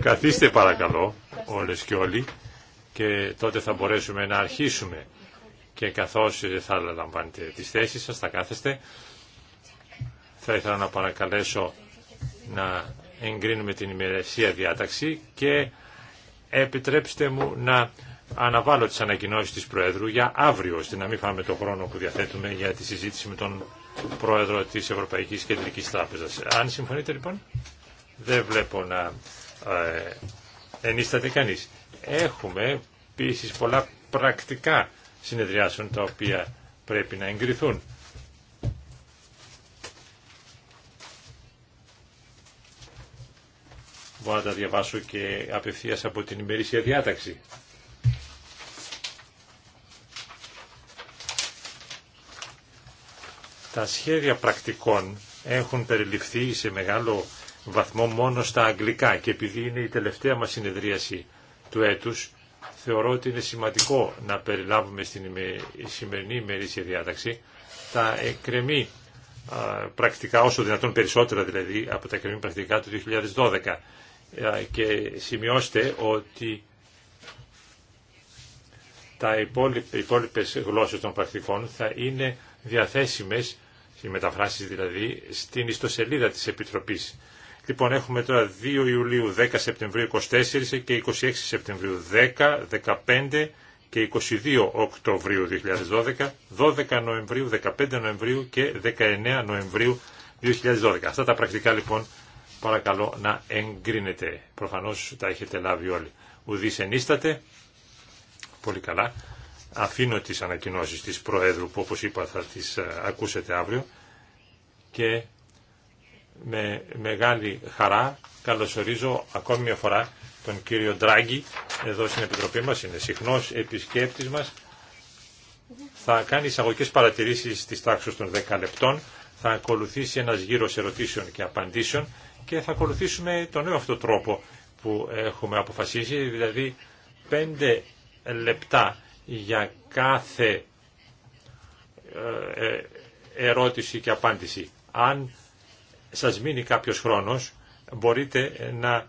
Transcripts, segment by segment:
Καθίστε παρακαλώ όλες και όλοι και τότε θα μπορέσουμε να αρχίσουμε και καθώς ε, θα λαμβάνετε τις θέσεις σας, θα κάθεστε. Θα ήθελα να παρακαλέσω να εγκρίνουμε την ημερεσία διάταξη και επιτρέψτε μου να αναβάλω τις ανακοινώσεις της Προέδρου για αύριο, ώστε να μην φάμε το χρόνο που διαθέτουμε για τη συζήτηση με τον πρόεδρο της Ευρωπαϊκής Κεντρικής Τράπεζας. Αν συμφωνείτε λοιπόν, δεν βλέπω να ε, ενίσταται κανείς. Έχουμε επίση πολλά πρακτικά συνεδριάσεων τα οποία πρέπει να εγκριθούν. Μπορώ να τα διαβάσω και απευθείας από την ημερήσια διάταξη. Τα σχέδια πρακτικών έχουν περιληφθεί σε μεγάλο βαθμό μόνο στα αγγλικά και επειδή είναι η τελευταία μας συνεδρίαση του έτους, θεωρώ ότι είναι σημαντικό να περιλάβουμε στην σημερινή ημερήσια διάταξη τα εκκρεμή πρακτικά, όσο δυνατόν περισσότερα δηλαδή από τα εκκρεμή πρακτικά του 2012. Και σημειώστε ότι τα υπόλοιπες γλώσσες των πρακτικών θα είναι διαθέσιμες οι μεταφράσεις δηλαδή, στην ιστοσελίδα της Επιτροπής. Λοιπόν, έχουμε τώρα 2 Ιουλίου, 10 Σεπτεμβρίου, 24 και 26 Σεπτεμβρίου, 10, 15 και 22 Οκτωβρίου 2012, 12 Νοεμβρίου, 15 Νοεμβρίου και 19 Νοεμβρίου 2012. Αυτά τα πρακτικά λοιπόν παρακαλώ να εγκρίνετε. Προφανώς τα έχετε λάβει όλοι. Ουδής ενίσταται. Πολύ καλά αφήνω τις ανακοινώσεις της Προέδρου που όπως είπα θα τις ε, ακούσετε αύριο και με μεγάλη χαρά καλωσορίζω ακόμη μια φορά τον κύριο Ντράγκη εδώ στην Επιτροπή μας, είναι συχνός επισκέπτης μας. Θα κάνει εισαγωγικές παρατηρήσεις της τάξης των 10 λεπτών, θα ακολουθήσει ένας γύρος ερωτήσεων και απαντήσεων και θα ακολουθήσουμε τον νέο αυτό τρόπο που έχουμε αποφασίσει, δηλαδή 5 λεπτά για κάθε ε, ε, ερώτηση και απάντηση. Αν σας μείνει κάποιος χρόνος, μπορείτε να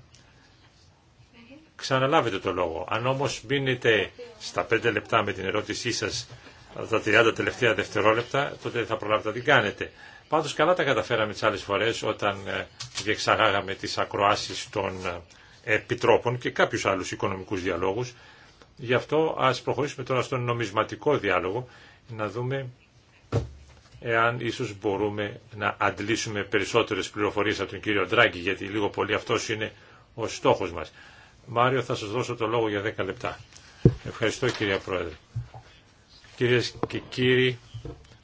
ξαναλάβετε το λόγο. Αν όμως μείνετε στα πέντε λεπτά με την ερώτησή σας τα 30 τελευταία δευτερόλεπτα, τότε θα προλάβετε να την κάνετε. Πάντως καλά τα καταφέραμε τις άλλες φορές όταν ε, διεξαγάγαμε τις ακροάσεις των επιτρόπων και κάποιους άλλους οικονομικούς διαλόγους. Γι' αυτό ας προχωρήσουμε τώρα στον νομισματικό διάλογο να δούμε εάν ίσως μπορούμε να αντλήσουμε περισσότερες πληροφορίες από τον κύριο Ντράγκη γιατί λίγο πολύ αυτός είναι ο στόχος μας. Μάριο θα σας δώσω το λόγο για 10 λεπτά. Ευχαριστώ κύριε Πρόεδρε. Κυρίες και κύριοι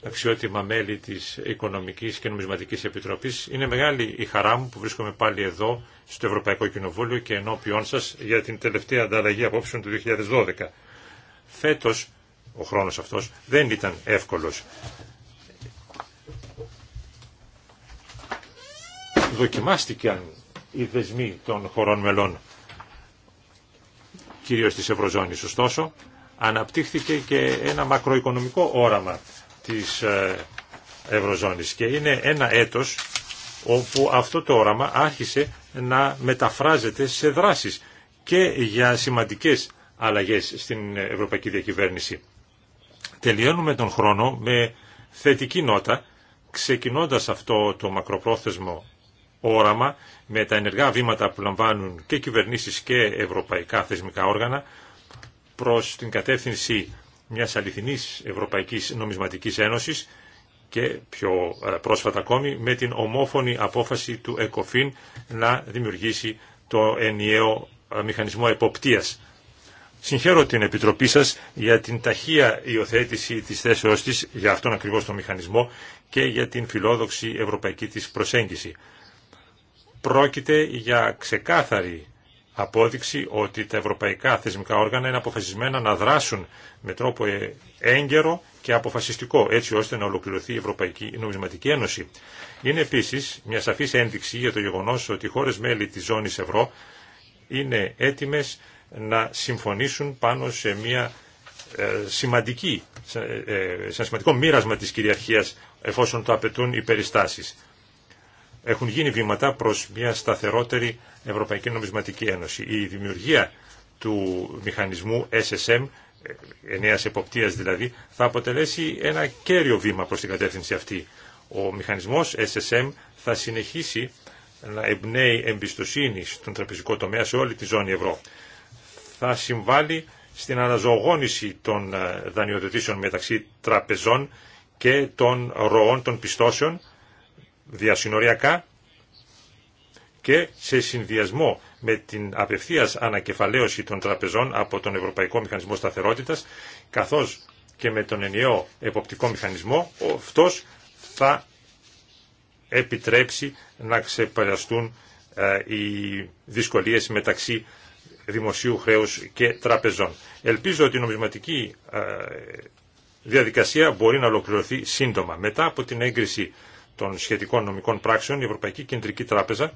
αξιότιμα μέλη της Οικονομικής και Νομισματικής Επιτροπής. Είναι μεγάλη η χαρά μου που βρίσκομαι πάλι εδώ στο Ευρωπαϊκό Κοινοβούλιο και ενώπιόν σας για την τελευταία ανταλλαγή απόψεων του 2012. Φέτος, ο χρόνος αυτός δεν ήταν εύκολος. Δοκιμάστηκαν οι δεσμοί των χωρών μελών, κυρίως της Ευρωζώνης. Ωστόσο, αναπτύχθηκε και ένα μακροοικονομικό όραμα της ε, Ευρωζώνης και είναι ένα έτος όπου αυτό το όραμα άρχισε να μεταφράζεται σε δράσεις και για σημαντικές αλλαγές στην ευρωπαϊκή διακυβέρνηση. Τελειώνουμε τον χρόνο με θετική νότα, ξεκινώντας αυτό το μακροπρόθεσμο όραμα με τα ενεργά βήματα που λαμβάνουν και κυβερνήσεις και ευρωπαϊκά θεσμικά όργανα προς την κατεύθυνση μιας αληθινής Ευρωπαϊκής Νομισματικής Ένωσης και πιο ε, πρόσφατα ακόμη με την ομόφωνη απόφαση του ΕΚΟΦΗΝ να δημιουργήσει το ενιαίο ε, μηχανισμό εποπτείας. Συγχαίρω την Επιτροπή σας για την ταχεία υιοθέτηση της θέσεώς της για αυτόν ακριβώς τον μηχανισμό και για την φιλόδοξη ευρωπαϊκή της προσέγγιση. Πρόκειται για ξεκάθαρη απόδειξη ότι τα ευρωπαϊκά θεσμικά όργανα είναι αποφασισμένα να δράσουν με τρόπο ε, έγκαιρο και αποφασιστικό, έτσι ώστε να ολοκληρωθεί η Ευρωπαϊκή Νομισματική Ένωση. Είναι επίση μια σαφή ένδειξη για το γεγονό ότι οι χώρες μέλη της ζώνης ευρώ είναι έτοιμε να συμφωνήσουν πάνω σε μια ε, σημαντική, ε, σε ένα σημαντικό μοίρασμα της κυριαρχίας εφόσον το απαιτούν οι περιστάσεις έχουν γίνει βήματα προς μια σταθερότερη Ευρωπαϊκή Νομισματική Ένωση. Η δημιουργία του μηχανισμού SSM, ενέα εποπτείας δηλαδή, θα αποτελέσει ένα κέριο βήμα προς την κατεύθυνση αυτή. Ο μηχανισμός SSM θα συνεχίσει να εμπνέει εμπιστοσύνη στον τραπεζικό τομέα σε όλη τη ζώνη ευρώ. Θα συμβάλλει στην αναζωογόνηση των ε, δανειοδοτήσεων μεταξύ τραπεζών και των ροών των πιστώσεων διασυνοριακά και σε συνδυασμό με την απευθείας ανακεφαλαίωση των τραπεζών από τον Ευρωπαϊκό Μηχανισμό Σταθερότητας, καθώς και με τον ενιαίο εποπτικό μηχανισμό, αυτός θα επιτρέψει να ξεπεραστούν ε, οι δυσκολίες μεταξύ δημοσίου χρέους και τραπεζών. Ελπίζω ότι η νομισματική ε, διαδικασία μπορεί να ολοκληρωθεί σύντομα. Μετά από την έγκριση των σχετικών νομικών πράξεων, η Ευρωπαϊκή Κεντρική Τράπεζα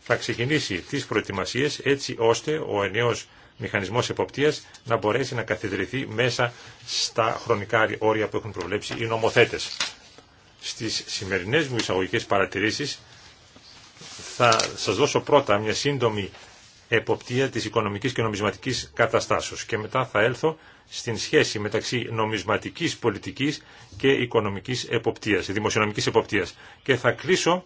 θα ξεκινήσει τις προετοιμασίες έτσι ώστε ο ενιαίος μηχανισμός εποπτείας να μπορέσει να καθιδρυθεί μέσα στα χρονικά όρια που έχουν προβλέψει οι νομοθέτες. Στις σημερινές μου εισαγωγικές παρατηρήσεις θα σας δώσω πρώτα μια σύντομη εποπτεία της οικονομικής και νομισματικής καταστάσεως και μετά θα έλθω στην σχέση μεταξύ νομισματικής πολιτικής και οικονομικής εποπτείας, δημοσιονομικής εποπτείας. Και θα κλείσω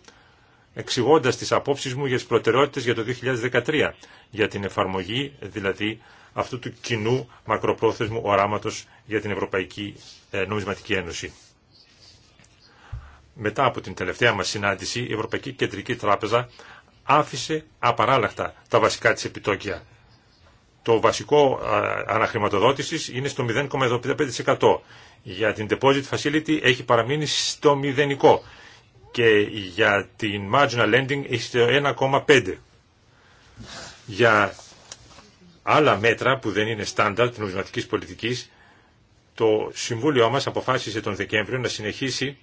εξηγώντας τις απόψεις μου για τις προτεραιότητες για το 2013, για την εφαρμογή δηλαδή αυτού του κοινού μακροπρόθεσμου οράματος για την Ευρωπαϊκή ε, Νομισματική Ένωση. Μετά από την τελευταία μας συνάντηση, η Ευρωπαϊκή Κεντρική Τράπεζα άφησε απαράλλαχτα τα βασικά της επιτόκια το βασικό αναχρηματοδότησης είναι στο 0,75%. Για την deposit facility έχει παραμείνει στο μηδενικό και για την marginal lending έχει στο 1,5%. Για άλλα μέτρα που δεν είναι στάνταρ της νομισματικής πολιτικής, το Συμβούλιο μας αποφάσισε τον Δεκέμβριο να συνεχίσει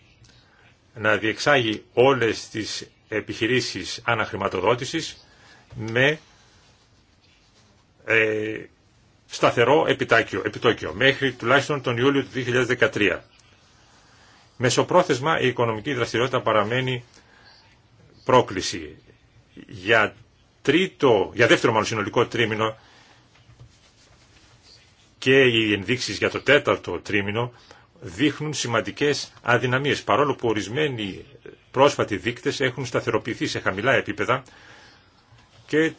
να διεξάγει όλες τις επιχειρήσεις αναχρηματοδότησης με ε, σταθερό επιτάκιο, επιτόκιο μέχρι τουλάχιστον τον Ιούλιο του 2013. Μεσοπρόθεσμα η οικονομική δραστηριότητα παραμένει πρόκληση. Για, τρίτο, για δεύτερο μάλλον συνολικό τρίμηνο και οι ενδείξεις για το τέταρτο τρίμηνο δείχνουν σημαντικές αδυναμίες παρόλο που ορισμένοι πρόσφατοι δείκτες έχουν σταθεροποιηθεί σε χαμηλά επίπεδα και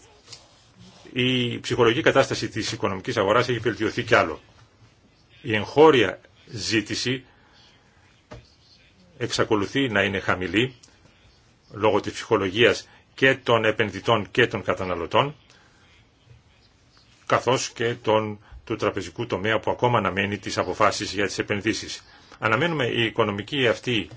η ψυχολογική κατάσταση της οικονομικής αγοράς έχει βελτιωθεί κι άλλο. Η εγχώρια ζήτηση εξακολουθεί να είναι χαμηλή λόγω της ψυχολογίας και των επενδυτών και των καταναλωτών καθώς και των, του τραπεζικού τομέα που ακόμα αναμένει τις αποφάσεις για τις επενδύσεις. Αναμένουμε η οικονομική αυτή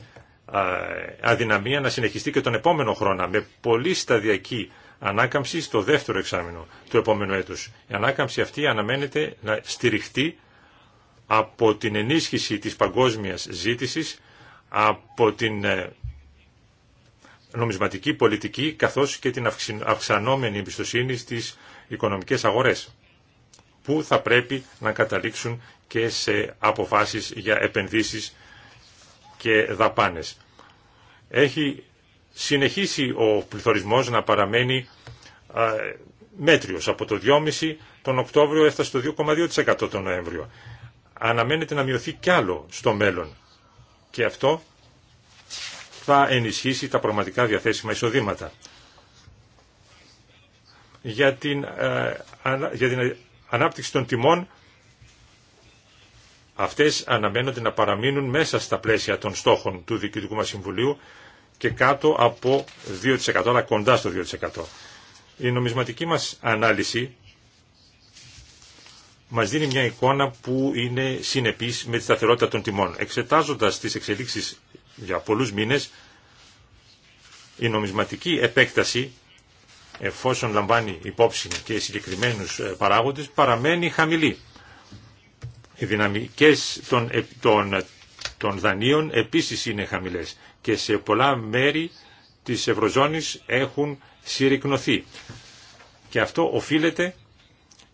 αδυναμία να συνεχιστεί και τον επόμενο χρόνο με πολύ σταδιακή ανάκαμψη στο δεύτερο εξάμεινο του επόμενου έτους. Η ανάκαμψη αυτή αναμένεται να στηριχτεί από την ενίσχυση της παγκόσμιας ζήτησης, από την ε, νομισματική πολιτική, καθώς και την αυξανόμενη εμπιστοσύνη στις οικονομικές αγορές, που θα πρέπει να καταλήξουν και σε αποφάσεις για επενδύσεις και δαπάνες. Έχει συνεχίσει ο πληθωρισμός να παραμένει μέτριος. Από το 2,5% τον Οκτώβριο έφτασε το 2,2% τον Νοέμβριο. Αναμένεται να μειωθεί κι άλλο στο μέλλον. Και αυτό θα ενισχύσει τα πραγματικά διαθέσιμα εισοδήματα. Για την, ε, για την ανάπτυξη των τιμών Αυτές αναμένονται να παραμείνουν μέσα στα πλαίσια των στόχων του Διοικητικού μας Συμβουλίου και κάτω από 2% αλλά κοντά στο 2%. Η νομισματική μας ανάλυση μας δίνει μια εικόνα που είναι συνεπής με τη σταθερότητα των τιμών. Εξετάζοντας τις εξελίξεις για πολλούς μήνες, η νομισματική επέκταση, εφόσον λαμβάνει υπόψη και συγκεκριμένους ε, παράγοντες, παραμένει χαμηλή. Οι δυναμικές των, ε, των, ε, των δανείων επίσης είναι χαμηλές και σε πολλά μέρη της Ευρωζώνης έχουν συρρυκνωθεί. Και αυτό οφείλεται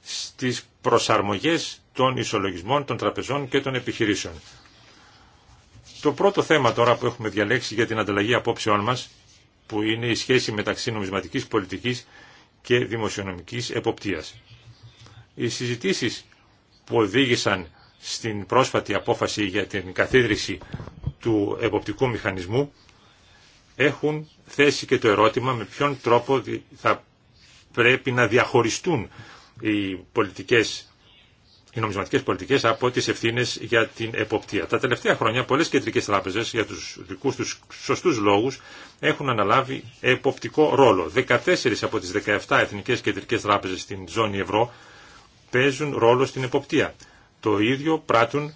στις προσαρμογές των ισολογισμών, των τραπεζών και των επιχειρήσεων. Το πρώτο θέμα τώρα που έχουμε διαλέξει για την ανταλλαγή απόψεών μας, που είναι η σχέση μεταξύ νομισματικής πολιτικής και δημοσιονομικής εποπτείας. Οι συζητήσεις που οδήγησαν στην πρόσφατη απόφαση για την καθίδρυση του εποπτικού μηχανισμού έχουν θέσει και το ερώτημα με ποιον τρόπο θα πρέπει να διαχωριστούν οι πολιτικές οι νομισματικές πολιτικές από τις ευθύνες για την εποπτεία. Τα τελευταία χρόνια πολλές κεντρικές τράπεζες για τους δικούς τους σωστούς λόγους έχουν αναλάβει εποπτικό ρόλο. 14 από τις 17 εθνικές κεντρικές τράπεζες στην ζώνη ευρώ παίζουν ρόλο στην εποπτεία. Το ίδιο πράττουν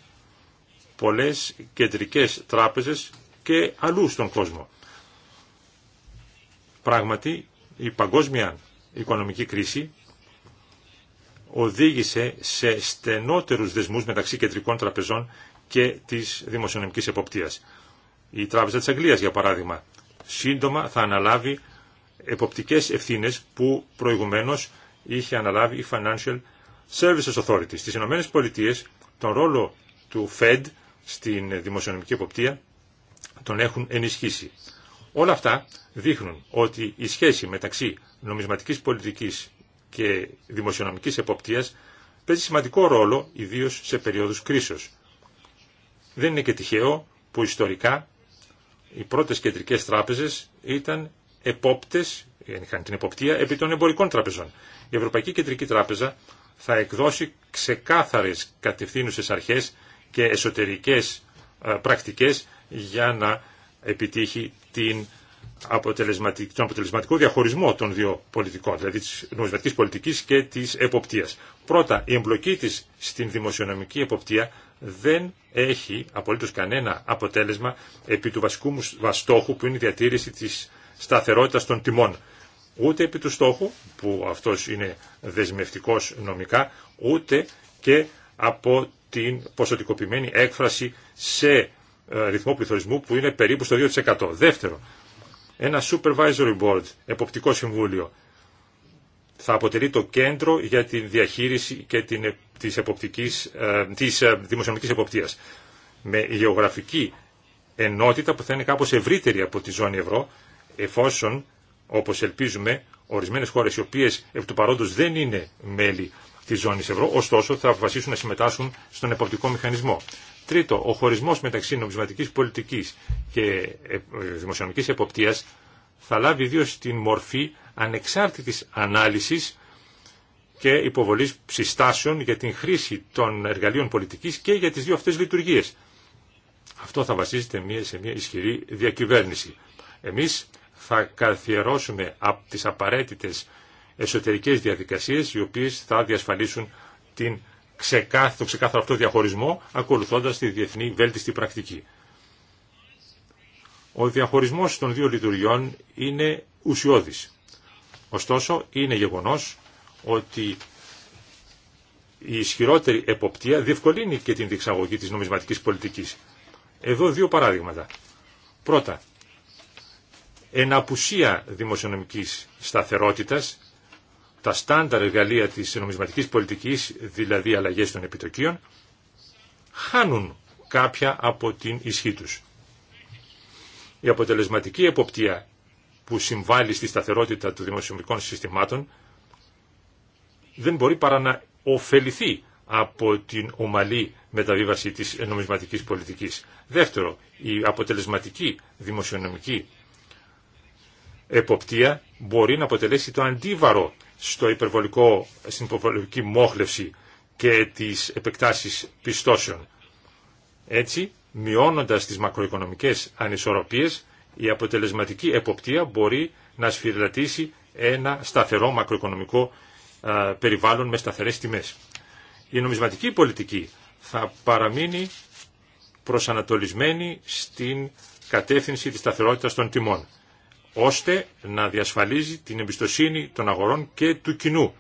πολλές κεντρικές τράπεζες και αλλού στον κόσμο. Πράγματι, η παγκόσμια οικονομική κρίση οδήγησε σε στενότερους δεσμούς μεταξύ κεντρικών τραπεζών και της δημοσιονομικής εποπτείας. Η Τράπεζα της Αγγλίας, για παράδειγμα, σύντομα θα αναλάβει εποπτικές ευθύνες που προηγουμένως είχε αναλάβει η Financial Services Authority. Στις Ηνωμένες Πολιτείες τον ρόλο του Fed στην δημοσιονομική εποπτεία τον έχουν ενισχύσει. Όλα αυτά δείχνουν ότι η σχέση μεταξύ νομισματικής πολιτικής και δημοσιονομικής εποπτείας παίζει σημαντικό ρόλο ιδίως σε περίοδους κρίσεως. Δεν είναι και τυχαίο που ιστορικά οι πρώτες κεντρικές τράπεζες ήταν επόπτες, είχαν την εποπτεία, επί των εμπορικών τραπεζών. Η Ευρωπαϊκή Κεντρική Τράπεζα θα εκδώσει ξεκάθαρες κατευθύνουσες αρχές και εσωτερικές ε, πρακτικές για να επιτύχει την αποτελεσματικ... τον αποτελεσματικό διαχωρισμό των δύο πολιτικών, δηλαδή της νομισματικής πολιτικής και της εποπτείας. Πρώτα, η εμπλοκή της στην δημοσιονομική εποπτεία δεν έχει απολύτως κανένα αποτέλεσμα επί του βασικού μου στόχου που είναι η διατήρηση της σταθερότητας των τιμών. Ούτε επί του στόχου, που αυτός είναι δεσμευτικός νομικά, ούτε και από την ποσοτικοποιημένη έκφραση σε ε, ρυθμό πληθωρισμού που είναι περίπου στο 2%. Δεύτερο, ένα supervisory board, εποπτικό συμβούλιο, θα αποτελεί το κέντρο για τη διαχείριση και την, της, εποπτικής, ε, της ε, δημοσιονομικής εποπτείας. Με γεωγραφική ενότητα που θα είναι κάπως ευρύτερη από τη ζώνη ευρώ, εφόσον, όπως ελπίζουμε, ορισμένες χώρες οι οποίες επί του παρόντος δεν είναι μέλη της ζώνης ευρώ, ωστόσο θα αποφασίσουν να συμμετάσχουν στον εποπτικό μηχανισμό. Τρίτο, ο χωρισμός μεταξύ νομισματικής πολιτικής και ε, δημοσιονομικής εποπτείας θα λάβει ιδίω την μορφή ανεξάρτητης ανάλυσης και υποβολής συστάσεων για την χρήση των εργαλείων πολιτικής και για τις δύο αυτές λειτουργίες. Αυτό θα βασίζεται σε μια ισχυρή διακυβέρνηση. Εμείς θα καθιερώσουμε από τις απαραίτητες εσωτερικές διαδικασίες οι οποίες θα διασφαλίσουν την το ξεκάθαρο αυτό διαχωρισμό ακολουθώντας τη διεθνή βέλτιστη πρακτική. Ο διαχωρισμός των δύο λειτουργιών είναι ουσιώδης. Ωστόσο, είναι γεγονός ότι η ισχυρότερη εποπτεία διευκολύνει και την διεξαγωγή της νομισματικής πολιτικής. Εδώ δύο παράδειγματα. Πρώτα, απουσία δημοσιονομικής σταθερότητας τα στάνταρ εργαλεία της νομισματικής πολιτικής, δηλαδή αλλαγές των επιτοκίων, χάνουν κάποια από την ισχύ τους. Η αποτελεσματική εποπτεία που συμβάλλει στη σταθερότητα των δημοσιονομικών συστημάτων δεν μπορεί παρά να ωφεληθεί από την ομαλή μεταβίβαση της νομισματικής πολιτικής. Δεύτερο, η αποτελεσματική δημοσιονομική εποπτεία μπορεί να αποτελέσει το αντίβαρο στο υπερβολικό, στην υπερβολική μόχλευση και τις επεκτάσεις πιστώσεων. Έτσι, μειώνοντας τις μακροοικονομικές ανισορροπίες, η αποτελεσματική εποπτεία μπορεί να σφυριλατήσει ένα σταθερό μακροοικονομικό περιβάλλον με σταθερές τιμές. Η νομισματική πολιτική θα παραμείνει προσανατολισμένη στην κατεύθυνση της σταθερότητας των τιμών ώστε να διασφαλίζει την εμπιστοσύνη των αγορών και του κοινού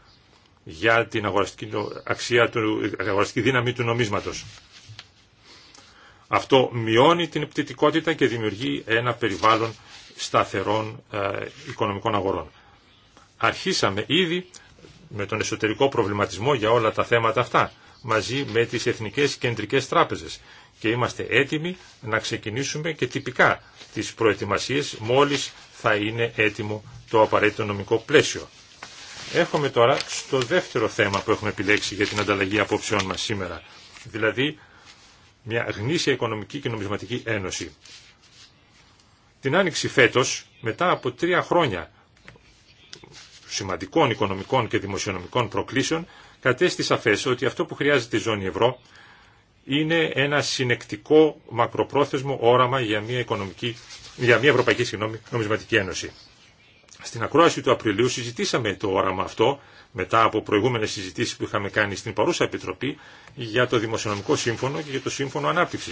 για την αγοραστική, αξία, του, αγοραστική δύναμη του νομίσματος. Αυτό μειώνει την επιτητικότητα και δημιουργεί ένα περιβάλλον σταθερών ε, οικονομικών αγορών. Αρχίσαμε ήδη με τον εσωτερικό προβληματισμό για όλα τα θέματα αυτά, μαζί με τις Εθνικές Κεντρικές Τράπεζες και είμαστε έτοιμοι να ξεκινήσουμε και τυπικά τις προετοιμασίες μόλις θα είναι έτοιμο το απαραίτητο νομικό πλαίσιο. Έρχομαι τώρα στο δεύτερο θέμα που έχουμε επιλέξει για την ανταλλαγή απόψεών μας σήμερα, δηλαδή μια γνήσια οικονομική και νομισματική ένωση. Την άνοιξη φέτος, μετά από τρία χρόνια σημαντικών οικονομικών και δημοσιονομικών προκλήσεων, κατέστη σαφές ότι αυτό που χρειάζεται η ζώνη ευρώ είναι ένα συνεκτικό μακροπρόθεσμο όραμα για μια οικονομική για μια Ευρωπαϊκή συγγνώμη, Νομισματική Ένωση. Στην ακρόαση του Απριλίου συζητήσαμε το όραμα αυτό μετά από προηγούμενες συζητήσεις που είχαμε κάνει στην παρούσα Επιτροπή για το Δημοσιονομικό Σύμφωνο και για το Σύμφωνο ανάπτυξη.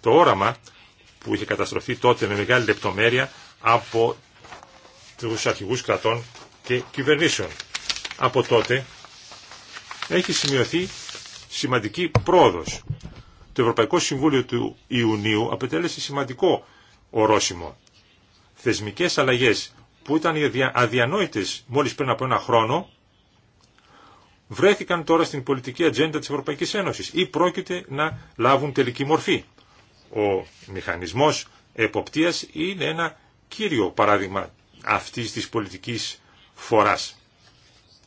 Το όραμα που είχε καταστροφεί τότε με μεγάλη λεπτομέρεια από του αρχηγού κρατών και κυβερνήσεων. Από τότε έχει σημειωθεί σημαντική πρόοδο. Το Ευρωπαϊκό Συμβούλιο του Ιουνίου απετέλεσε σημαντικό ορόσημο. Θεσμικές αλλαγές που ήταν αδιανόητες μόλις πριν από ένα χρόνο, βρέθηκαν τώρα στην πολιτική ατζέντα της Ευρωπαϊκής Ένωσης ή πρόκειται να λάβουν τελική μορφή. Ο μηχανισμός εποπτείας είναι ένα κύριο παράδειγμα αυτής της πολιτικής φοράς.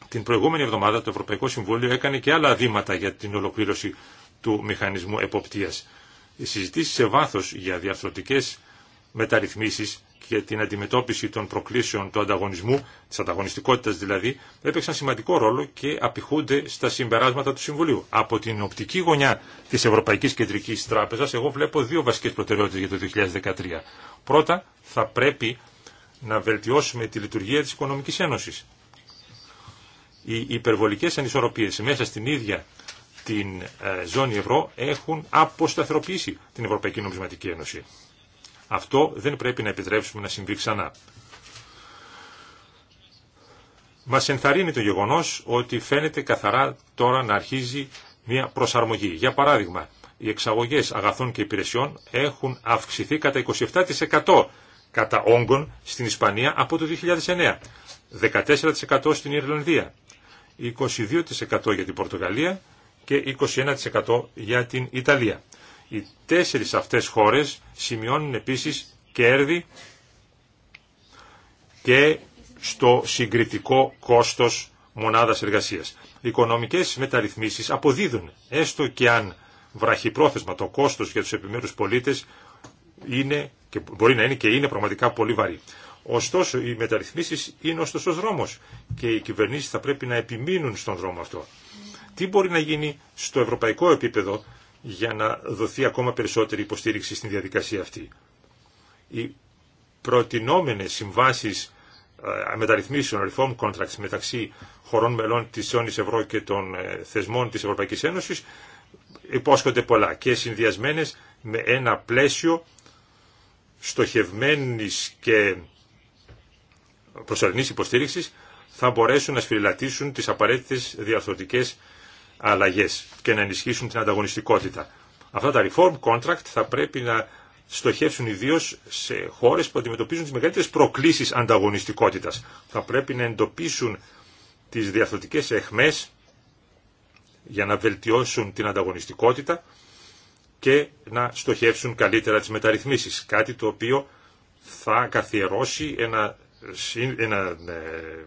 Την προηγούμενη εβδομάδα το Ευρωπαϊκό Συμβούλιο έκανε και άλλα βήματα για την ολοκλήρωση του μηχανισμού εποπτείας. Οι συζητήσεις σε βάθος για μεταρρυθμίσεις και την αντιμετώπιση των προκλήσεων του ανταγωνισμού, της ανταγωνιστικότητας δηλαδή, έπαιξαν σημαντικό ρόλο και απηχούνται στα συμπεράσματα του Συμβουλίου. Από την οπτική γωνιά της Ευρωπαϊκής Κεντρικής Τράπεζας, εγώ βλέπω δύο βασικές προτεραιότητες για το 2013. Πρώτα, θα πρέπει να βελτιώσουμε τη λειτουργία της Οικονομικής Ένωσης. Οι υπερβολικές ανισορροπίες μέσα στην ίδια την ε, ζώνη ευρώ έχουν αποσταθεροποιήσει την Ευρωπαϊκή Νομισματική Ένωση. Αυτό δεν πρέπει να επιτρέψουμε να συμβεί ξανά. Μας ενθαρρύνει το γεγονός ότι φαίνεται καθαρά τώρα να αρχίζει μια προσαρμογή. Για παράδειγμα, οι εξαγωγές αγαθών και υπηρεσιών έχουν αυξηθεί κατά 27% κατά όγκων στην Ισπανία από το 2009, 14% στην Ιρλανδία, 22% για την Πορτογαλία και 21% για την Ιταλία. Οι τέσσερις αυτές χώρες σημειώνουν επίσης κέρδη και στο συγκριτικό κόστος μονάδας εργασίας. Οι οικονομικές μεταρρυθμίσεις αποδίδουν, έστω και αν βραχυπρόθεσμα το κόστος για τους επιμέρους πολίτες είναι και μπορεί να είναι και είναι πραγματικά πολύ βαρύ. Ωστόσο, οι μεταρρυθμίσεις είναι ωστόσο δρόμος και οι κυβερνήσεις θα πρέπει να επιμείνουν στον δρόμο αυτό. Τι μπορεί να γίνει στο ευρωπαϊκό επίπεδο για να δοθεί ακόμα περισσότερη υποστήριξη στην διαδικασία αυτή. Οι προτινόμενες συμβάσεις ε, μεταρρυθμίσεων, reform contracts μεταξύ χωρών μελών της Ζώνης Ευρώ και των ε, θεσμών της Ευρωπαϊκής Ένωσης υπόσχονται πολλά και συνδυασμένε με ένα πλαίσιο στοχευμένης και προσωρινής υποστήριξης θα μπορέσουν να σφυριλατήσουν τις απαραίτητες διαρθρωτικές Αλλαγέ και να ενισχύσουν την ανταγωνιστικότητα. Αυτά τα reform contract θα πρέπει να στοχεύσουν ιδίω σε χώρες που αντιμετωπίζουν τις μεγαλύτερε προκλήσεις ανταγωνιστικότητας. Θα πρέπει να εντοπίσουν τις διαφορετικές εχμές για να βελτιώσουν την ανταγωνιστικότητα και να στοχεύσουν καλύτερα τις μεταρρυθμίσεις. Κάτι το οποίο θα καθιερώσει ένα, ένα, ε,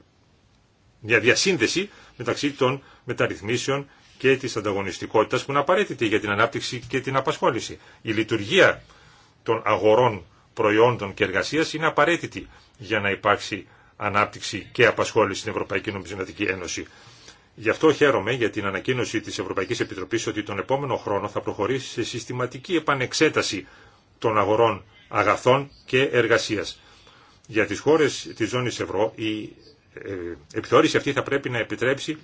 μια διασύνδεση μεταξύ των μεταρρυθμίσεων και της ανταγωνιστικότητας που είναι απαραίτητη για την ανάπτυξη και την απασχόληση. Η λειτουργία των αγορών προϊόντων και εργασίας είναι απαραίτητη για να υπάρξει ανάπτυξη και απασχόληση στην Ευρωπαϊκή Νομισματική Ένωση. Γι' αυτό χαίρομαι για την ανακοίνωση της Ευρωπαϊκής Επιτροπής ότι τον επόμενο χρόνο θα προχωρήσει σε συστηματική επανεξέταση των αγορών αγαθών και εργασίας. Για τις χώρες της ζώνης ευρώ η ε, επιθεώρηση αυτή θα πρέπει να επιτρέψει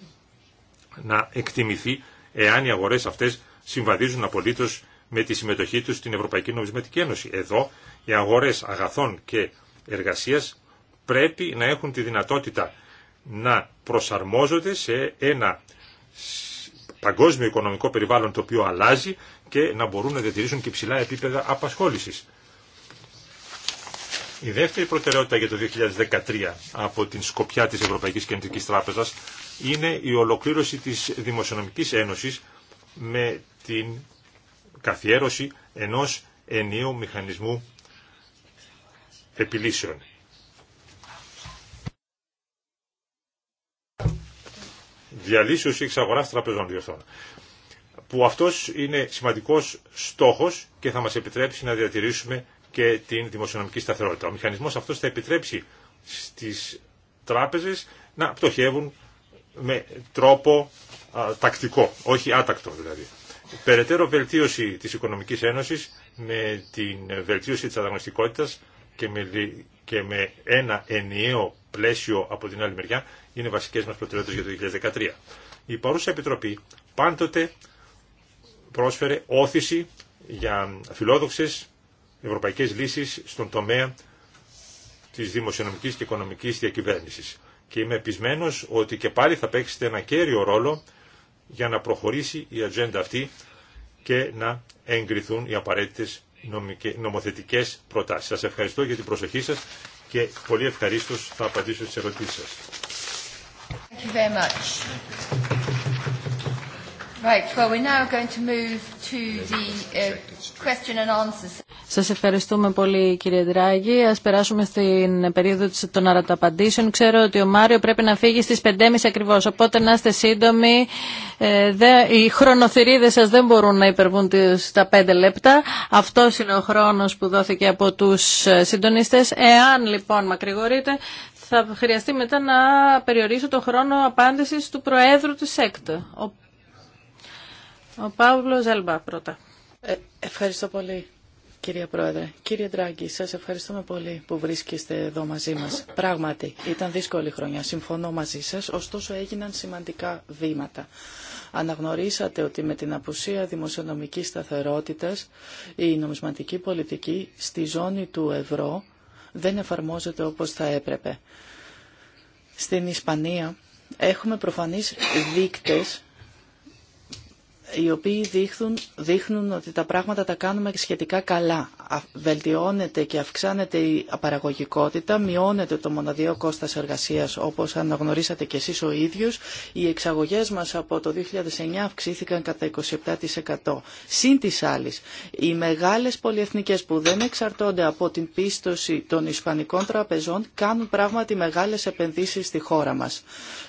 να εκτιμηθεί εάν οι αγορές αυτές συμβαδίζουν απολύτως με τη συμμετοχή τους στην Ευρωπαϊκή Νομισματική Ένωση. Εδώ οι αγορές αγαθών και εργασίας πρέπει να έχουν τη δυνατότητα να προσαρμόζονται σε ένα παγκόσμιο οικονομικό περιβάλλον το οποίο αλλάζει και να μπορούν να διατηρήσουν και ψηλά επίπεδα απασχόλησης. Η δεύτερη προτεραιότητα για το 2013 από την σκοπιά της Ευρωπαϊκής Κεντρικής Τράπεζας είναι η ολοκλήρωση της Δημοσιονομικής Ένωσης με την καθιέρωση ενός ενίου μηχανισμού επιλύσεων. Διαλύσεως ή εξαγοράς τραπεζών διορθών. Που αυτός είναι σημαντικός στόχος και θα μας επιτρέψει να διατηρήσουμε και την δημοσιονομική σταθερότητα. Ο μηχανισμός αυτός θα επιτρέψει στις τράπεζες να πτωχεύουν με τρόπο τακτικό, όχι άτακτο δηλαδή. Περαιτέρω βελτίωση της Οικονομικής Ένωσης με την βελτίωση της ανταγωνιστικότητας και με, και με ένα ενιαίο πλαίσιο από την άλλη μεριά είναι βασικές μας προτεραιότητες για το 2013. Η παρούσα Επιτροπή πάντοτε πρόσφερε όθηση για φιλόδοξες ευρωπαϊκές λύσεις στον τομέα της δημοσιονομικής και οικονομικής διακυβέρνησης και είμαι πεισμένο ότι και πάλι θα παίξετε ένα κέριο ρόλο για να προχωρήσει η ατζέντα αυτή και να εγκριθούν οι απαραίτητε νομοθετικέ προτάσεις. Σα ευχαριστώ για την προσοχή σας και πολύ ευχαρίστω θα απαντήσω στι ερωτήσει σα. we're now going to move to the uh, question and σας ευχαριστούμε πολύ κύριε Δράγη. Ας περάσουμε στην περίοδο των αραταπαντήσεων. Ξέρω ότι ο Μάριο πρέπει να φύγει στις 5.30 ακριβώς, οπότε να είστε σύντομοι. Ε, οι χρονοθυρίδες σας δεν μπορούν να υπερβούν τα 5 λεπτά. Αυτό είναι ο χρόνος που δόθηκε από τους ε, συντονιστές. Εάν λοιπόν μακρηγορείτε, θα χρειαστεί μετά να περιορίσω το χρόνο απάντησης του Προέδρου της ΕΚΤ. Ο, ο Παύλος Ζέλμπα πρώτα. Ε, ευχαριστώ πολύ κυρία Πρόεδρε. Κύριε Ντράγκη, σας ευχαριστούμε πολύ που βρίσκεστε εδώ μαζί μας. Πράγματι, ήταν δύσκολη χρονιά, συμφωνώ μαζί σας, ωστόσο έγιναν σημαντικά βήματα. Αναγνωρίσατε ότι με την απουσία δημοσιονομικής σταθερότητα, η νομισματική πολιτική στη ζώνη του ευρώ δεν εφαρμόζεται όπως θα έπρεπε. Στην Ισπανία έχουμε προφανείς δείκτε οι οποίοι δείχνουν, δείχνουν ότι τα πράγματα τα κάνουμε σχετικά καλά. Βελτιώνεται και αυξάνεται η παραγωγικότητα, μειώνεται το μοναδιαίο κόστος εργασίας όπως αναγνωρίσατε και εσείς ο ίδιος. Οι εξαγωγές μας από το 2009 αυξήθηκαν κατά 27%. Συν της οι μεγάλες πολυεθνικές που δεν εξαρτώνται από την πίστοση των Ισπανικών τραπεζών κάνουν πράγματι μεγάλες επενδύσεις στη χώρα μας.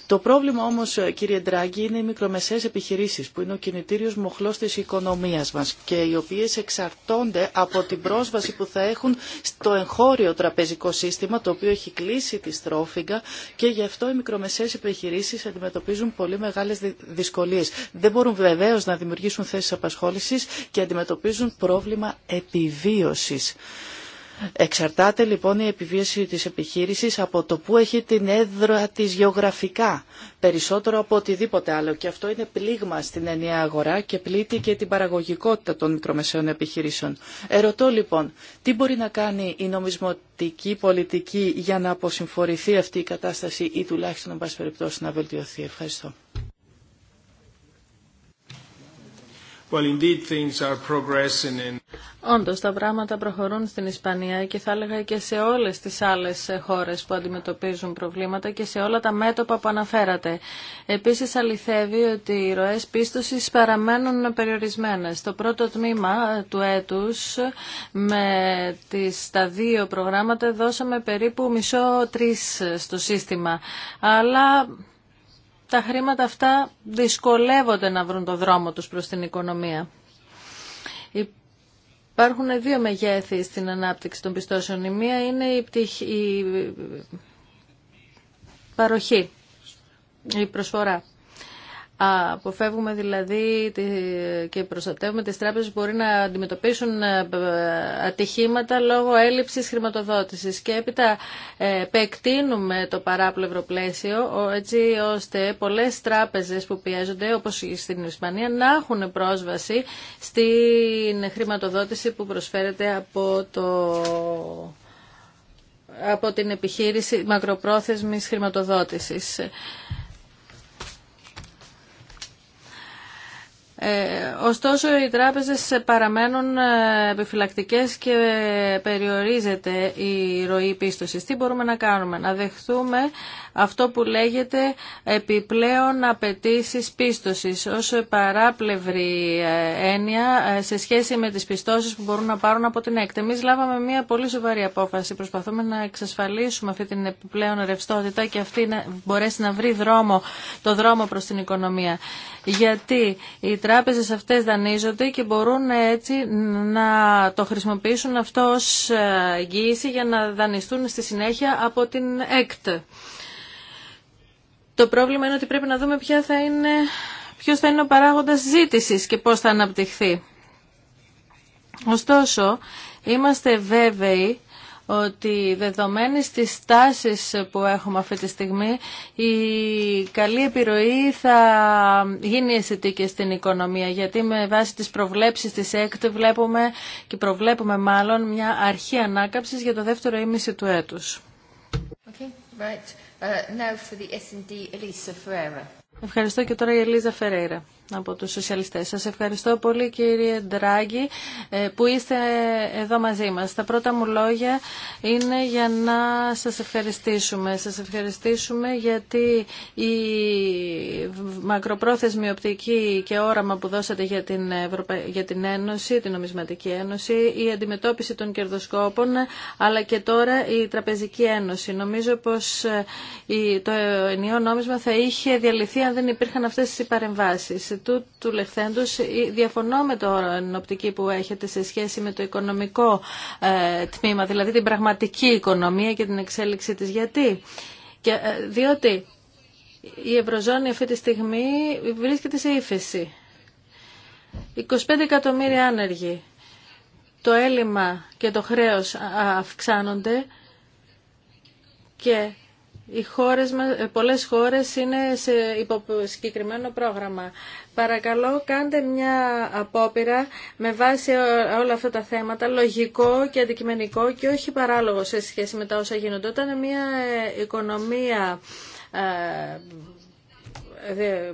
Το πρόβλημα όμω, κύριε Ντράγκη, είναι οι μικρομεσαίες επιχειρήσεις που είναι ο κινητήριος μοχλός της οικονομίας μας και οι οποίες εξαρτώνται από την πρόσβαση που θα έχουν στο εγχώριο τραπεζικό σύστημα το οποίο έχει κλείσει τη στρόφιγγα και γι' αυτό οι μικρομεσαίες επιχειρήσεις αντιμετωπίζουν πολύ μεγάλε δυσκολίε. Δεν μπορούν βεβαίω να δημιουργήσουν θέσεις απασχόληση και αντιμετωπίζουν πρόβλημα επιβίωση. Εξαρτάται λοιπόν η επιβίωση της επιχείρησης από το που έχει την έδρα της γεωγραφικά, περισσότερο από οτιδήποτε άλλο. Και αυτό είναι πλήγμα στην ενιαία αγορά και πλήττει και την παραγωγικότητα των μικρομεσαίων επιχειρήσεων. Ερωτώ λοιπόν, τι μπορεί να κάνει η νομισματική πολιτική για να αποσυμφορηθεί αυτή η κατάσταση ή τουλάχιστον, εν περιπτώσει, να βελτιωθεί. Ευχαριστώ. Όντω, τα πράγματα προχωρούν στην Ισπανία και θα έλεγα και σε όλες τις άλλες χώρες που αντιμετωπίζουν προβλήματα και σε όλα τα μέτωπα που αναφέρατε. Επίσης, αληθεύει ότι οι ροές πίστοση παραμένουν περιορισμένες. Το πρώτο τμήμα του έτους με τις, τα δύο προγράμματα δώσαμε περίπου μισό τρει στο σύστημα. Αλλά τα χρήματα αυτά δυσκολεύονται να βρουν το δρόμο τους προς την οικονομία. Υπάρχουν δύο μεγέθη στην ανάπτυξη των πιστώσεων. Η μία είναι η, η παροχή, η προσφορά. Αποφεύγουμε δηλαδή και προστατεύουμε τις τράπεζες που μπορεί να αντιμετωπίσουν ε, ατυχήματα λόγω έλλειψης χρηματοδότησης και έπειτα ε, επεκτείνουμε το παράπλευρο πλαίσιο έτσι ώστε πολλές τράπεζες που πιέζονται όπως στην Ισπανία να έχουν πρόσβαση στην χρηματοδότηση που προσφέρεται από το από την επιχείρηση μακροπρόθεσμης χρηματοδότησης. Ε, ωστόσο οι τράπεζες παραμένουν ε, επιφυλακτικές και περιορίζεται η ροή πίστοσης. Τι μπορούμε να κάνουμε, να δεχθούμε αυτό που λέγεται επιπλέον απαιτήσει πίστοσης ως παράπλευρη ε, έννοια σε σχέση με τις πιστώσεις που μπορούν να πάρουν από την ΕΚΤ. Εμείς λάβαμε μια πολύ σοβαρή απόφαση. Προσπαθούμε να εξασφαλίσουμε αυτή την επιπλέον ρευστότητα και αυτή να μπορέσει να βρει δρόμο, το δρόμο προς την οικονομία. Γιατί η τράπεζες αυτές δανείζονται και μπορούν έτσι να το χρησιμοποιήσουν αυτό ως εγγύηση για να δανειστούν στη συνέχεια από την ΕΚΤ. Το πρόβλημα είναι ότι πρέπει να δούμε ποια θα είναι, ποιος θα είναι ο παράγοντας ζήτησης και πώς θα αναπτυχθεί. Ωστόσο, είμαστε βέβαιοι ότι δεδομένη της τάσεις που έχουμε αυτή τη στιγμή η καλή επιρροή θα γίνει αισθητή και στην οικονομία γιατί με βάση τις προβλέψεις της ΕΚΤ βλέπουμε και προβλέπουμε μάλλον μια αρχή ανάκαψης για το δεύτερο ήμιση του έτους. Uh, Ευχαριστώ και τώρα η Ελίζα Φερέιρα από τους σοσιαλιστές. Σας ευχαριστώ πολύ κύριε Ντράγκη ε, που είστε εδώ μαζί μας. Τα πρώτα μου λόγια είναι για να σας ευχαριστήσουμε. Σας ευχαριστήσουμε γιατί η μακροπρόθεσμη οπτική και όραμα που δώσατε για την, για την Ένωση, την Νομισματική Ένωση, η αντιμετώπιση των κερδοσκόπων, αλλά και τώρα η Τραπεζική Ένωση. Νομίζω πως ε, το ενιαίο νόμισμα θα είχε διαλυθεί αν δεν υπήρχαν αυτές οι παρεμβάσεις. Του του λεχθέντος ε, διαφωνώ με την οπτική που έχετε σε σχέση με το οικονομικό ε, τμήμα, δηλαδή την πραγματική οικονομία και την εξέλιξη της. Γιατί, και, ε, διότι η Ευρωζώνη αυτή τη στιγμή βρίσκεται σε ύφεση. 25 εκατομμύρια άνεργοι. Το έλλειμμα και το χρέος αυξάνονται και οι χώρες, ε, πολλές χώρες είναι σε υπό συγκεκριμένο πρόγραμμα. Παρακαλώ κάντε μια απόπειρα με βάση όλα αυτά τα θέματα, λογικό και αντικειμενικό και όχι παράλογο σε σχέση με τα όσα γίνονται. Όταν μια οικονομία ε,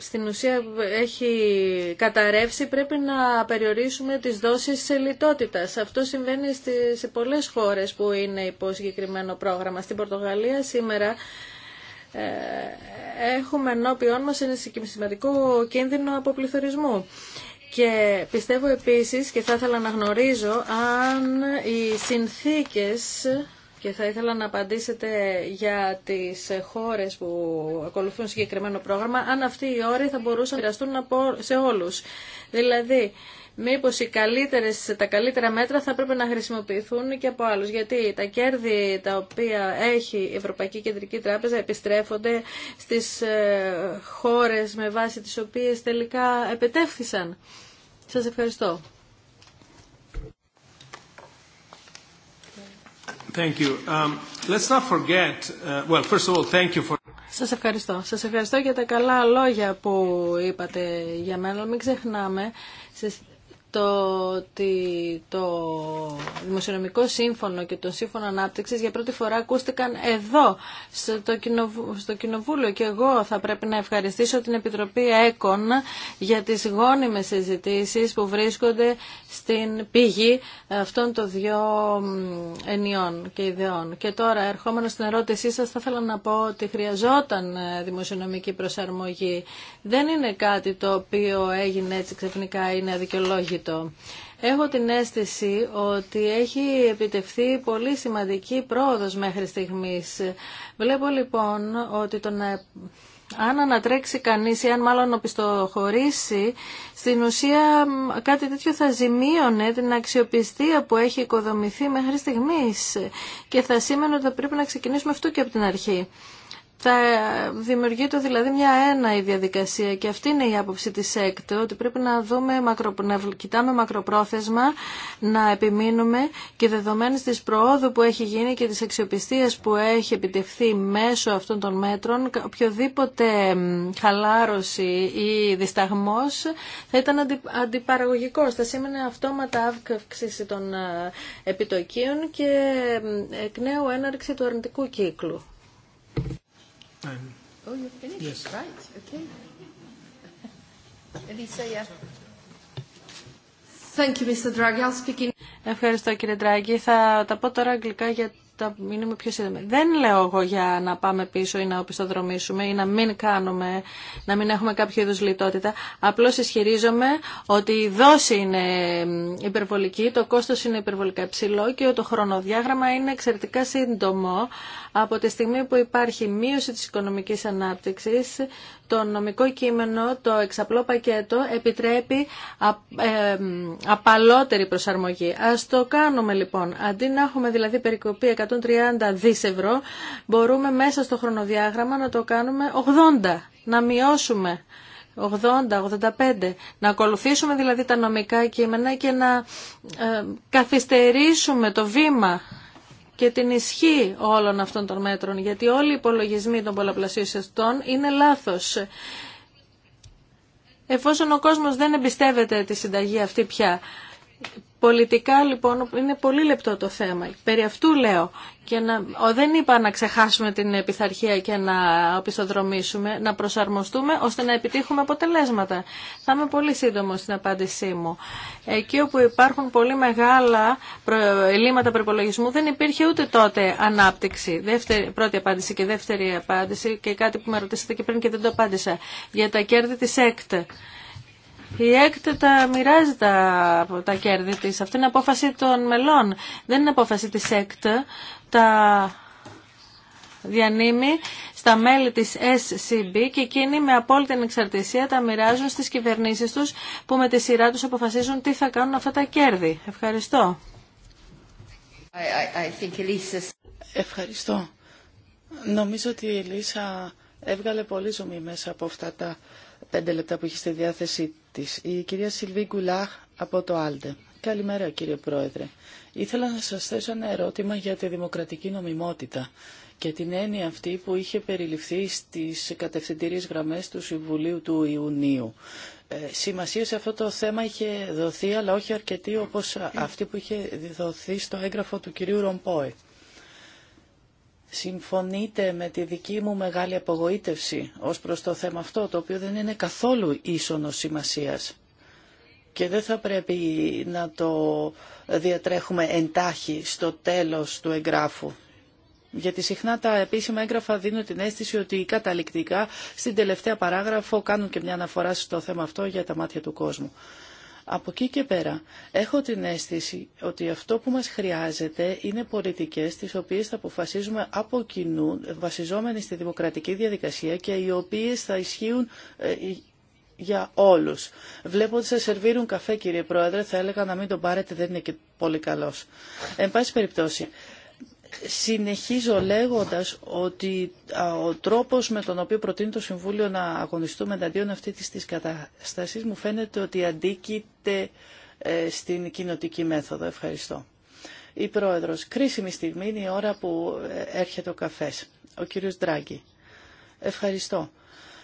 στην ουσία έχει καταρρεύσει πρέπει να περιορίσουμε τις δόσεις σε λιτότητα. Αυτό συμβαίνει σε πολλές χώρες που είναι υπό συγκεκριμένο πρόγραμμα. Στην Πορτογαλία σήμερα ε, έχουμε ενώπιόν μας ένα σημαντικό κίνδυνο αποπληθωρισμού. Και πιστεύω επίσης και θα ήθελα να γνωρίζω αν οι συνθήκες και θα ήθελα να απαντήσετε για τις χώρες που ακολουθούν συγκεκριμένο πρόγραμμα, αν αυτοί οι όροι θα μπορούσαν να μοιραστούν σε όλους. Δηλαδή, μήπως οι τα καλύτερα μέτρα θα πρέπει να χρησιμοποιηθούν και από άλλους. Γιατί τα κέρδη τα οποία έχει η Ευρωπαϊκή Κεντρική Τράπεζα επιστρέφονται στις ε, χώρες με βάση τις οποίες τελικά επετέφθησαν. Σας ευχαριστώ. Thank Σας ευχαριστώ. Σας ευχαριστώ για τα καλά λόγια που είπατε για μένα. Μην ξεχνάμε, το ότι το Δημοσιονομικό Σύμφωνο και το Σύμφωνο ανάπτυξη για πρώτη φορά ακούστηκαν εδώ, στο Κοινοβούλιο. Και εγώ θα πρέπει να ευχαριστήσω την Επιτροπή ΕΚΟΝ για τις γόνιμες συζητήσει που βρίσκονται στην πηγή αυτών των δύο ενιών και ιδεών. Και τώρα, ερχόμενο στην ερώτησή σας, θα ήθελα να πω ότι χρειαζόταν ε, δημοσιονομική προσαρμογή. Δεν είναι κάτι το οποίο έγινε έτσι ξαφνικά, είναι αδικαιολόγητο. Έχω την αίσθηση ότι έχει επιτευχθεί πολύ σημαντική πρόοδος μέχρι στιγμής. Βλέπω λοιπόν ότι το αν ανατρέξει κανείς ή αν μάλλον οπισθοχωρήσει, στην ουσία κάτι τέτοιο θα ζημίωνε την αξιοπιστία που έχει οικοδομηθεί μέχρι στιγμής και θα σήμαινε ότι θα πρέπει να ξεκινήσουμε αυτό και από την αρχή θα δημιουργείται δηλαδή μια ένα η διαδικασία και αυτή είναι η άποψη της ΕΚΤ ότι πρέπει να, δούμε, να κοιτάμε μακροπρόθεσμα, να επιμείνουμε και δεδομένης της προόδου που έχει γίνει και της αξιοπιστίας που έχει επιτευχθεί μέσω αυτών των μέτρων οποιοδήποτε χαλάρωση ή δισταγμός θα ήταν αντι, αντιπαραγωγικός. Θα σήμαινε αυτόματα αύξηση των ε, επιτοκίων και εκ νέου έναρξη του αρνητικού κύκλου. Ευχαριστώ κύριε Ντράγκη. Θα τα πω τώρα αγγλικά για τα μήνυμα πιο σύντομα. Δεν λέω εγώ για να πάμε πίσω ή να οπισθοδρομήσουμε ή να μην κάνουμε, να μην έχουμε κάποιο είδου λιτότητα. Απλώς ισχυρίζομαι ότι η δόση είναι υπερβολική, το κόστος είναι υπερβολικά υψηλό και το χρονοδιάγραμμα είναι εξαιρετικά σύντομο. Από τη στιγμή που υπάρχει μείωση της οικονομικής ανάπτυξης, το νομικό κείμενο, το εξαπλό πακέτο, επιτρέπει ε, απαλότερη προσαρμογή. Ας το κάνουμε λοιπόν. Αντί να έχουμε δηλαδή περικοπή 130 δις ευρώ, μπορούμε μέσα στο χρονοδιάγραμμα να το κάνουμε 80, να μειώσουμε 80-85, να ακολουθήσουμε δηλαδή τα νομικά κείμενα και να ε, καθυστερήσουμε το βήμα και την ισχύ όλων αυτών των μέτρων, γιατί όλοι οι υπολογισμοί των πολλαπλασίων είναι λάθος. Εφόσον ο κόσμος δεν εμπιστεύεται τη συνταγή αυτή πια, Πολιτικά λοιπόν είναι πολύ λεπτό το θέμα. Περί αυτού λέω. Και δεν είπα να ξεχάσουμε την επιθαρχία και να οπισθοδρομήσουμε, να προσαρμοστούμε ώστε να επιτύχουμε αποτελέσματα. Θα είμαι πολύ σύντομο στην απάντησή μου. Εκεί όπου υπάρχουν πολύ μεγάλα ελλείμματα προπολογισμού δεν υπήρχε ούτε τότε ανάπτυξη. Δεύτερη, πρώτη απάντηση και δεύτερη απάντηση και κάτι που με ρωτήσατε και πριν και δεν το απάντησα. Για τα κέρδη της ΕΚΤ. Η ΕΚΤ τα μοιράζει τα, τα κέρδη τη. Αυτή είναι απόφαση των μελών. Δεν είναι απόφαση τη ΕΚΤ. Τα διανύμει στα μέλη της SCB και εκείνοι με απόλυτη ανεξαρτησία τα μοιράζουν στις κυβερνήσεις τους που με τη σειρά τους αποφασίζουν τι θα κάνουν αυτά τα κέρδη. Ευχαριστώ. Ευχαριστώ. Νομίζω ότι η Ελίσσα έβγαλε πολύ ζωμή μέσα από αυτά τα πέντε λεπτά που είχε στη διάθεση η κυρία Σιλβί Γκουλάχ από το Άλτε. Καλημέρα κύριε Πρόεδρε. Ήθελα να σας θέσω ένα ερώτημα για τη δημοκρατική νομιμότητα και την έννοια αυτή που είχε περιληφθεί στις κατευθυντήριες γραμμές του Συμβουλίου του Ιουνίου. Ε, σημασία σε αυτό το θέμα είχε δοθεί, αλλά όχι αρκετή όπως αυτή που είχε δοθεί στο έγγραφο του κυρίου Ρομπόετ συμφωνείτε με τη δική μου μεγάλη απογοήτευση ως προς το θέμα αυτό, το οποίο δεν είναι καθόλου ίσονος σημασίας και δεν θα πρέπει να το διατρέχουμε εντάχει στο τέλος του εγγράφου. Γιατί συχνά τα επίσημα έγγραφα δίνουν την αίσθηση ότι καταληκτικά στην τελευταία παράγραφο κάνουν και μια αναφορά στο θέμα αυτό για τα μάτια του κόσμου. Από εκεί και πέρα, έχω την αίσθηση ότι αυτό που μας χρειάζεται είναι πολιτικές τις οποίες θα αποφασίζουμε από κοινού, βασιζόμενοι στη δημοκρατική διαδικασία και οι οποίες θα ισχύουν ε, για όλους. Βλέπω ότι σας σερβίρουν καφέ κύριε Πρόεδρε, θα έλεγα να μην τον πάρετε, δεν είναι και πολύ καλός. Εν πάση περιπτώσει, Συνεχίζω λέγοντας ότι ο τρόπος με τον οποίο προτείνει το Συμβούλιο να αγωνιστούμε εναντίον αυτή της, της κατάστασης μου φαίνεται ότι αντίκειται ε, στην κοινοτική μέθοδο. Ευχαριστώ. Η Πρόεδρος, κρίσιμη στιγμή είναι η ώρα που ε, έρχεται ο καφές. Ο κύριος Ντράγκη. Ευχαριστώ.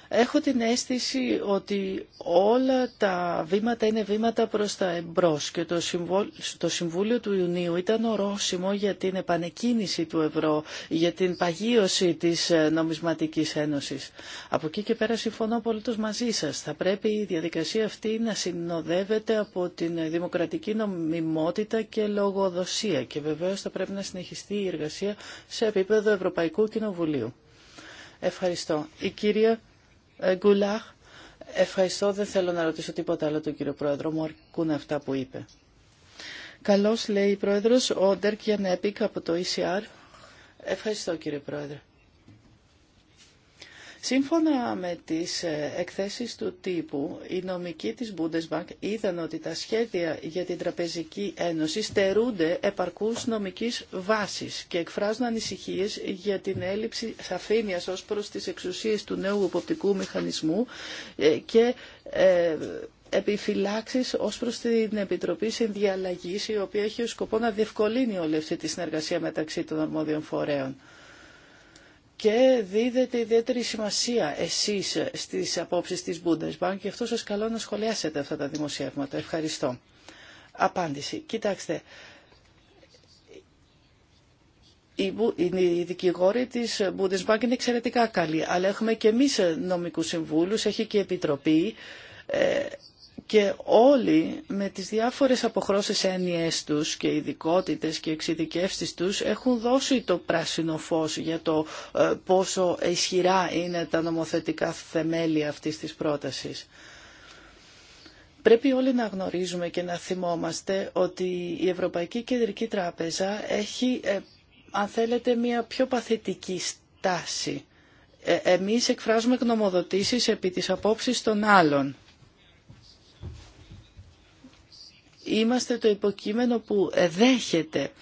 Έχω την αίσθηση ότι όλα τα βήματα είναι βήματα προς τα εμπρός και το Συμβούλιο του Ιουνίου ήταν ορόσημο για την επανεκκίνηση του ευρώ, για την παγίωση της ε, νομισματικής ένωσης. Από εκεί και πέρα συμφωνώ απολύτως μαζί σας. Θα πρέπει η διαδικασία αυτή να συνοδεύεται από την δημοκρατική νομιμότητα και λογοδοσία και βεβαίως θα πρέπει να συνεχιστεί η εργασία σε επίπεδο Ευρωπαϊκού Κοινοβουλίου. Ευχαριστώ. Η κυρία Γκουλάχ. Ευχαριστώ. Δεν θέλω να ρωτήσω τίποτα άλλο τον κύριο Πρόεδρο. Μου αρκούν αυτά που είπε. Καλώς λέει η Πρόεδρος, ο Ντέρκ Γιανέπικ από το ECR. Ευχαριστώ κύριε Πρόεδρε. Σύμφωνα με τις ε, εκθέσεις του τύπου, οι νομικοί της Bundesbank είδαν ότι τα σχέδια για την Τραπεζική Ένωση στερούνται επαρκούς νομικής βάσης και εκφράζουν ανησυχίες για την έλλειψη σαφήνειας ως προς τις εξουσίες του νέου υποπτικού μηχανισμού ε, και ε, επιφυλάξεις ως προς την Επιτροπή Συνδιαλλαγής, η οποία έχει ως σκοπό να διευκολύνει όλη αυτή τη συνεργασία μεταξύ των αρμόδιων φορέων και δίδεται ιδιαίτερη σημασία εσείς στις απόψεις της Bundesbank και αυτό σας καλώ να σχολιάσετε αυτά τα δημοσιεύματα. Ευχαριστώ. Απάντηση. Κοιτάξτε, οι δικηγόροι της Bundesbank είναι εξαιρετικά καλοί, αλλά έχουμε και εμείς νομικού συμβούλους, έχει και επιτροπή. Ε, και όλοι με τις διάφορες αποχρώσεις έννοιες τους και ειδικότητε και εξειδικεύσεις τους έχουν δώσει το πράσινο φως για το ε, πόσο ισχυρά είναι τα νομοθετικά θεμέλια αυτής της πρότασης. Πρέπει όλοι να γνωρίζουμε και να θυμόμαστε ότι η Ευρωπαϊκή Κεντρική Τράπεζα έχει, ε, αν θέλετε, μια πιο παθητική στάση. Ε, εμείς εκφράζουμε γνωμοδοτήσεις επί της απόψης των άλλων είμαστε το υποκείμενο που δέχεται,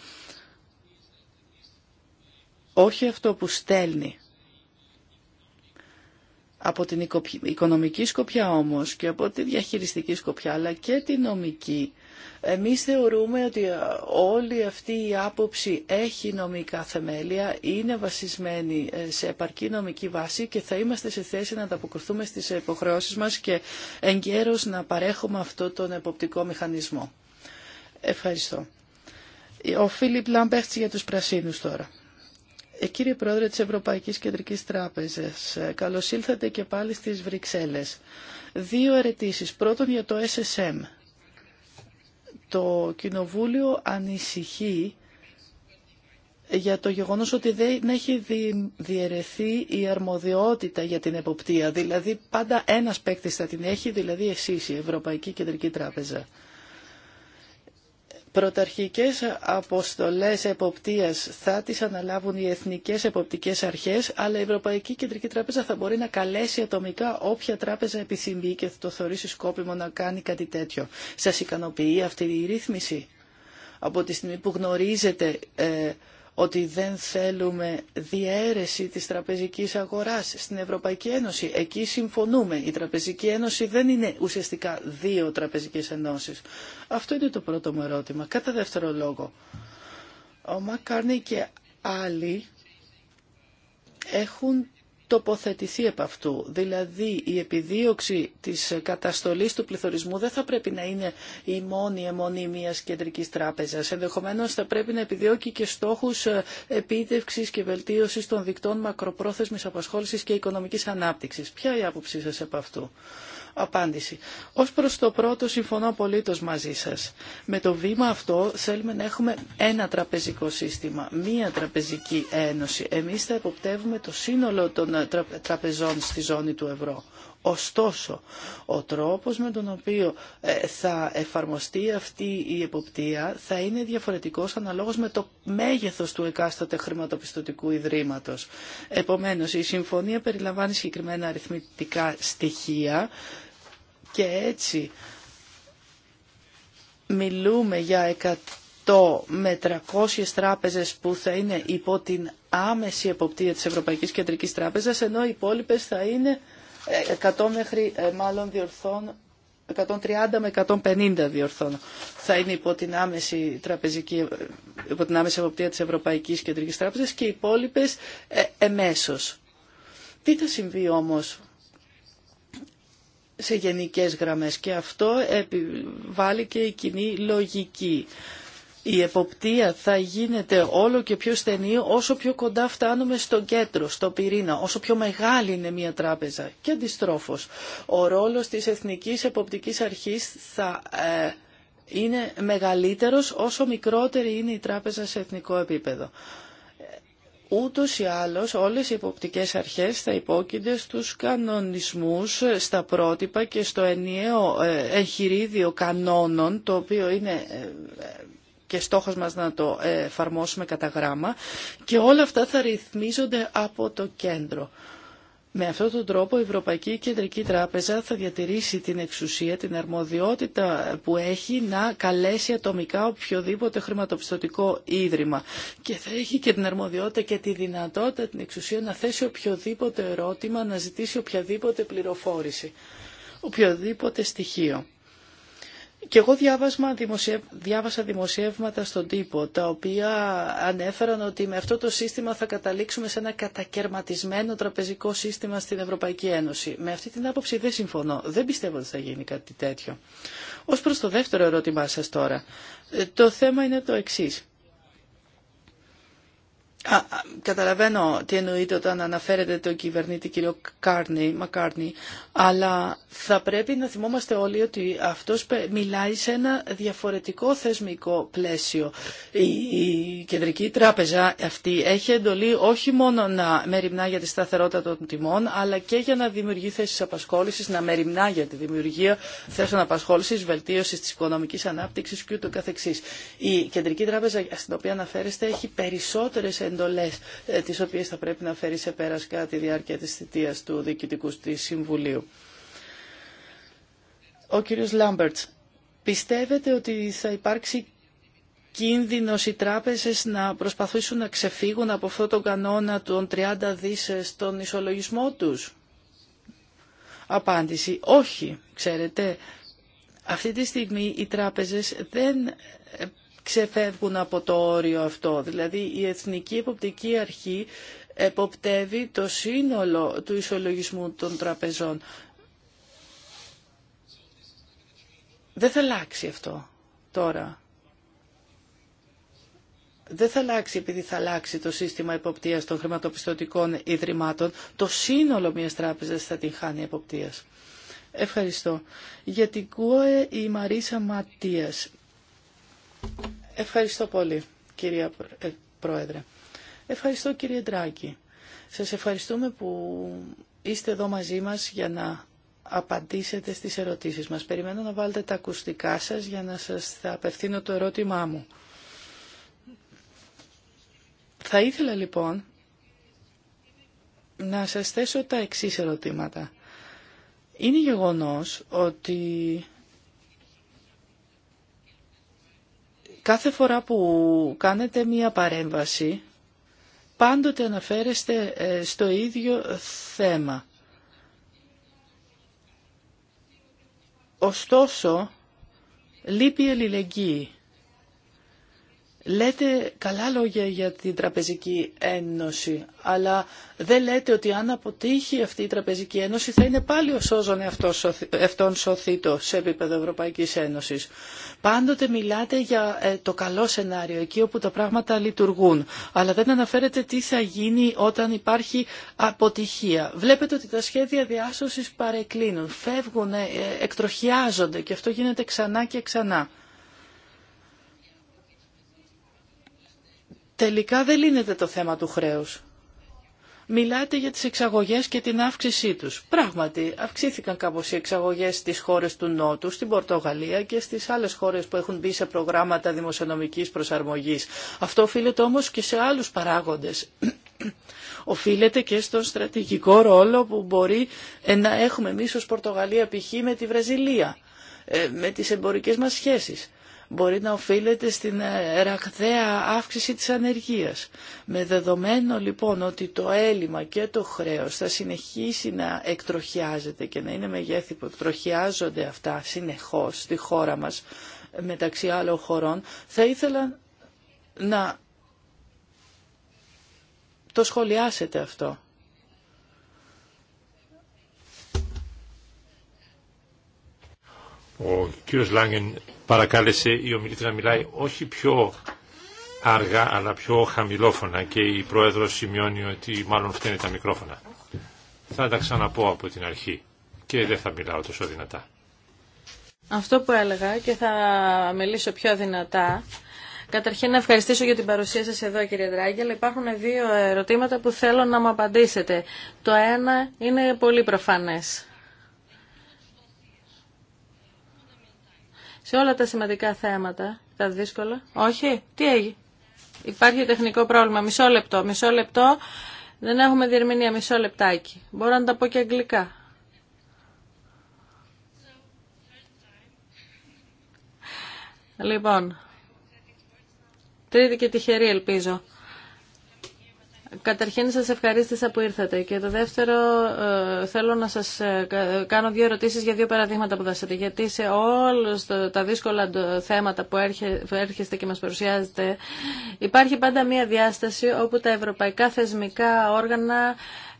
όχι αυτό που στέλνει. Από την οικονομική σκοπιά όμως και από τη διαχειριστική σκοπιά αλλά και τη νομική εμείς θεωρούμε ότι όλη αυτή η άποψη έχει νομικά θεμέλια, είναι βασισμένη ε, σε επαρκή νομική βάση και θα είμαστε σε θέση να ανταποκριθούμε στις υποχρεώσεις μας και εγκαίρως να παρέχουμε αυτό τον εποπτικό μηχανισμό. Ευχαριστώ. Ο Φίλιπ Λάμπερτς για τους Πρασίνους τώρα. Ε, κύριε Πρόεδρε της Ευρωπαϊκής Κεντρικής Τράπεζας, ε, καλώς ήλθατε και πάλι στις Βρυξέλλες. Δύο ερετήσεις. Πρώτον για το SSM το Κοινοβούλιο ανησυχεί για το γεγονός ότι δεν έχει διαιρεθεί η αρμοδιότητα για την εποπτεία. Δηλαδή πάντα ένας παίκτη θα την έχει, δηλαδή εσείς η Ευρωπαϊκή Κεντρική Τράπεζα. Πρωταρχικές αποστολές εποπτείας θα τις αναλάβουν οι εθνικές εποπτικές αρχές, αλλά η Ευρωπαϊκή Κεντρική Τράπεζα θα μπορεί να καλέσει ατομικά όποια τράπεζα επιθυμεί και θα το θεωρήσει σκόπιμο να κάνει κάτι τέτοιο. Σας ικανοποιεί αυτή η ρύθμιση από τη στιγμή που γνωρίζετε... Ε, ότι δεν θέλουμε διαίρεση της τραπεζικής αγοράς στην Ευρωπαϊκή Ένωση. Εκεί συμφωνούμε. Η Τραπεζική Ένωση δεν είναι ουσιαστικά δύο τραπεζικές ενώσεις. Αυτό είναι το πρώτο μου ερώτημα. Κατά δεύτερο λόγο, ο Μακάρνι και άλλοι έχουν τοποθετηθεί επ' αυτού. Δηλαδή η επιδίωξη της καταστολής του πληθωρισμού δεν θα πρέπει να είναι η μόνη αιμονή μιας κεντρικής τράπεζας. Ενδεχομένως θα πρέπει να επιδιώκει και στόχους ε, επίτευξης και βελτίωσης των δικτών μακροπρόθεσμης απασχόλησης και οικονομικής ανάπτυξης. Ποια η άποψή σας επ' αυτού απάντηση. Ως προς το πρώτο συμφωνώ απολύτως μαζί σας. Με το βήμα αυτό θέλουμε να έχουμε ένα τραπεζικό σύστημα, μία τραπεζική ένωση. Εμείς θα εποπτεύουμε το σύνολο των τραπεζών στη ζώνη του ευρώ. Ωστόσο, ο τρόπος με τον οποίο ε, θα εφαρμοστεί αυτή η εποπτεία θα είναι διαφορετικός αναλόγως με το μέγεθος του εκάστοτε χρηματοπιστωτικού ιδρύματος. Επομένως, η συμφωνία περιλαμβάνει συγκεκριμένα αριθμητικά στοιχεία και έτσι μιλούμε για 100 με 300 τράπεζες που θα είναι υπό την άμεση εποπτεία της Ευρωπαϊκής Κεντρικής Τράπεζας, ενώ οι υπόλοιπε θα είναι 100 μέχρι, ε, μάλλον διορθών, 130 με 150 διορθών θα είναι υπό την άμεση, τραπεζική, ε, υπό την άμεση εποπτεία της Ευρωπαϊκής Κεντρικής Τράπεζας και οι υπόλοιπες ε, εμέσως. Τι θα συμβεί όμως σε γενικές γραμμές και αυτό επιβάλλει και η κοινή λογική η εποπτεία θα γίνεται όλο και πιο στενή όσο πιο κοντά φτάνουμε στο κέντρο, στο πυρήνα, όσο πιο μεγάλη είναι μια τράπεζα. Και αντιστρόφως, ο ρόλος της Εθνικής Εποπτικής Αρχής θα ε, είναι μεγαλύτερος όσο μικρότερη είναι η τράπεζα σε εθνικό επίπεδο. Ούτως ή άλλως όλες οι υποπτικές αρχές θα υπόκεινται στους κανονισμούς, στα πρότυπα και στο ενιαίο ε, εγχειρίδιο κανόνων, το οποίο είναι ε, και στόχος μας να το εφαρμόσουμε κατά γράμμα και όλα αυτά θα ρυθμίζονται από το κέντρο. Με αυτόν τον τρόπο η Ευρωπαϊκή Κεντρική Τράπεζα θα διατηρήσει την εξουσία, την αρμοδιότητα που έχει να καλέσει ατομικά οποιοδήποτε χρηματοπιστωτικό ίδρυμα και θα έχει και την αρμοδιότητα και τη δυνατότητα, την εξουσία να θέσει οποιοδήποτε ερώτημα, να ζητήσει οποιαδήποτε πληροφόρηση, οποιοδήποτε στοιχείο. Και εγώ διάβασα δημοσιεύματα στον τύπο, τα οποία ανέφεραν ότι με αυτό το σύστημα θα καταλήξουμε σε ένα κατακαιρματισμένο τραπεζικό σύστημα στην Ευρωπαϊκή Ένωση. Με αυτή την άποψη δεν συμφωνώ. Δεν πιστεύω ότι θα γίνει κάτι τέτοιο. Ως προς το δεύτερο ερώτημά σας τώρα, ε, το θέμα είναι το εξής καταλαβαίνω τι εννοείται όταν αναφέρεται τον κυβερνήτη κύριο Κάρνι, Μακάρνι, αλλά θα πρέπει να θυμόμαστε όλοι ότι αυτός μιλάει σε ένα διαφορετικό θεσμικό πλαίσιο. Η, η Κεντρική Τράπεζα αυτή έχει εντολή όχι μόνο να μεριμνά για τη σταθερότητα των τιμών, αλλά και για να δημιουργεί θέσεις απασχόλησης, να μεριμνά για τη δημιουργία θέσεων απασχόλησης, βελτίωσης της οικονομικής ανάπτυξης και Η Κεντρική Τράπεζα στην οποία αναφέρεστε έχει περισσότερες εντολές ε, τις οποίες θα πρέπει να φέρει σε πέρας κατά τη διάρκεια της θητείας του Διοικητικού Συμβουλίου. Ο κύριος Λάμπερτς, πιστεύετε ότι θα υπάρξει κίνδυνος οι τράπεζες να προσπαθήσουν να ξεφύγουν από αυτόν τον κανόνα των 30 δις στον ισολογισμό τους. Απάντηση. Όχι. Ξέρετε, αυτή τη στιγμή οι τράπεζες δεν ξεφεύγουν από το όριο αυτό. Δηλαδή η Εθνική Εποπτική Αρχή εποπτεύει το σύνολο του ισολογισμού των τραπεζών. Δεν θα αλλάξει αυτό τώρα. Δεν θα αλλάξει επειδή θα αλλάξει το σύστημα εποπτείας των χρηματοπιστωτικών ιδρυμάτων. Το σύνολο μιας τράπεζας θα την χάνει εποπτείας. Ευχαριστώ. Για την ΚΟΕ η Μαρίσα Ματίας. Ευχαριστώ πολύ, κυρία ε, Πρόεδρε. Ευχαριστώ, κύριε Ντράκη. Σας ευχαριστούμε που είστε εδώ μαζί μας για να απαντήσετε στις ερωτήσεις μας. Περιμένω να βάλετε τα ακουστικά σας για να σας θα απευθύνω το ερώτημά μου. Θα ήθελα λοιπόν να σας θέσω τα εξής ερωτήματα. Είναι γεγονός ότι κάθε φορά που κάνετε μία παρέμβαση, πάντοτε αναφέρεστε ε, στο ίδιο θέμα. Ωστόσο, λείπει η αλληλεγγύη. Λέτε καλά λόγια για την Τραπεζική Ένωση, αλλά δεν λέτε ότι αν αποτύχει αυτή η Τραπεζική Ένωση θα είναι πάλι ο σώζον αυτόν σωθήτο σε επίπεδο Ευρωπαϊκής Ένωσης. Πάντοτε μιλάτε για ε, το καλό σενάριο, εκεί όπου τα πράγματα λειτουργούν, αλλά δεν αναφέρετε τι θα γίνει όταν υπάρχει αποτυχία. Βλέπετε ότι τα σχέδια διάσωσης παρεκκλίνουν, φεύγουν, ε, εκτροχιάζονται και αυτό γίνεται ξανά και ξανά. τελικά δεν λύνεται το θέμα του χρέους. Μιλάτε για τις εξαγωγές και την αύξησή τους. Πράγματι, αυξήθηκαν κάπως οι εξαγωγές στις χώρες του Νότου, στην Πορτογαλία και στις άλλες χώρες που έχουν μπει σε προγράμματα δημοσιονομικής προσαρμογής. Αυτό οφείλεται όμως και σε άλλους παράγοντες. Οφείλεται και στον στρατηγικό ρόλο που μπορεί ε, να έχουμε εμείς ως Πορτογαλία π.χ. με τη Βραζιλία, ε, με τις εμπορικές μας σχέσεις μπορεί να οφείλεται στην ε, ραχδαία αύξηση της ανεργίας. Με δεδομένο λοιπόν ότι το έλλειμμα και το χρέος θα συνεχίσει να εκτροχιάζεται και να είναι μεγέθη που εκτροχιάζονται αυτά συνεχώς στη χώρα μας μεταξύ άλλων χωρών, θα ήθελα να το σχολιάσετε αυτό. Ο κύριος Λάγεν παρακάλεσε η ομιλήτρια να μιλάει όχι πιο αργά αλλά πιο χαμηλόφωνα και η πρόεδρος σημειώνει ότι μάλλον φταίνε τα μικρόφωνα. Θα τα ξαναπώ από την αρχή και δεν θα μιλάω τόσο δυνατά. Αυτό που έλεγα και θα μιλήσω πιο δυνατά. Καταρχήν να ευχαριστήσω για την παρουσία σας εδώ κύριε Δράγκη, υπάρχουν δύο ερωτήματα που θέλω να μου απαντήσετε. Το ένα είναι πολύ προφανές. σε όλα τα σημαντικά θέματα, τα δύσκολα. Όχι, τι έγινε. Υπάρχει τεχνικό πρόβλημα. Μισό λεπτό, μισό λεπτό. Δεν έχουμε διερμηνία, μισό λεπτάκι. Μπορώ να τα πω και αγγλικά. Λοιπόν, τρίτη και τυχερή ελπίζω. Καταρχήν σας ευχαρίστησα που ήρθατε και το δεύτερο ε, θέλω να σας ε, ε, κάνω δύο ερωτήσεις για δύο παραδείγματα που δώσατε γιατί σε όλες τα δύσκολα θέματα που έρχεστε και μας παρουσιάζετε υπάρχει πάντα μία διάσταση όπου τα ευρωπαϊκά θεσμικά όργανα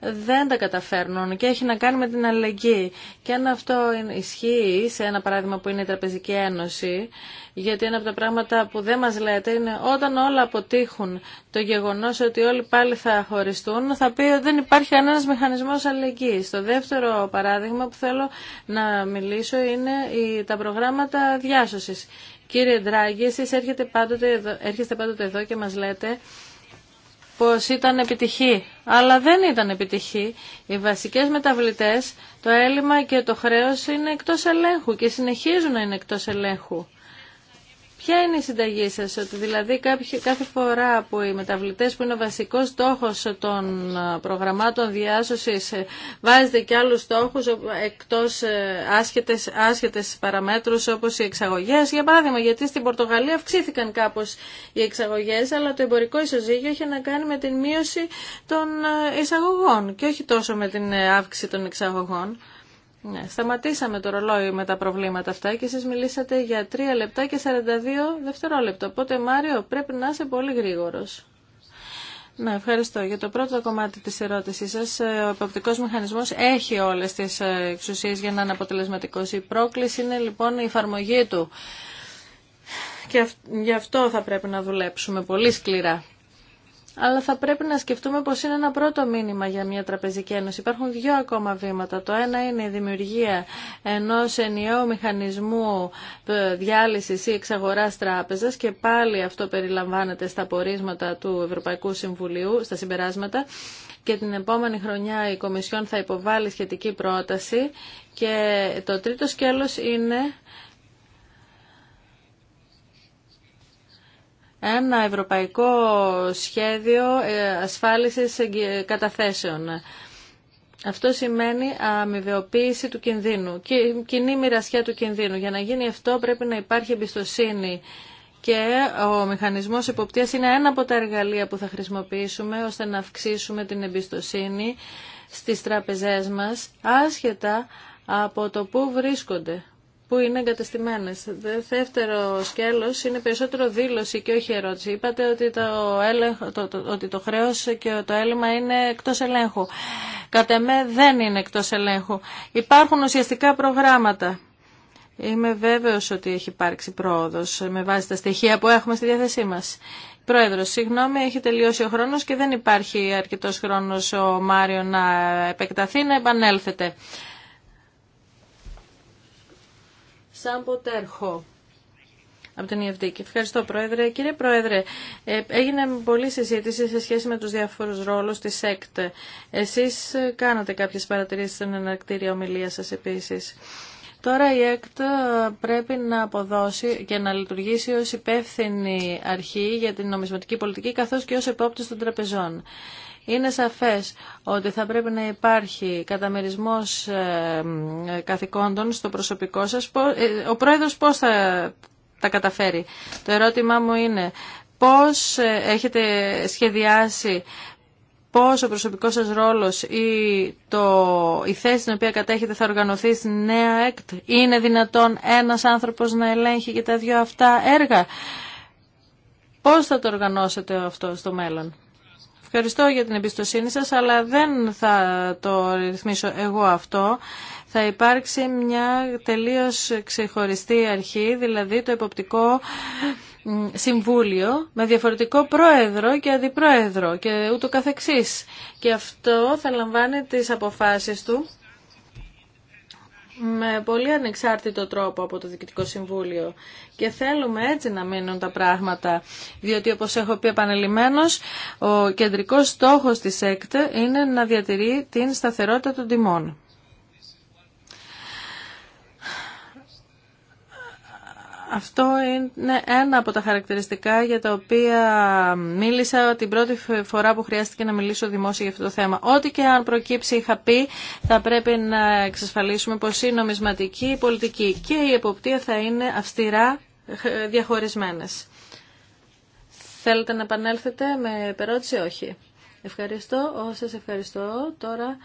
δεν τα καταφέρνουν και έχει να κάνει με την αλληλεγγύη. Και αν αυτό ισχύει σε ένα παράδειγμα που είναι η Τραπεζική Ένωση, γιατί ένα από τα πράγματα που δεν μας λέτε είναι όταν όλα αποτύχουν το γεγονός ότι όλοι πάλι θα χωριστούν, θα πει ότι δεν υπάρχει κανένας μηχανισμός αλληλεγγύης. Το δεύτερο παράδειγμα που θέλω να μιλήσω είναι τα προγράμματα διάσωσης. Κύριε Ντράγκη, εσείς έρχεστε πάντοτε εδώ, έρχεστε πάντοτε εδώ και μας λέτε πως ήταν επιτυχή. Αλλά δεν ήταν επιτυχή. Οι βασικές μεταβλητές, το έλλειμμα και το χρέος είναι εκτός ελέγχου και συνεχίζουν να είναι εκτός ελέγχου. Ποια είναι η συνταγή σας, ότι δηλαδή κάθε φορά που οι μεταβλητές που είναι ο βασικός στόχος των ε, προγραμμάτων διάσωσης ε, βάζετε και άλλους στόχους εκτός ε, άσχετες, άσχετες παραμέτρους όπως οι εξαγωγές. Για παράδειγμα, γιατί στην Πορτογαλία αυξήθηκαν κάπως οι εξαγωγές, αλλά το εμπορικό ισοζύγιο είχε να κάνει με την μείωση των εισαγωγών και όχι τόσο με την αύξηση των εξαγωγών. Ναι, σταματήσαμε το ρολόι με τα προβλήματα αυτά και εσείς μιλήσατε για 3 λεπτά και 42 δευτερόλεπτα. Οπότε Μάριο πρέπει να είσαι πολύ γρήγορος. Ναι, ευχαριστώ. Για το πρώτο κομμάτι της ερώτησής σας, ε, ο εποπτικός μηχανισμός έχει όλες τις ε, εξουσίες για να είναι αποτελεσματικός. Η πρόκληση είναι λοιπόν η εφαρμογή του. Και γι' αυτό θα πρέπει να δουλέψουμε πολύ σκληρά αλλά θα πρέπει να σκεφτούμε πως είναι ένα πρώτο μήνυμα για μια τραπεζική ένωση. Υπάρχουν δύο ακόμα βήματα. Το ένα είναι η δημιουργία ενός ενιαίου μηχανισμού ε, διάλυσης ή εξαγοράς τράπεζας και πάλι αυτό περιλαμβάνεται στα πορίσματα του Ευρωπαϊκού Συμβουλίου, στα συμπεράσματα και την επόμενη χρονιά η Κομισιόν θα υποβάλει σχετική πρόταση και το τρίτο σκέλος είναι ένα ευρωπαϊκό σχέδιο ε, ασφάλισης ε, καταθέσεων. Αυτό σημαίνει αμοιβεοποίηση του κινδύνου, κοινή μοιρασιά του κινδύνου. Για να γίνει αυτό πρέπει να υπάρχει εμπιστοσύνη και ο μηχανισμός εποπτείας είναι ένα από τα εργαλεία που θα χρησιμοποιήσουμε ώστε να αυξήσουμε την εμπιστοσύνη στις τράπεζές μας, άσχετα από το πού βρίσκονται που είναι εγκατεστημένε. Δεύτερο σκέλο είναι περισσότερο δήλωση και όχι ερώτηση. Είπατε ότι το, το, το χρέος και το έλλειμμα είναι εκτός ελέγχου. Κατά με δεν είναι εκτός ελέγχου. Υπάρχουν ουσιαστικά προγράμματα. Είμαι βέβαιος ότι έχει υπάρξει πρόοδος με βάση τα στοιχεία που έχουμε στη διάθεσή μας. Πρόεδρος, συγγνώμη, έχει τελειώσει ο χρόνος και δεν υπάρχει αρκετός χρόνος ο Μάριο να επεκταθεί, να επανέλθετε. Σαμποτέρχο από την Ιευδίκη. Ευχαριστώ, Πρόεδρε. Κύριε Πρόεδρε, ε, έγινε πολλή συζήτηση σε σχέση με τους διάφορους ρόλους της ΕΚΤ. Εσείς κάνατε κάποιες παρατηρήσεις στην εναρκτήρια ομιλία σας επίσης. Τώρα η ΕΚΤ πρέπει να αποδώσει και να λειτουργήσει ως υπεύθυνη αρχή για την νομισματική πολιτική καθώς και ως επόπτη των τραπεζών. Είναι σαφές ότι θα πρέπει να υπάρχει καταμερισμός ε, καθηκόντων στο προσωπικό σας. Ε, ο πρόεδρος πώς θα τα καταφέρει. Το ερώτημά μου είναι πώς ε, έχετε σχεδιάσει πώς ο προσωπικός σας ρόλος ή το, η θέση στην οποία κατέχετε θα οργανωθεί στην νέα ΕΚΤ. Είναι δυνατόν ένας άνθρωπος να ελέγχει και τα δύο αυτά έργα. Πώς θα το οργανώσετε αυτό στο μέλλον. Ευχαριστώ για την εμπιστοσύνη σας, αλλά δεν θα το ρυθμίσω εγώ αυτό. Θα υπάρξει μια τελείως ξεχωριστή αρχή, δηλαδή το εποπτικό συμβούλιο με διαφορετικό πρόεδρο και αντιπρόεδρο και ούτω καθεξής. Και αυτό θα λαμβάνει τις αποφάσεις του με πολύ ανεξάρτητο τρόπο από το Διοικητικό Συμβούλιο και θέλουμε έτσι να μείνουν τα πράγματα διότι όπως έχω πει επανελειμμένως ο κεντρικός στόχος της ΕΚΤ είναι να διατηρεί την σταθερότητα των τιμών. Αυτό είναι ένα από τα χαρακτηριστικά για τα οποία μίλησα την πρώτη φορά που χρειάστηκε να μιλήσω δημόσια για αυτό το θέμα. Ό,τι και αν προκύψει είχα πει θα πρέπει να εξασφαλίσουμε πως η νομισματική, η πολιτική και η εποπτεία θα είναι αυστηρά ε, διαχωρισμένες. Θέλετε να επανέλθετε με περώτηση, όχι. Ευχαριστώ, σα ευχαριστώ. Τώρα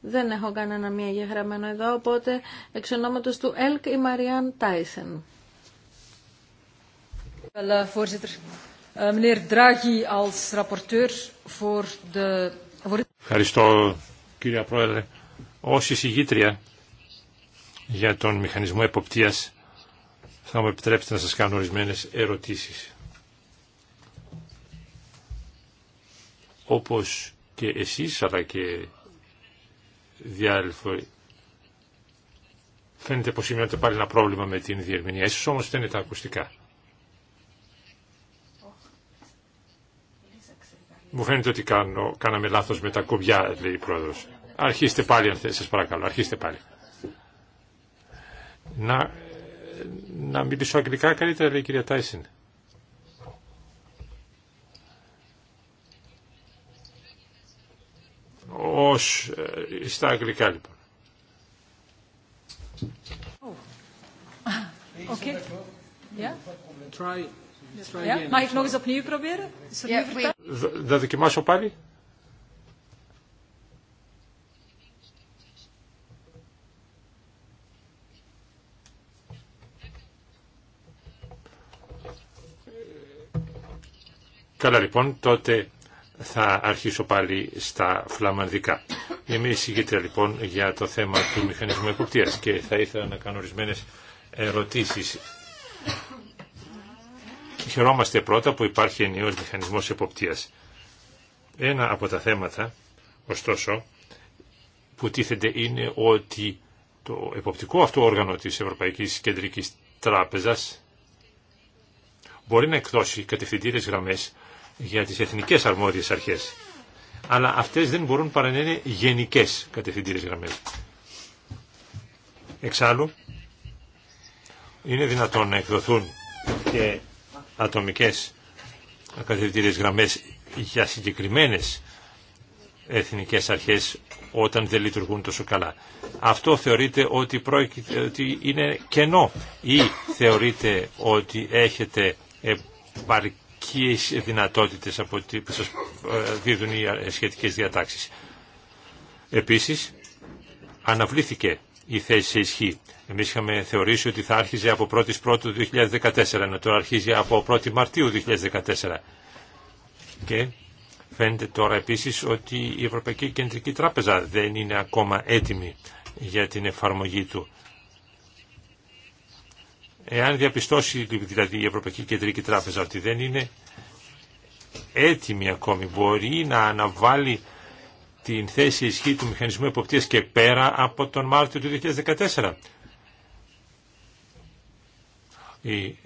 δεν έχω κανένα μία γεγραμμένο εδώ, οπότε εξ του ΕΛΚ η Μαριάν Τάισεν. Ευχαριστώ κύριε Πρόεδρε. Ω εισηγήτρια για τον μηχανισμό εποπτείας θα μου επιτρέψετε να σα κάνω ορισμένε ερωτήσει. Όπω και εσεί, αλλά και διάλφοι φαίνεται πώ σημειώνεται πάλι ένα πρόβλημα με την διερμηνία. Ίσως όμω δεν είναι τα ακουστικά. Μου φαίνεται ότι κάνω, κάναμε λάθος με τα κουμπιά, λέει η πρόεδρος. Αρχίστε πάλι αν θέλετε, σας παρακαλώ, αρχίστε πάλι. Να, να μιλήσω αγγλικά καλύτερα, λέει η κυρία Τάισιν. Ως, ε, στα αγγλικά λοιπόν. Oh. Okay. Yeah. Mag ik nog eens opnieuw proberen? Να δοκιμάσω πάλι. Καλά λοιπόν, τότε θα αρχίσω πάλι στα φλαμανδικά. Είμαι εισηγήτρια λοιπόν για το θέμα του μηχανισμού εποπτείας και θα ήθελα να κάνω ορισμένε ερωτήσεις Χαιρόμαστε πρώτα που υπάρχει ενιαίος μηχανισμός εποπτείας. Ένα από τα θέματα, ωστόσο, που τίθεται είναι ότι το εποπτικό αυτό όργανο της Ευρωπαϊκής Κεντρικής Τράπεζας μπορεί να εκδώσει κατευθυντήρες γραμμές για τις εθνικές αρμόδιες αρχές. Αλλά αυτές δεν μπορούν παρά να είναι γενικές κατευθυντήρες γραμμές. Εξάλλου, είναι δυνατόν να εκδοθούν και ατομικές καθευτηρίες γραμμές για συγκεκριμένες εθνικές αρχές όταν δεν λειτουργούν τόσο καλά. Αυτό θεωρείται ότι, πρόκειται, ότι είναι κενό ή θεωρείται ότι έχετε επαρκείς δυνατότητες από ό,τι σας ε, δίδουν οι σχετικές διατάξεις. Επίσης, αναβλήθηκε η θέση σε ισχύ. Εμείς είχαμε θεωρήσει ότι θα άρχιζε από 1η Πρώτου 2014, να τώρα αρχίζει από 1η Μαρτίου 2014. Και φαίνεται τώρα επίσης ότι η Ευρωπαϊκή Κεντρική Τράπεζα δεν είναι ακόμα έτοιμη για την εφαρμογή του. Εάν διαπιστώσει δηλαδή η Ευρωπαϊκή Κεντρική Τράπεζα ότι δεν είναι έτοιμη ακόμη, μπορεί να αναβάλει την θέση ισχύ του μηχανισμού εποπτείας και πέρα από τον Μάρτιο του 2014. Η...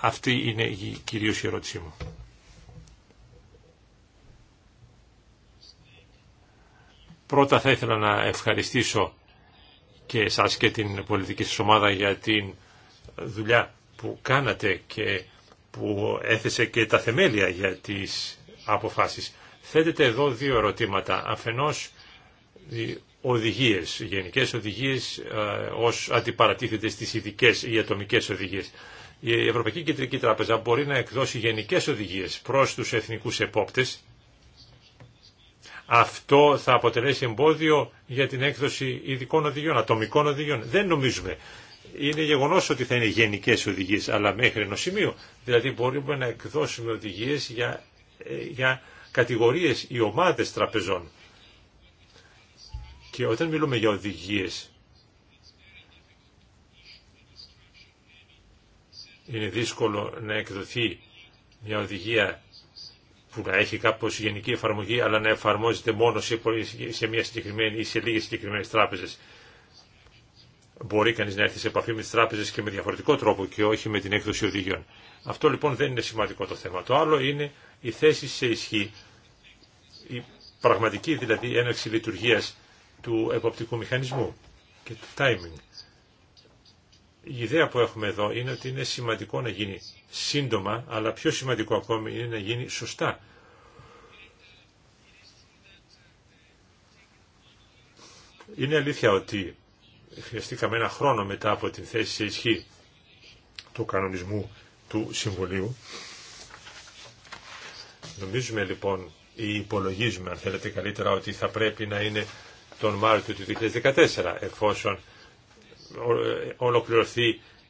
Αυτή είναι η κυρίως η ερώτησή μου. Πρώτα θα ήθελα να ευχαριστήσω και εσάς και την πολιτική σας ομάδα για την δουλειά που κάνατε και που έθεσε και τα θεμέλια για τις αποφάσεις. Θέτεται εδώ δύο ερωτήματα. Αφενός οδηγίες, γενικές οδηγίες ε, ως αντιπαρατίθεται στις ειδικές ή ατομικές οδηγίες. Η Ευρωπαϊκή Κεντρική Τράπεζα μπορεί να εκδώσει γενικές οδηγίες προς τους εθνικούς επόπτες. Αυτό θα αποτελέσει εμπόδιο για την έκδοση ειδικών οδηγιών, ατομικών οδηγιών. Δεν νομίζουμε. Είναι γεγονό ότι θα είναι γενικέ οδηγίε, αλλά μέχρι ενό σημείου. Δηλαδή, μπορούμε να εκδώσουμε οδηγίε για, ε, για κατηγορίες, ή ομάδες τραπεζών. Και όταν μιλούμε για οδηγίες, είναι δύσκολο να εκδοθεί μια οδηγία που να έχει κάπως γενική εφαρμογή, αλλά να εφαρμόζεται μόνο σε, μια συγκεκριμένη ή σε λίγες συγκεκριμένες τράπεζες. Μπορεί κανείς να έρθει σε επαφή με τις τράπεζες και με διαφορετικό τρόπο και όχι με την έκδοση οδηγιών. Αυτό λοιπόν δεν είναι σημαντικό το θέμα. Το άλλο είναι η θέση σε ισχύ, η πραγματική δηλαδή έναρξη λειτουργίας του εποπτικού μηχανισμού και του timing. Η ιδέα που έχουμε εδώ είναι ότι είναι σημαντικό να γίνει σύντομα, αλλά πιο σημαντικό ακόμη είναι να γίνει σωστά. Είναι αλήθεια ότι χρειαστήκαμε ένα χρόνο μετά από την θέση σε ισχύ του κανονισμού του Συμβουλίου Νομίζουμε λοιπόν ή υπολογίζουμε αν θέλετε καλύτερα ότι θα πρέπει να είναι τον Μάρτιο του 2014 εφόσον ολοκληρωθεί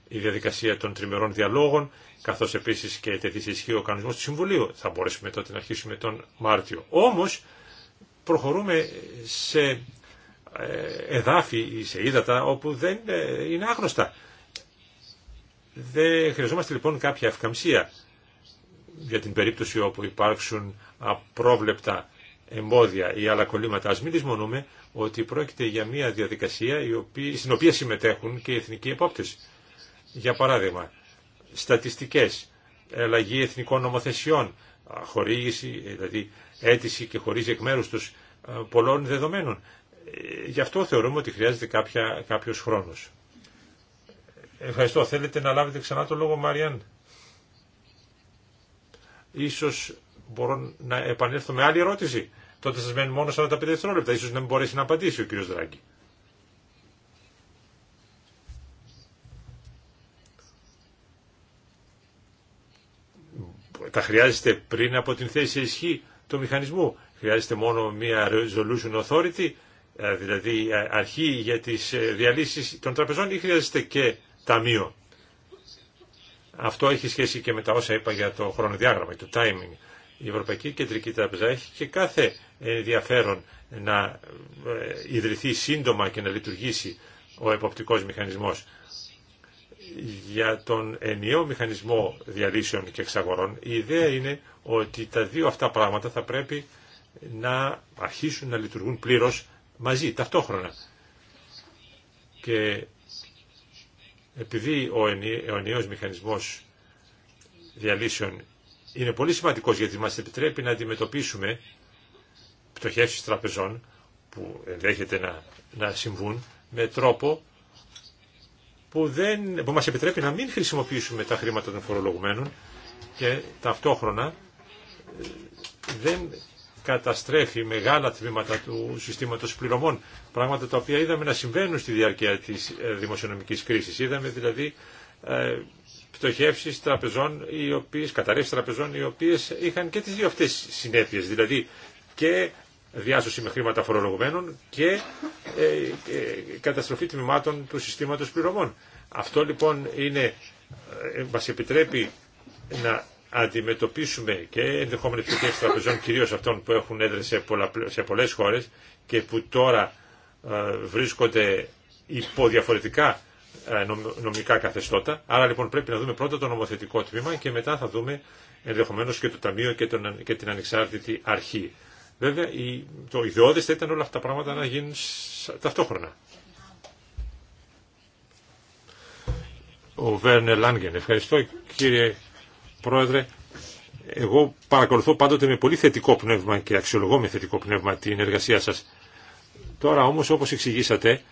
η διαδικασία των τριμερών διαλόγων καθώς επίσης και τεθεί ισχύ ο κανονισμός του Συμβουλίου. Θα μπορέσουμε τότε να αρχίσουμε τον Μάρτιο. Όμως προχωρούμε σε ε, εδάφη ή σε ύδατα όπου δεν ε, είναι άγνωστα. Δεν χρειαζόμαστε λοιπόν κάποια ευκαμψία για την περίπτωση όπου υπάρξουν απρόβλεπτα εμπόδια ή άλλα κολλήματα. Ας μην δυσμονούμε ότι πρόκειται για μια διαδικασία στην οποία συμμετέχουν και οι εθνικοί επόπτες. Για παράδειγμα, στατιστικές, αλλαγή εθνικών νομοθεσιών, χορήγηση, δηλαδή αίτηση και χωρί εκ μέρους τους ε, πολλών δεδομένων. Ε, γι' αυτό θεωρούμε ότι χρειάζεται κάποια, κάποιος χρόνος. Ευχαριστώ. Θέλετε να λάβετε ξανά το λόγο, Μαριάν. Ίσως μπορώ να επανέλθω με άλλη ερώτηση. Τότε σας μένει μόνο 45 δευτερόλεπτα. Ίσως να μην μπορέσει να απαντήσει ο κύριος Δράγκη. Τα χρειάζεστε πριν από την θέση ισχύ του μηχανισμού. Χρειάζεται μόνο μια resolution authority, ε, δηλαδή ε, αρχή για τις ε, διαλύσεις των τραπεζών ή χρειάζεται και ταμείο. Αυτό έχει σχέση και με τα όσα είπα για το χρονοδιάγραμμα, το timing. Η Ευρωπαϊκή Κεντρική Τράπεζα έχει και κάθε ενδιαφέρον να ε, ιδρυθεί σύντομα και να λειτουργήσει ο εποπτικός μηχανισμός. Για τον ενιαίο μηχανισμό διαλύσεων και εξαγορών, η ιδέα είναι ότι τα δύο αυτά πράγματα θα πρέπει να αρχίσουν να λειτουργούν πλήρως μαζί, ταυτόχρονα. Και επειδή ο ενιαίος μηχανισμός διαλύσεων είναι πολύ σημαντικός γιατί μας επιτρέπει να αντιμετωπίσουμε πτωχεύσεις τραπεζών που ενδέχεται να, να συμβούν με τρόπο που, δεν, που μας επιτρέπει να μην χρησιμοποιήσουμε τα χρήματα των φορολογουμένων και ταυτόχρονα ε, δεν καταστρέφει μεγάλα τμήματα του συστήματος πληρωμών, πράγματα τα οποία είδαμε να συμβαίνουν στη διάρκεια της ε, δημοσιονομικής κρίσης. Είδαμε δηλαδή ε, πτωχεύσεις τραπεζών, οι οποίες, καταρρεύσεις τραπεζών, οι οποίες είχαν και τις δύο αυτές συνέπειες, δηλαδή και διάσωση με χρήματα φορολογουμένων και ε, καταστροφή τμήματων του συστήματος πληρωμών. Αυτό λοιπόν είναι, μας επιτρέπει να αντιμετωπίσουμε και ενδεχόμενες των τραπεζών, κυρίω αυτών που έχουν έδρα σε, σε πολλές χώρες και που τώρα ε, βρίσκονται υπό διαφορετικά ε, νομικά καθεστώτα. Άρα λοιπόν πρέπει να δούμε πρώτα το νομοθετικό τμήμα και μετά θα δούμε ενδεχομένω και το Ταμείο και, την Ανεξάρτητη Αρχή. Βέβαια το ιδεώδε θα ήταν όλα αυτά τα πράγματα να γίνουν ταυτόχρονα. Ο Βέρνερ Λάνγκεν. Ευχαριστώ κύριε Πρόεδρε, εγώ παρακολουθώ πάντοτε με πολύ θετικό πνεύμα και αξιολογώ με θετικό πνεύμα την εργασία σας. Τώρα όμως όπως εξηγήσατε,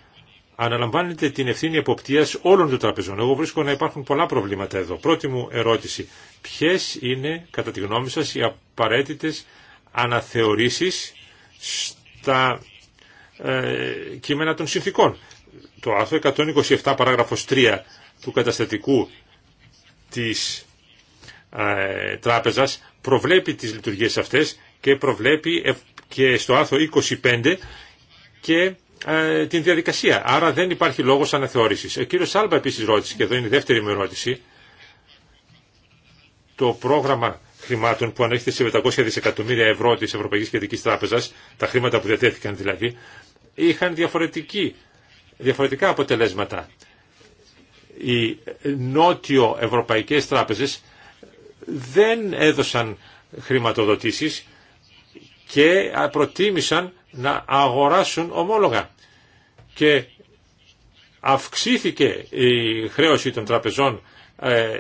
αναλαμβάνετε την ευθύνη εποπτείας όλων των τραπεζών. Εγώ βρίσκω να υπάρχουν πολλά προβλήματα εδώ. Πρώτη μου ερώτηση, ποιες είναι κατά τη γνώμη σας οι απαραίτητες αναθεωρήσεις στα ε, κείμενα των συνθήκων. Το άρθρο 127 παράγραφος 3 του καταστατικού της ε, τράπεζας προβλέπει τις λειτουργίες αυτές και προβλέπει ε, και στο άρθρο 25 και ε, την διαδικασία. Άρα δεν υπάρχει λόγος αναθεώρησης. Ο κύριος Σάλμπα επίσης ρώτησε, και εδώ είναι η δεύτερη μου ερώτηση, το πρόγραμμα χρημάτων που ανέχεται σε 500 δισεκατομμύρια ευρώ της Ευρωπαϊκής Κεντρικής Τράπεζας, τα χρήματα που διατέθηκαν δηλαδή, είχαν διαφορετική, διαφορετικά αποτελέσματα. Οι νότιο-ευρωπαϊκές τράπεζες δεν έδωσαν χρηματοδοτήσεις και προτίμησαν να αγοράσουν ομόλογα. Και αυξήθηκε η χρέωση των τραπεζών ε,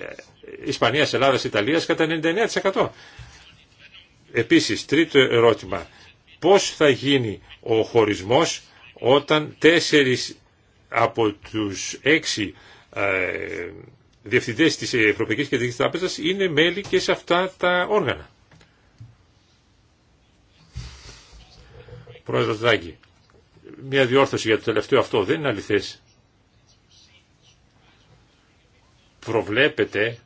Ισπανίας, Ελλάδας, Ιταλίας κατά 99%. Επίσης, τρίτο ερώτημα. Πώς θα γίνει ο χωρισμός όταν τέσσερις από τους έξι ε, Διευθυντέ τη Ευρωπαϊκή Κεντρική Τράπεζα είναι μέλη και σε αυτά τα όργανα. Πρόεδρος Δράγκη, μια διόρθωση για το τελευταίο αυτό δεν είναι αληθές. Προβλέπεται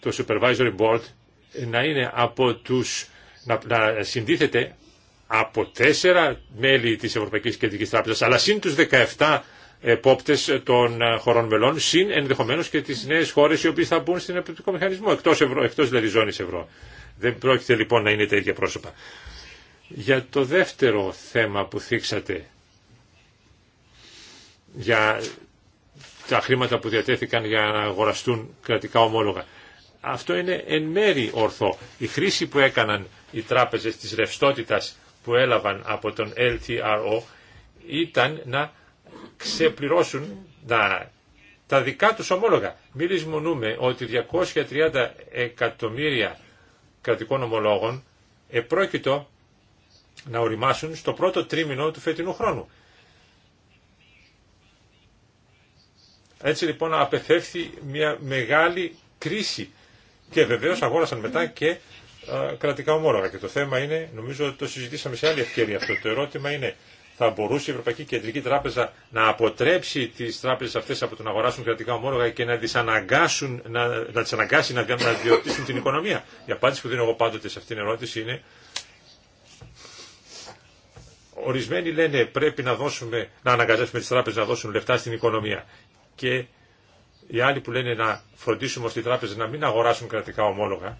το Supervisory Board να είναι από τους, να, συνδίθεται από τέσσερα μέλη της Ευρωπαϊκής Κεντρικής Τράπεζας, αλλά σύν του Επόπτε των ε, χωρών μελών, συν ενδεχομένως και τι νέε χώρε οι οποίες θα μπουν στην επιπτικό μηχανισμό, εκτός, ευρώ, εκτός δηλαδή ζώνη ευρώ. Δεν πρόκειται λοιπόν να είναι τα ίδια πρόσωπα. Για το δεύτερο θέμα που θίξατε, για τα χρήματα που διατέθηκαν για να αγοραστούν κρατικά ομόλογα. Αυτό είναι εν μέρη ορθό. Η χρήση που έκαναν οι τράπεζες της ρευστότητας που έλαβαν από τον LTRO ήταν να ξεπληρώσουν τα, τα δικά τους ομόλογα. Μην λησμονούμε ότι 230 εκατομμύρια κρατικών ομολόγων επρόκειτο να οριμάσουν στο πρώτο τρίμηνο του φετινού χρόνου. Έτσι λοιπόν απεθεύθη μια μεγάλη κρίση και βεβαίως αγόρασαν μετά και κρατικά ομόλογα. Και το θέμα είναι, νομίζω ότι το συζητήσαμε σε άλλη ευκαιρία αυτό, το ερώτημα είναι θα μπορούσε η Ευρωπαϊκή Κεντρική Τράπεζα να αποτρέψει τι τράπεζε αυτέ από το να αγοράσουν κρατικά ομόλογα και να τι να, να τις αναγκάσει να, να την οικονομία. Η απάντηση που δίνω εγώ πάντοτε σε αυτήν την ερώτηση είναι ορισμένοι λένε πρέπει να, δώσουμε, να αναγκαζέσουμε τις τράπεζες να δώσουν λεφτά στην οικονομία και οι άλλοι που λένε να φροντίσουμε ώστε οι τράπεζες να μην αγοράσουν κρατικά ομόλογα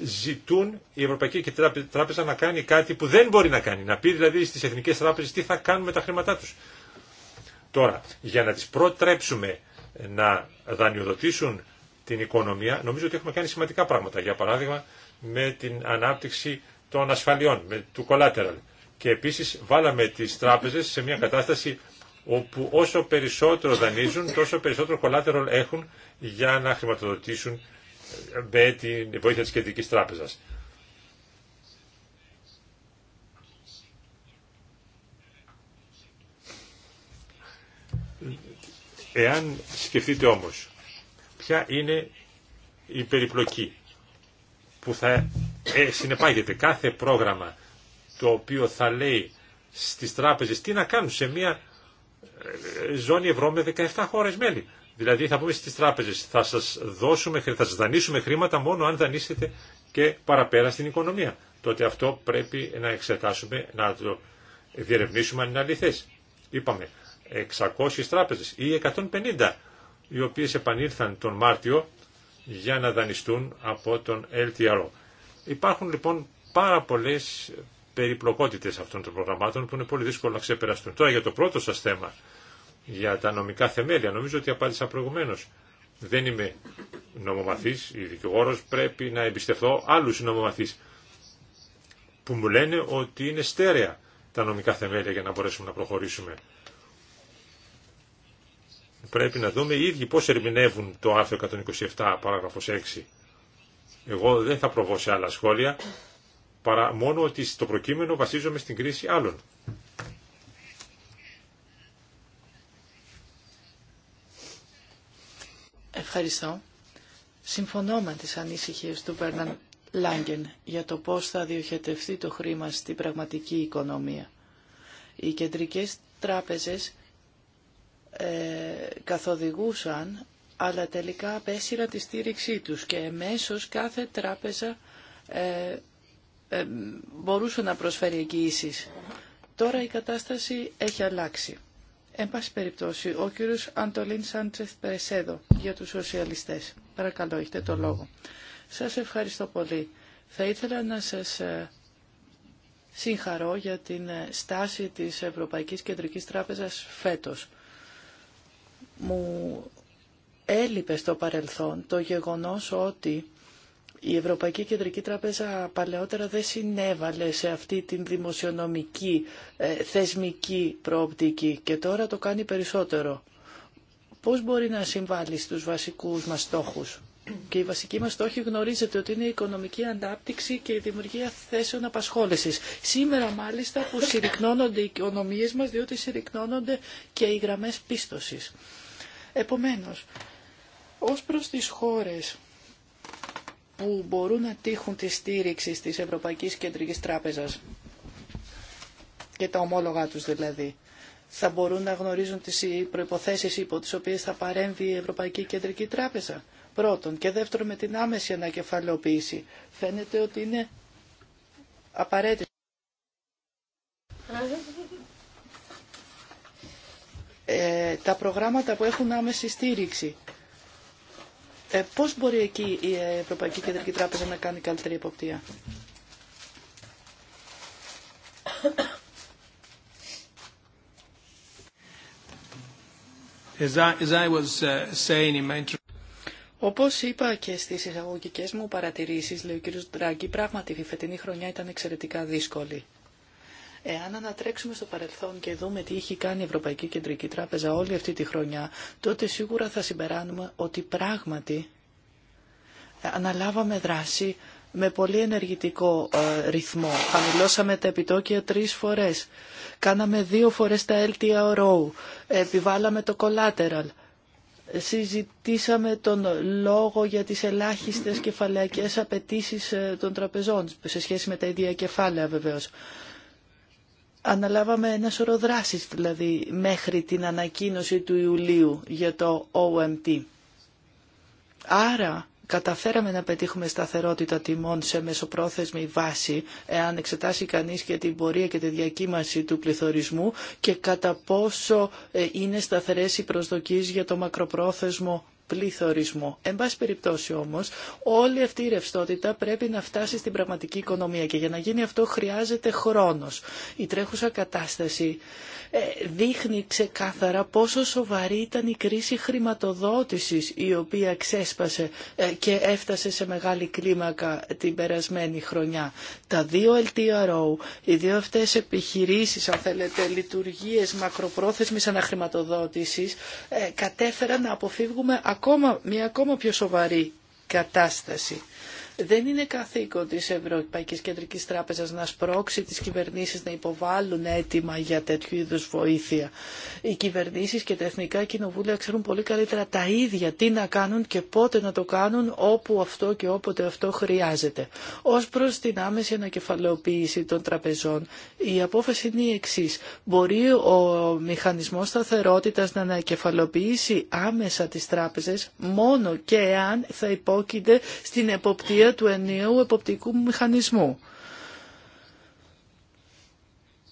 ζητούν η Ευρωπαϊκή Τράπεζα να κάνει κάτι που δεν μπορεί να κάνει. Να πει δηλαδή στις εθνικές τράπεζες τι θα κάνουν με τα χρήματά τους. Τώρα, για να τις προτρέψουμε να δανειοδοτήσουν την οικονομία, νομίζω ότι έχουμε κάνει σημαντικά πράγματα. Για παράδειγμα, με την ανάπτυξη των ασφαλιών, με, του collateral. Και επίσης βάλαμε τις τράπεζες σε μια κατάσταση όπου όσο περισσότερο δανείζουν, τόσο περισσότερο collateral έχουν για να χρηματοδοτήσουν με την βοήθεια της Κεντρικής Τράπεζας. Εάν σκεφτείτε όμως ποια είναι η περιπλοκή που θα ε, συνεπάγεται κάθε πρόγραμμα το οποίο θα λέει στις τράπεζες τι να κάνουν σε μια ε, ζώνη ευρώ με 17 χώρες μέλη. Δηλαδή θα πούμε στις τράπεζες θα σας, δώσουμε, θα σας δανείσουμε χρήματα μόνο αν δανείσετε και παραπέρα στην οικονομία. Τότε αυτό πρέπει να εξετάσουμε, να το διερευνήσουμε αν είναι αληθές. Είπαμε 600 τράπεζες ή 150 οι οποίες επανήλθαν τον Μάρτιο για να δανειστούν από τον LTRO. Υπάρχουν λοιπόν πάρα πολλές περιπλοκότητες αυτών των προγραμμάτων που είναι πολύ δύσκολο να ξεπεραστούν. Τώρα για το πρώτο σας θέμα για τα νομικά θεμέλια. Νομίζω ότι απάντησα προηγουμένω. Δεν είμαι νομομαθή, ή δικηγόρος, πρέπει να εμπιστευτώ άλλου νομομαθεί που μου λένε ότι είναι στέρεα τα νομικά θεμέλια για να μπορέσουμε να προχωρήσουμε. Πρέπει να δούμε οι ίδιοι πώς ερμηνεύουν το άρθρο 127 παράγραφος 6. Εγώ δεν θα προβώ σε άλλα σχόλια, παρά μόνο ότι στο προκείμενο βασίζομαι στην κρίση άλλων. Ευχαριστώ. Συμφωνώ με τις ανησυχίες του Πέρναν Λάγκεν για το πώς θα διοχετευτεί το χρήμα στην πραγματική οικονομία. Οι κεντρικές τράπεζες ε, καθοδηγούσαν, αλλά τελικά απέσυραν τη στήριξή τους και εμέσως κάθε τράπεζα ε, ε μπορούσε να προσφέρει εγγύησεις. Τώρα η κατάσταση έχει αλλάξει. Εν πάση περιπτώσει, ο κύριος Αντολίν Σάντσεφ Περεσέδο για τους σοσιαλιστές. Παρακαλώ, έχετε το λόγο. Σας ευχαριστώ πολύ. Θα ήθελα να σας ε, συγχαρώ για την ε, στάση της Ευρωπαϊκής Κεντρικής Τράπεζας φέτος. Μου έλειπε στο παρελθόν το γεγονός ότι η Ευρωπαϊκή Κεντρική Τραπέζα παλαιότερα δεν συνέβαλε σε αυτή την δημοσιονομική ε, θεσμική προοπτική και τώρα το κάνει περισσότερο. Πώς μπορεί να συμβάλλει στους βασικούς μας στόχους. Και οι βασικοί μας στόχοι γνωρίζετε ότι είναι η οικονομική ανάπτυξη και η δημιουργία θέσεων απασχόλησης. Σήμερα μάλιστα που συρρυκνώνονται οι οικονομίες μας διότι συρρυκνώνονται και οι γραμμές πίστοσης. Επομένως, ως προς τις χώρες που μπορούν να τύχουν τη στήριξη της Ευρωπαϊκής Κεντρικής Τράπεζας και τα ομόλογα τους δηλαδή. Θα μπορούν να γνωρίζουν τις προϋποθέσεις υπό τις οποίες θα παρέμβει η Ευρωπαϊκή Κεντρική Τράπεζα. Πρώτον. Και δεύτερον με την άμεση ανακεφαλαιοποίηση. Φαίνεται ότι είναι απαραίτητο. Ε, τα προγράμματα που έχουν άμεση στήριξη ε, πώς μπορεί εκεί η Ευρωπαϊκή Κεντρική Τράπεζα να κάνει καλύτερη εποπτεία. όπω uh, Όπως είπα και στις εισαγωγικές μου παρατηρήσεις, λέει ο κ. Ντράγκη, πράγματι η φετινή χρονιά ήταν εξαιρετικά δύσκολη. Εάν ανατρέξουμε στο παρελθόν και δούμε τι έχει κάνει η Ευρωπαϊκή Κεντρική Τράπεζα όλη αυτή τη χρονιά, τότε σίγουρα θα συμπεράνουμε ότι πράγματι αναλάβαμε δράση με πολύ ενεργητικό ε, ρυθμό. Χαμηλώσαμε τα επιτόκια τρεις φορές. Κάναμε δύο φορές τα LTRO. Επιβάλαμε το collateral. Συζητήσαμε τον λόγο για τις ελάχιστες κεφαλαϊκές απαιτήσεις ε, των τραπεζών, σε σχέση με τα ίδια κεφάλαια βεβαίως. Αναλάβαμε ένα σωρό δράσεις δηλαδή μέχρι την ανακοίνωση του Ιουλίου για το OMT. Άρα καταφέραμε να πετύχουμε σταθερότητα τιμών σε μεσοπρόθεσμη βάση, εάν εξετάσει κανείς και την πορεία και τη διακύμαση του πληθωρισμού και κατά πόσο ε, είναι σταθερές οι προσδοκίες για το μακροπρόθεσμο πληθωρισμό. Εν πάση περιπτώσει όμως, όλη αυτή η ρευστότητα πρέπει να φτάσει στην πραγματική οικονομία και για να γίνει αυτό χρειάζεται χρόνος. Η τρέχουσα κατάσταση ε, δείχνει ξεκάθαρα πόσο σοβαρή ήταν η κρίση χρηματοδότησης η οποία ξέσπασε ε, και έφτασε σε μεγάλη κλίμακα την περασμένη χρονιά. Τα δύο LTRO, οι δύο αυτές επιχειρήσεις, αν θέλετε, λειτουργίες μακροπρόθεσμης αναχρηματοδότησης, ε, κατέφεραν να αποφύγουμε ακόμα ακόμα, μια ακόμα πιο σοβαρή κατάσταση. Δεν είναι καθήκον της Ευρωπαϊκής Κεντρικής Τράπεζας να σπρώξει τις κυβερνήσεις να υποβάλουν αίτημα για τέτοιου είδους βοήθεια. Οι κυβερνήσεις και τα εθνικά κοινοβούλια ξέρουν πολύ καλύτερα τα ίδια τι να κάνουν και πότε να το κάνουν όπου αυτό και όποτε αυτό χρειάζεται. Ως προς την άμεση ανακεφαλαιοποίηση των τραπεζών, η απόφαση είναι η εξή. Μπορεί ο μηχανισμός σταθερότητας να ανακεφαλοποιήσει άμεσα τις τράπεζες μόνο και εάν θα υπόκειται στην εποπτεία λειτουργία του ενιαίου εποπτικού μηχανισμού.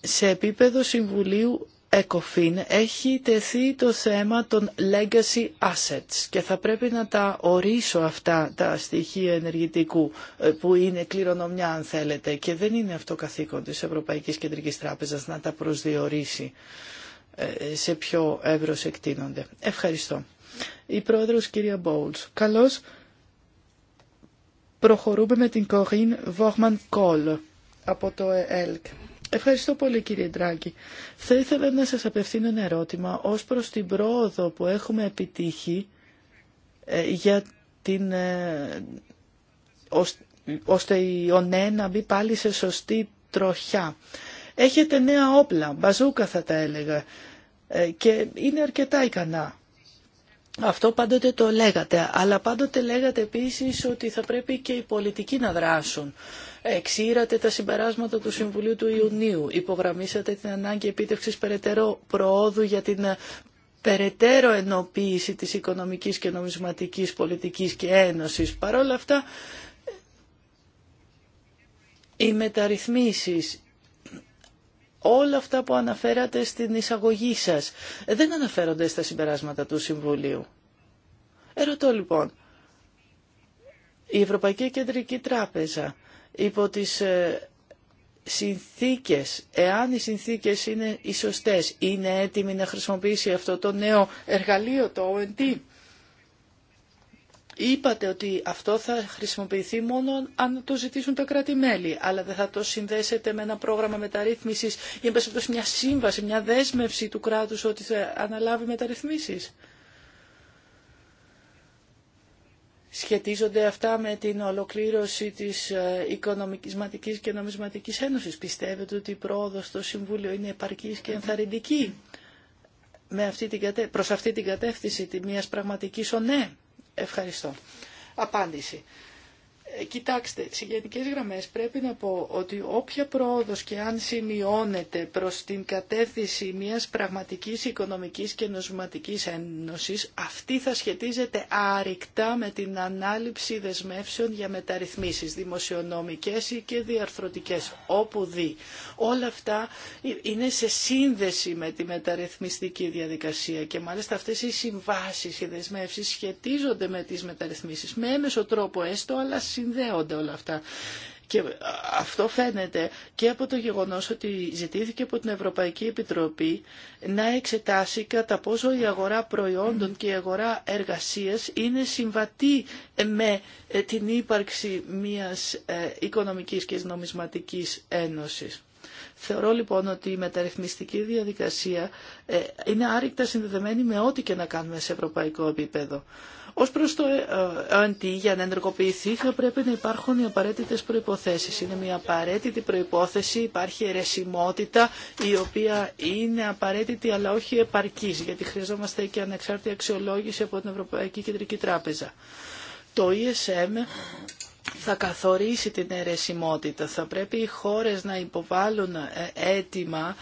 Σε επίπεδο Συμβουλίου ΕΚΟΦΗΝ έχει τεθεί το θέμα των legacy assets και θα πρέπει να τα ορίσω αυτά τα στοιχεία ενεργητικού ε, που είναι κληρονομιά αν θέλετε και δεν είναι αυτό καθήκον της Ευρωπαϊκής Κεντρικής Τράπεζας να τα προσδιορίσει ε, σε ποιο εύρος εκτείνονται. Ευχαριστώ. Η πρόεδρος κυρία Μπόουλς. Καλώς Προχωρούμε με την Κορίν Βόρμαν Κόλ από το ΕΛΚ. Ευχαριστώ πολύ κύριε Ντράγκη. Θα ήθελα να σας απευθύνω ένα ερώτημα ως προς την πρόοδο που έχουμε επιτύχει ε, για την, ε, ώστε η ΟΝΕ να μπει πάλι σε σωστή τροχιά. Έχετε νέα όπλα, μπαζούκα θα τα έλεγα, ε, και είναι αρκετά ικανά. Αυτό πάντοτε το λέγατε, αλλά πάντοτε λέγατε επίσης ότι θα πρέπει και οι πολιτικοί να δράσουν. Εξήρατε τα συμπεράσματα του Συμβουλίου του Ιουνίου, υπογραμμίσατε την ανάγκη επίτευξης περαιτέρω προόδου για την ε, περαιτέρω ενοποίηση της οικονομικής και νομισματικής πολιτικής και ένωσης. Παρ' όλα αυτά, οι μεταρρυθμίσεις, όλα αυτά που αναφέρατε στην εισαγωγή σας ε, δεν αναφέρονται στα συμπεράσματα του Συμβουλίου. Ερωτώ λοιπόν, η Ευρωπαϊκή Κεντρική Τράπεζα υπό τις ε, συνθήκες, εάν οι συνθήκες είναι οι σωστές, είναι έτοιμη να χρησιμοποιήσει αυτό το νέο εργαλείο, το ONT, Είπατε ότι αυτό θα χρησιμοποιηθεί μόνο αν το ζητήσουν τα κράτη-μέλη, αλλά δεν θα το συνδέσετε με ένα πρόγραμμα μεταρρύθμισης ή εν μια σύμβαση, μια δέσμευση του κράτους ότι θα αναλάβει μεταρρυθμίσεις. Σχετίζονται αυτά με την ολοκλήρωση της ε, Οικονομικισματικής και Νομισματικής Ένωσης. Πιστεύετε ότι η πρόοδος στο Συμβούλιο είναι επαρκής και ενθαρρυντική με αυτή την, προς αυτή την κατεύθυνση μιας πραγματικής ονέ. Ευχαριστώ. Απάντηση. Ε, κοιτάξτε, σε γενικές γραμμές πρέπει να πω ότι όποια πρόοδος και αν σημειώνεται προς την κατεύθυνση μιας πραγματικής οικονομικής και νοσηματικής ένωσης, αυτή θα σχετίζεται άρρηκτα με την ανάληψη δεσμεύσεων για μεταρρυθμίσεις δημοσιονομικές ή και διαρθρωτικές, όπου δει. Όλα αυτά είναι σε σύνδεση με τη μεταρρυθμιστική διαδικασία και μάλιστα αυτές οι συμβάσεις, οι δεσμεύσεις σχετίζονται με τις μεταρρυθμίσεις με έμεσο τρόπο έστω, αλλά συνδέονται όλα αυτά. Και αυτό φαίνεται και από το γεγονός ότι ζητήθηκε από την Ευρωπαϊκή Επιτροπή να εξετάσει κατά πόσο η αγορά προϊόντων και η αγορά εργασίας είναι συμβατή με ε, την ύπαρξη μιας ε, οικονομικής και νομισματικής ένωσης. Θεωρώ λοιπόν ότι η μεταρρυθμιστική διαδικασία ε, είναι άρρηκτα συνδεδεμένη με ό,τι και να κάνουμε σε ευρωπαϊκό επίπεδο. Ω προ το ΕΝΤ, ε, για να ενεργοποιηθεί θα πρέπει να υπάρχουν οι απαραίτητε προποθέσει. Είναι μια απαραίτητη προπόθεση, υπάρχει αιρεσιμότητα η οποία είναι απαραίτητη αλλά όχι επαρκή, γιατί χρειαζόμαστε και ανεξάρτητη αξιολόγηση από την Ευρωπαϊκή Κεντρική Τράπεζα. Το ESM θα καθορίσει την αιρεσιμότητα. Θα πρέπει οι χώρες να υποβάλουν ε, αίτημα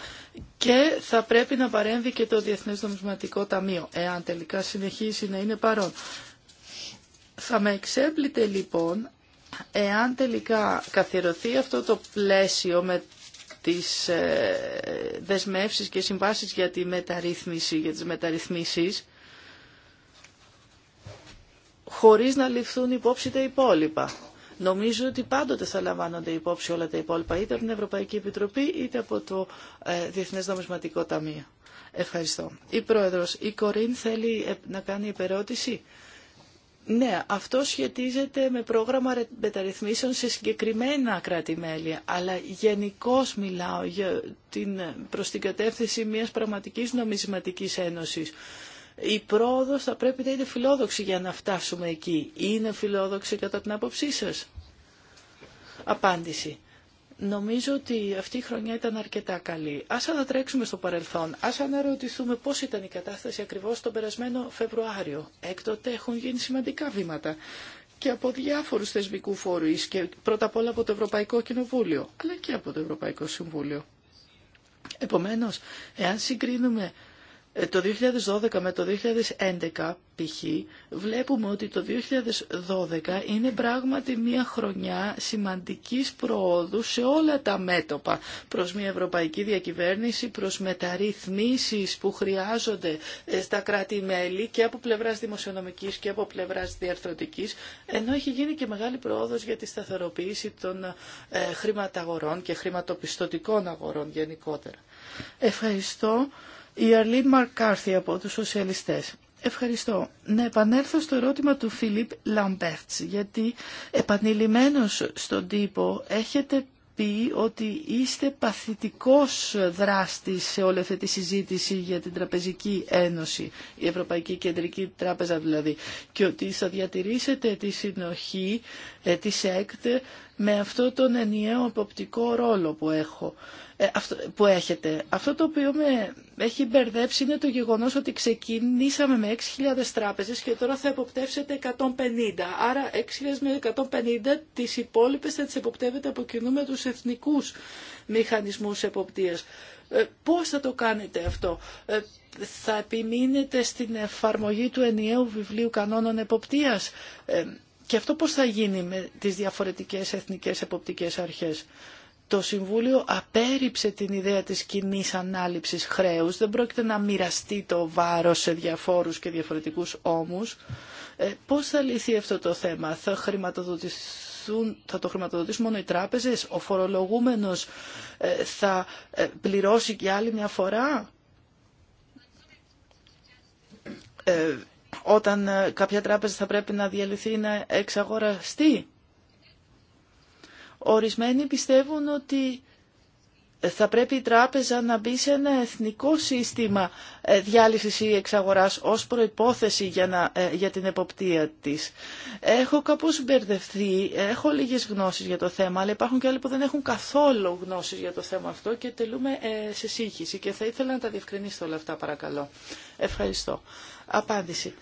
και θα πρέπει να παρέμβει και το Διεθνές Νομισματικό Ταμείο, εάν τελικά συνεχίσει να είναι παρόν. Θα με εξέπλητε λοιπόν, εάν τελικά καθιερωθεί αυτό το πλαίσιο με τις ε, δεσμεύσεις και συμβάσεις για τη μεταρρύθμιση, για τις μεταρρυθμίσεις, χωρίς να ληφθούν υπόψη τα υπόλοιπα. Νομίζω ότι πάντοτε θα λαμβάνονται υπόψη όλα τα υπόλοιπα, είτε από την Ευρωπαϊκή Επιτροπή είτε από το ε, Διεθνές Νομισματικό Ταμείο. Ευχαριστώ. Η Πρόεδρος, η Κορίν θέλει ε, να κάνει υπερώτηση. Ναι, αυτό σχετίζεται με πρόγραμμα μεταρρυθμίσεων σε συγκεκριμένα κράτη-μέλη, αλλά γενικώ μιλάω για την, προς την κατεύθυνση μιας πραγματικής νομισματικής ένωσης η πρόοδος θα πρέπει να είναι φιλόδοξη για να φτάσουμε εκεί. Είναι φιλόδοξη κατά την άποψή σας. Απάντηση. Νομίζω ότι αυτή η χρονιά ήταν αρκετά καλή. Ας ανατρέξουμε στο παρελθόν, ας αναρωτηθούμε πώς ήταν η κατάσταση ακριβώς τον περασμένο Φεβρουάριο. Έκτοτε έχουν γίνει σημαντικά βήματα και από διάφορους θεσμικού φορείς και πρώτα απ' όλα από το Ευρωπαϊκό Κοινοβούλιο, αλλά και από το Ευρωπαϊκό Συμβούλιο. Επομένω, εάν συγκρίνουμε ε, το 2012 με το 2011 π.χ. βλέπουμε ότι το 2012 είναι πράγματι μια χρονιά σημαντικής προόδου σε όλα τα μέτωπα προς μια ευρωπαϊκή διακυβέρνηση, προς μεταρρυθμίσεις που χρειάζονται ε, στα κράτη-μέλη και από πλευράς δημοσιονομικής και από πλευράς διαρθρωτικής, ενώ έχει γίνει και μεγάλη προόδος για τη σταθεροποίηση των ε, χρηματαγορών και χρηματοπιστωτικών αγορών γενικότερα. Ευχαριστώ. Η Αρλίν Μαρκάρθη από τους Σοσιαλιστές. Ευχαριστώ. Να επανέλθω στο ερώτημα του Φιλίπ Λαμπέρτς, γιατί επανειλημμένος στον τύπο έχετε πει ότι είστε παθητικός δράστης σε όλη αυτή τη συζήτηση για την Τραπεζική Ένωση, η Ευρωπαϊκή Κεντρική Τράπεζα δηλαδή, και ότι θα διατηρήσετε τη συνοχή ε, της ΕΚΤ με αυτό τον ενιαίο αποπτικό ρόλο που έχω ε, που έχετε. Αυτό το οποίο με έχει μπερδέψει είναι το γεγονός ότι ξεκινήσαμε με 6.000 τράπεζες και τώρα θα εποπτεύσετε 150. Άρα 6.000 με 150 τις υπόλοιπες θα τις εποπτεύετε από κοινού με τους εθνικούς μηχανισμούς εποπτείας. Ε, πώς θα το κάνετε αυτό. Ε, θα επιμείνετε στην εφαρμογή του ενιαίου βιβλίου κανόνων εποπτείας. Και αυτό πώς θα γίνει με τις διαφορετικές εθνικές εποπτικές αρχές το Συμβούλιο απέρριψε την ιδέα της κοινή ανάληψης χρέους. Δεν πρόκειται να μοιραστεί το βάρος σε διαφόρους και διαφορετικούς όμους. Ε, πώς θα λυθεί αυτό το θέμα. Θα χρηματοδοτηθούν θα το χρηματοδοτήσουν μόνο οι τράπεζες, ο φορολογούμενος ε, θα ε, πληρώσει και άλλη μια φορά. Ε, όταν κάποια τράπεζα θα πρέπει να διαλυθεί να εξαγοραστεί. Ορισμένοι πιστεύουν ότι θα πρέπει η τράπεζα να μπει σε ένα εθνικό σύστημα ε, διάλυσης ή εξαγοράς ως προϋπόθεση για, να, ε, για την εποπτεία της. Έχω κάπως μπερδευτεί, έχω λίγες γνώσεις για το θέμα, αλλά υπάρχουν και άλλοι που δεν έχουν καθόλου γνώσεις για το θέμα αυτό και τελούμε ε, σε σύγχυση και θα ήθελα να τα διευκρινίσω όλα αυτά παρακαλώ. Ευχαριστώ. Απάντηση.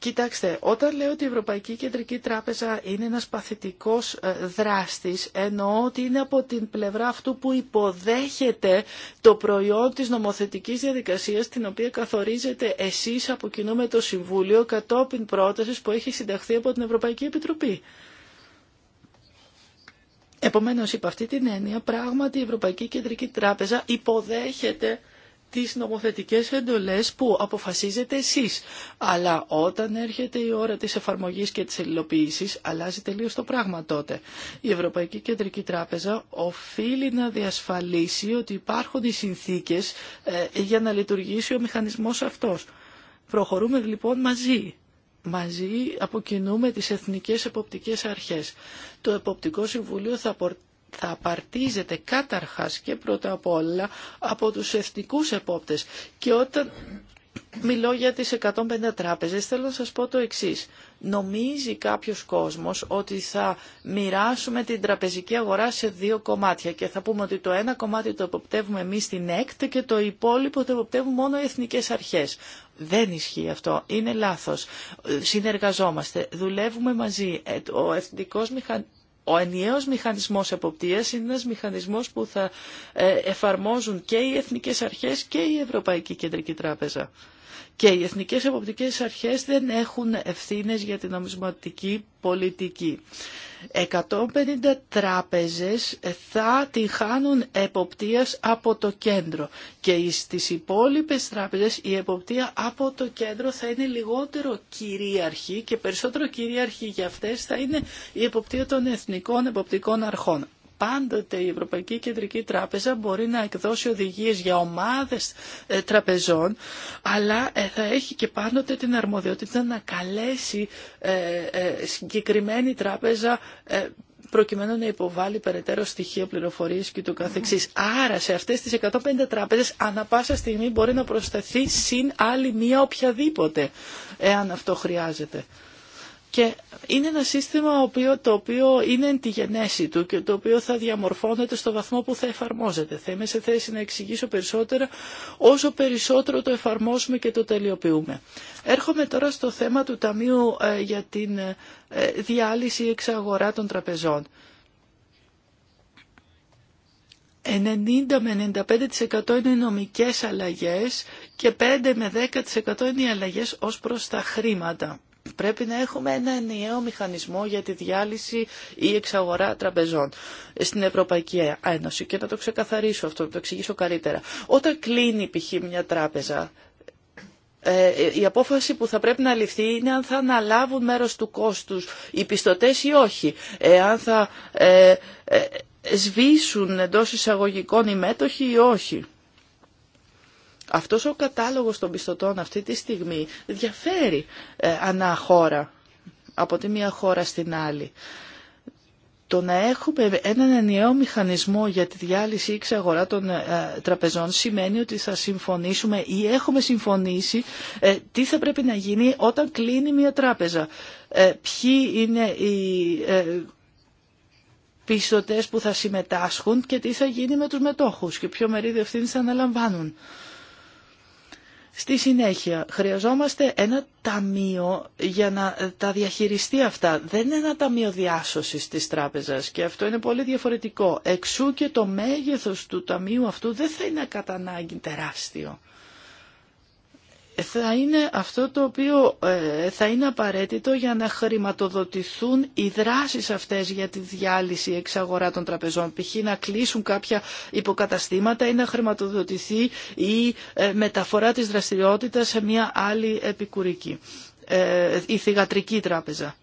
Κοιτάξτε, όταν λέω ότι η Ευρωπαϊκή Κεντρική Τράπεζα είναι ένας παθητικός ε, δράστης, εννοώ ότι είναι από την πλευρά αυτού που υποδέχεται το προϊόν της νομοθετικής διαδικασίας, την οποία καθορίζετε εσείς από κοινού με το Συμβούλιο, κατόπιν πρότασης που έχει συνταχθεί από την Ευρωπαϊκή Επιτροπή. Επομένως, υπ' αυτή την έννοια, πράγματι η Ευρωπαϊκή Κεντρική Τράπεζα υποδέχεται τις νομοθετικές εντολές που αποφασίζετε εσείς. Αλλά όταν έρχεται η ώρα της εφαρμογής και της υλοποίησης, αλλάζει τελείως το πράγμα τότε. Η Ευρωπαϊκή Κεντρική Τράπεζα οφείλει να διασφαλίσει ότι υπάρχουν οι συνθήκες ε, για να λειτουργήσει ο μηχανισμός αυτός. Προχωρούμε λοιπόν μαζί. Μαζί αποκινούμε τις εθνικές εποπτικές αρχές. Το Εποπτικό Συμβούλιο θα θα απαρτίζεται καταρχάς και πρώτα απ' όλα από τους εθνικούς επόπτες. Και όταν μιλώ για τις 150 τράπεζες, θέλω να σας πω το εξής. Νομίζει κάποιος κόσμος ότι θα μοιράσουμε την τραπεζική αγορά σε δύο κομμάτια και θα πούμε ότι το ένα κομμάτι το εποπτεύουμε εμείς στην ΕΚΤ και το υπόλοιπο το εποπτεύουν μόνο οι εθνικές αρχές. Δεν ισχύει αυτό. Είναι λάθος. Συνεργαζόμαστε. Δουλεύουμε μαζί. Ε, ο εθνικός μηχανισμός ο ενιαίος μηχανισμός εποπτείας είναι ένας μηχανισμός που θα ε, εφαρμόζουν και οι εθνικές αρχές και η Ευρωπαϊκή Κεντρική Τράπεζα. Και οι εθνικές εποπτικές αρχές δεν έχουν ευθύνες για την νομισματική πολιτική. 150 τράπεζες θα τη χάνουν εποπτείας από το κέντρο και στις υπόλοιπες τράπεζες η εποπτεία από το κέντρο θα είναι λιγότερο κυρίαρχη και περισσότερο κυρίαρχη για αυτές θα είναι η εποπτεία των εθνικών εποπτικών αρχών πάντοτε η Ευρωπαϊκή Κεντρική Τράπεζα μπορεί να εκδώσει οδηγίες για ομάδες ε, τραπεζών, αλλά ε, θα έχει και πάντοτε την αρμοδιότητα να καλέσει ε, συγκεκριμένη τράπεζα προκειμένου να υποβάλει περαιτέρω στοιχεία, πληροφορίες και το καθεξής. Άρα σε αυτές τις 150 τράπεζες ανά πάσα στιγμή μπορεί να προσθεθεί συν άλλη μία οποιαδήποτε, εάν αυτό χρειάζεται. Και είναι ένα σύστημα το οποίο είναι εν τη γενέση του και το οποίο θα διαμορφώνεται στο βαθμό που θα εφαρμόζεται. Θα είμαι σε θέση να εξηγήσω περισσότερα όσο περισσότερο το εφαρμόσουμε και το τελειοποιούμε. Έρχομαι τώρα στο θέμα του Ταμείου ε, για την ε, ε, διάλυση εξαγορά των τραπεζών. 90 με 95% είναι νομικές αλλαγές και 5 με 10% είναι οι αλλαγές ως προς τα χρήματα. Πρέπει να έχουμε ένα ενιαίο μηχανισμό για τη διάλυση ή εξαγορά τραπεζών στην Ευρωπαϊκή Ένωση και να το ξεκαθαρίσω αυτό, να το εξηγήσω καλύτερα. Όταν κλείνει π.χ. μια τράπεζα, ε, η απόφαση που θα πρέπει να ληφθεί είναι αν θα αναλάβουν μέρος του κόστους οι πιστωτές ή όχι. Ε, αν θα ε, σβήσουν εντός εισαγωγικών οι μέτοχοι ή όχι. Αυτός ο κατάλογος των πιστωτών αυτή τη στιγμή διαφέρει ε, ανά χώρα, από τη μία χώρα στην άλλη. Το να έχουμε έναν ενιαίο μηχανισμό για τη διάλυση ή εξαγορά των ε, τραπεζών σημαίνει ότι θα συμφωνήσουμε ή έχουμε συμφωνήσει ε, τι θα πρέπει να γίνει όταν κλείνει μια τράπεζα. Ποιοι είναι οι πιστωτές που θα συμμετάσχουν και τι θα γίνει με τους μετόχους και ποιο μερίδιο ευθύνης θα αναλαμβάνουν. Στη συνέχεια, χρειαζόμαστε ένα ταμείο για να τα διαχειριστεί αυτά. Δεν είναι ένα ταμείο διάσωσης της τράπεζας και αυτό είναι πολύ διαφορετικό. Εξού και το μέγεθος του ταμείου αυτού δεν θα είναι κατά ανάγκη τεράστιο θα είναι αυτό το οποίο ε, θα είναι απαραίτητο για να χρηματοδοτηθούν οι δράσεις αυτές για τη διάλυση εξαγορά των τραπεζών. Π.χ. να κλείσουν κάποια υποκαταστήματα ή να χρηματοδοτηθεί η ε, μεταφορά της δραστηριότητας σε μια άλλη επικουρική, ε, η θηγατρική τράπεζα.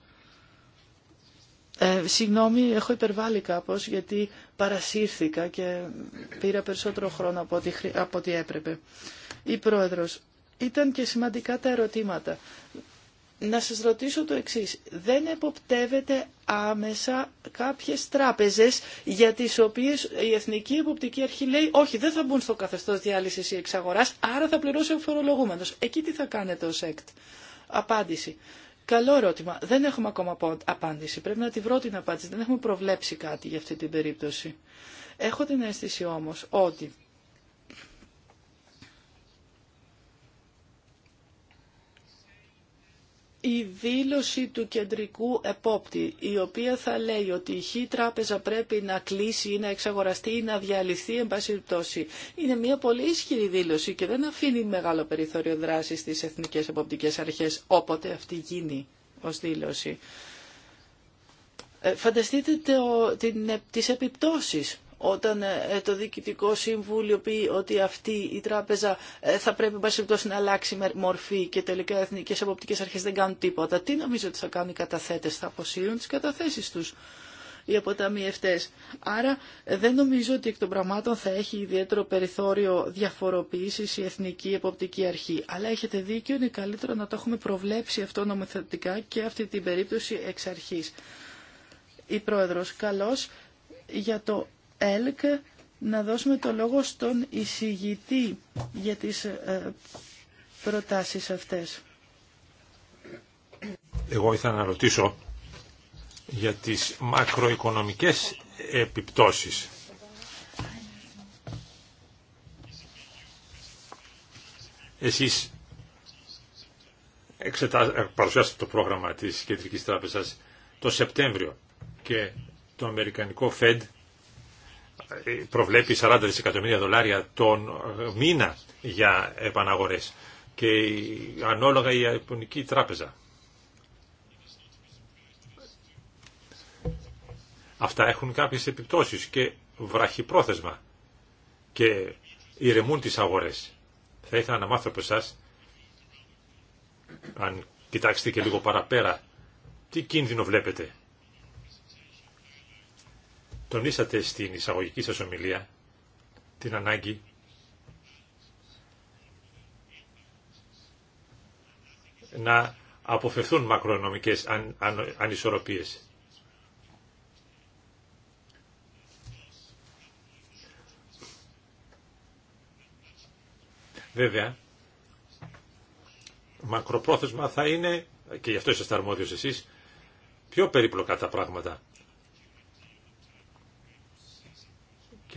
Ε, συγγνώμη, έχω υπερβάλει κάπως γιατί παρασύρθηκα και πήρα περισσότερο χρόνο από ό,τι, έπρεπε. Η Πρόεδρος, ήταν και σημαντικά τα ερωτήματα. Να σας ρωτήσω το εξής. Δεν εποπτεύεται άμεσα κάποιες τράπεζες για τις οποίες η Εθνική Εποπτική Αρχή λέει όχι δεν θα μπουν στο καθεστώς διάλυσης ή εξαγοράς άρα θα πληρώσει ο φορολογούμενος. Εκεί τι θα κάνετε ως ΕΚΤ. Απάντηση. Καλό ερώτημα. Δεν έχουμε ακόμα απάντηση. Πρέπει να τη βρω την απάντηση. Δεν έχουμε προβλέψει κάτι για αυτή την περίπτωση. Έχω την αίσθηση όμως ότι η δήλωση του κεντρικού επόπτη, η οποία θα λέει ότι η χή τράπεζα πρέπει να κλείσει ή να εξαγοραστεί ή να διαλυθεί, εν πάση πτώση, είναι μια πολύ ισχυρή δήλωση και δεν αφήνει μεγάλο περιθώριο δράση στις εθνικές εποπτικές αρχές όποτε αυτή γίνει ως δήλωση. Ε, φανταστείτε το, την, τις επιπτώσεις όταν ε, ε, το Διοικητικό Συμβούλιο πει ότι αυτή η τράπεζα ε, θα πρέπει να αλλάξει μορφή και τελικά οι εθνικές αποπτικές αρχές δεν κάνουν τίποτα. Τι νομίζω ότι θα κάνουν οι καταθέτες, θα αποσύρουν τις καταθέσεις τους οι αποταμιευτές. Άρα δεν νομίζω ότι εκ των πραγμάτων θα έχει ιδιαίτερο περιθώριο διαφοροποίησης η Εθνική Εποπτική Αρχή. Αλλά έχετε δίκιο, είναι καλύτερο να το έχουμε προβλέψει αυτό νομοθετικά και αυτή την περίπτωση εξ αρχής. Η Πρόεδρος, καλώς για το ΕΛΚ να δώσουμε το λόγο στον εισηγητή για τις ε, προτάσεις αυτές. Εγώ ήθελα να ρωτήσω για τις μακροοικονομικές επιπτώσεις. Εσείς εξετά... παρουσιάσατε το πρόγραμμα της Κεντρικής Τράπεζας το Σεπτέμβριο και το Αμερικανικό ΦΕΔ προβλέπει 40 δισεκατομμύρια δολάρια τον ε, μήνα για επαναγορές και ανάλογα η Ιαπωνική τράπεζα. Αυτά έχουν κάποιες επιπτώσεις και βραχυπρόθεσμα και ηρεμούν τις αγορές. Θα ήθελα να μάθω από εσάς, αν κοιτάξετε και λίγο παραπέρα, τι κίνδυνο βλέπετε τονίσατε στην εισαγωγική σας ομιλία την ανάγκη να αποφευθούν μακροοικονομικές ανισορροπίες. Βέβαια, μακροπρόθεσμα θα είναι, και γι' αυτό είστε αρμόδιος εσείς, πιο περίπλοκα τα πράγματα.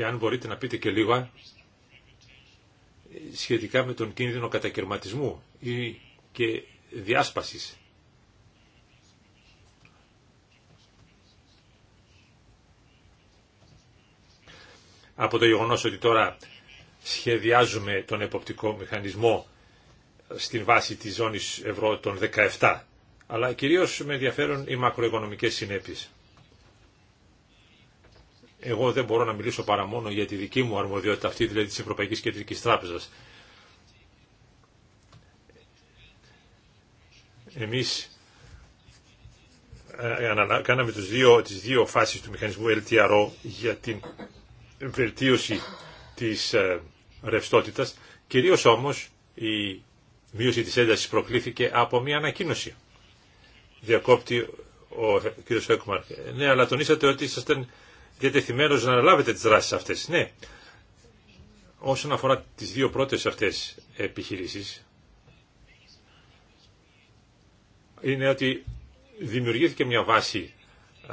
και αν μπορείτε να πείτε και λίγα σχετικά με τον κίνδυνο κατακαιρματισμού ή και διάσπασης. Από το γεγονός ότι τώρα σχεδιάζουμε τον εποπτικό μηχανισμό στην βάση της ζώνης ευρώ των 17, αλλά κυρίως με ενδιαφέρον οι μακροοικονομικές συνέπειες. Εγώ δεν μπορώ να μιλήσω παρά μόνο για τη δική μου αρμοδιότητα αυτή, δηλαδή της Ευρωπαϊκής Κεντρικής Τράπεζας. Εμείς ε, ε, κάναμε τους δύο, τις δύο φάσεις του μηχανισμού LTRO για την βελτίωση της ε, ρευστότητας. Κυρίως όμως η μείωση της έντασης προκλήθηκε από μια ανακοίνωση. Διακόπτη ο κ. Χέκμαρ. Ναι, αλλά τονίσατε ότι ήσασταν διατεθειμένο να αναλάβετε τις δράσει αυτές. Ναι, όσον αφορά τις δύο πρώτες αυτές επιχειρήσεις, είναι ότι δημιουργήθηκε μια βάση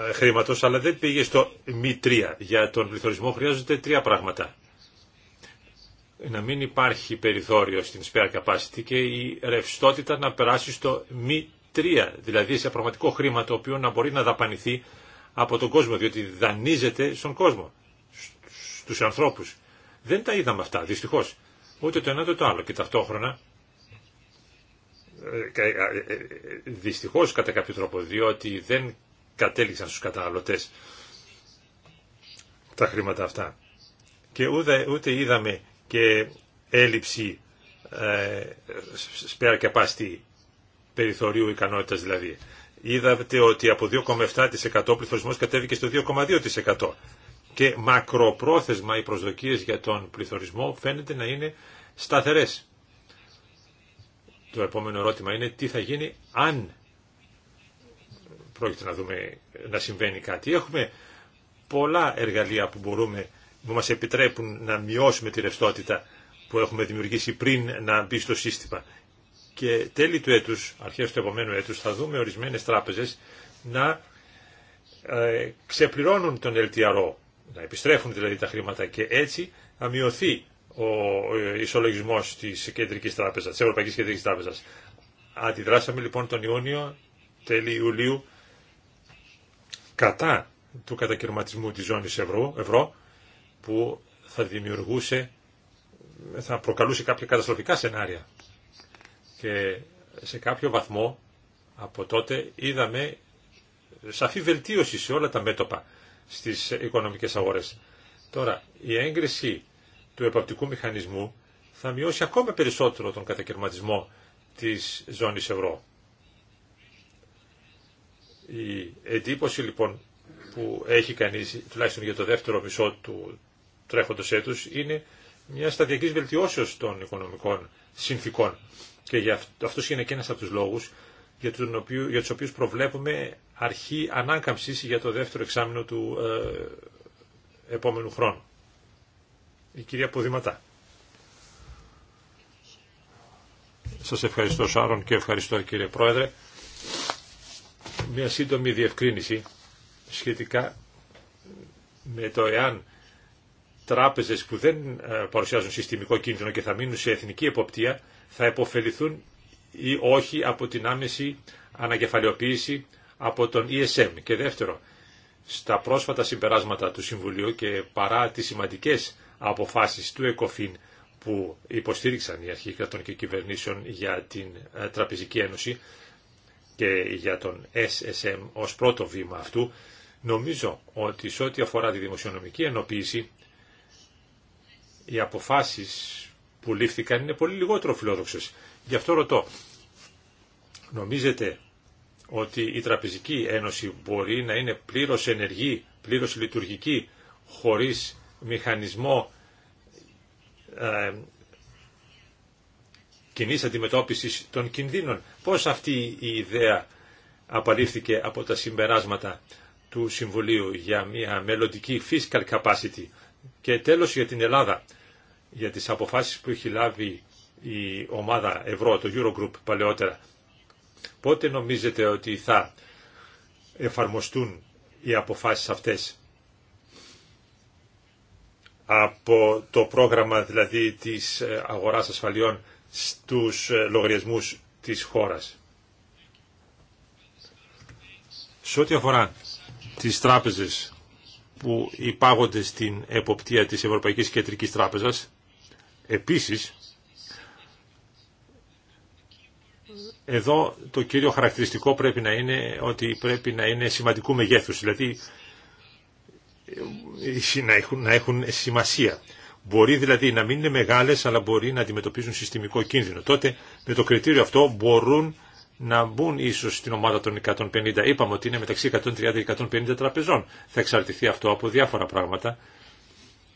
ε, χρήματο, αλλά δεν πήγε στο μη τρία. Για τον πληθωρισμό χρειάζονται τρία πράγματα. Να μην υπάρχει περιθώριο στην spare capacity και η ρευστότητα να περάσει στο μη τρία, δηλαδή σε πραγματικό χρήμα το οποίο να μπορεί να δαπανηθεί από τον κόσμο, διότι δανείζεται στον κόσμο, στους ανθρώπους. Δεν τα είδαμε αυτά, δυστυχώς. Ούτε το ένα ούτε το άλλο. Και ταυτόχρονα, δυστυχώς κατά κάποιο τρόπο, διότι δεν κατέληξαν στους καταναλωτές τα χρήματα αυτά. Και ούτε, ούτε είδαμε και έλλειψη ε, και πάστη περιθωρίου ικανότητας δηλαδή είδατε ότι από 2,7% ο πληθωρισμό κατέβηκε στο 2,2%. Και μακροπρόθεσμα οι προσδοκίες για τον πληθωρισμό φαίνεται να είναι σταθερές. Το επόμενο ερώτημα είναι τι θα γίνει αν πρόκειται να δούμε να συμβαίνει κάτι. Έχουμε πολλά εργαλεία που μπορούμε, που μας επιτρέπουν να μειώσουμε τη ρευστότητα που έχουμε δημιουργήσει πριν να μπει στο σύστημα και τέλη του έτους, αρχές του επόμενου έτους, θα δούμε ορισμένες τράπεζες να ε, ξεπληρώνουν τον LTRO, να επιστρέφουν δηλαδή τα χρήματα και έτσι να μειωθεί ο ισολογισμός της Κεντρικής Τράπεζας, της Ευρωπαϊκής Κεντρικής Τράπεζας. Αντιδράσαμε λοιπόν τον Ιούνιο, τέλη Ιουλίου, κατά του κατακαιρματισμού της ζώνης ευρώ, ευρώ που θα δημιουργούσε, θα προκαλούσε κάποια καταστροφικά σενάρια. Και σε κάποιο βαθμό από τότε είδαμε σαφή βελτίωση σε όλα τα μέτωπα στις οικονομικές αγορές. Τώρα, η έγκριση του επαπτικού μηχανισμού θα μειώσει ακόμα περισσότερο τον κατακαιρματισμό της ζώνης ευρώ. Η εντύπωση λοιπόν που έχει κανείς, τουλάχιστον για το δεύτερο μισό του τρέχοντος έτους, είναι μια σταδιακής βελτιώσεως των οικονομικών συνθήκων. Και για αυτό, αυτός είναι και ένας από τους λόγους για, τον για τους οποίους προβλέπουμε αρχή ανάκαμψης για το δεύτερο εξάμεινο του ε, επόμενου χρόνου. Η κυρία Ποδηματά. Σας ευχαριστώ Σάρων και ευχαριστώ κύριε Πρόεδρε. Μια σύντομη διευκρίνηση σχετικά με το εάν τράπεζες που δεν ε, παρουσιάζουν συστημικό κίνδυνο και θα μείνουν σε εθνική εποπτεία θα επωφεληθούν ή όχι από την άμεση ανακεφαλαιοποίηση από τον ESM. Και δεύτερο, στα πρόσφατα συμπεράσματα του Συμβουλίου και παρά τις σημαντικές αποφάσεις του ΕΚΟΦΗΝ που υποστήριξαν οι αρχή κρατών και κυβερνήσεων για την ε, Τραπεζική Ένωση και για τον SSM ως πρώτο βήμα αυτού, νομίζω ότι σε ό,τι αφορά τη δημοσιονομική ενοποίηση οι αποφάσεις που λήφθηκαν είναι πολύ λιγότερο φιλόδοξες. Γι' αυτό ρωτώ, νομίζετε ότι η Τραπεζική Ένωση μπορεί να είναι πλήρως ενεργή, πλήρως λειτουργική, χωρίς μηχανισμό ε, κοινής αντιμετώπισης των κινδύνων. Πώς αυτή η ιδέα απαλήφθηκε από τα συμπεράσματα του Συμβουλίου για μια μελλοντική fiscal capacity. Και τέλος για την Ελλάδα για τις αποφάσεις που έχει λάβει η ομάδα Ευρώ, το Eurogroup παλαιότερα. Πότε νομίζετε ότι θα εφαρμοστούν οι αποφάσεις αυτές από το πρόγραμμα δηλαδή της ε, αγοράς ασφαλιών στους ε, λογαριασμούς της χώρας. Σε ό,τι αφορά τις τράπεζες που υπάγονται στην εποπτεία της Ευρωπαϊκής Κεντρικής Τράπεζας, Επίσης, εδώ το κύριο χαρακτηριστικό πρέπει να είναι ότι πρέπει να είναι σημαντικού μεγέθους, δηλαδή ε, να έχουν, να έχουν σημασία. Μπορεί δηλαδή να μην είναι μεγάλες, αλλά μπορεί να αντιμετωπίζουν συστημικό κίνδυνο. Τότε με το κριτήριο αυτό μπορούν να μπουν ίσως στην ομάδα των 150. Είπαμε ότι είναι μεταξύ 130 και 150 τραπεζών. Θα εξαρτηθεί αυτό από διάφορα πράγματα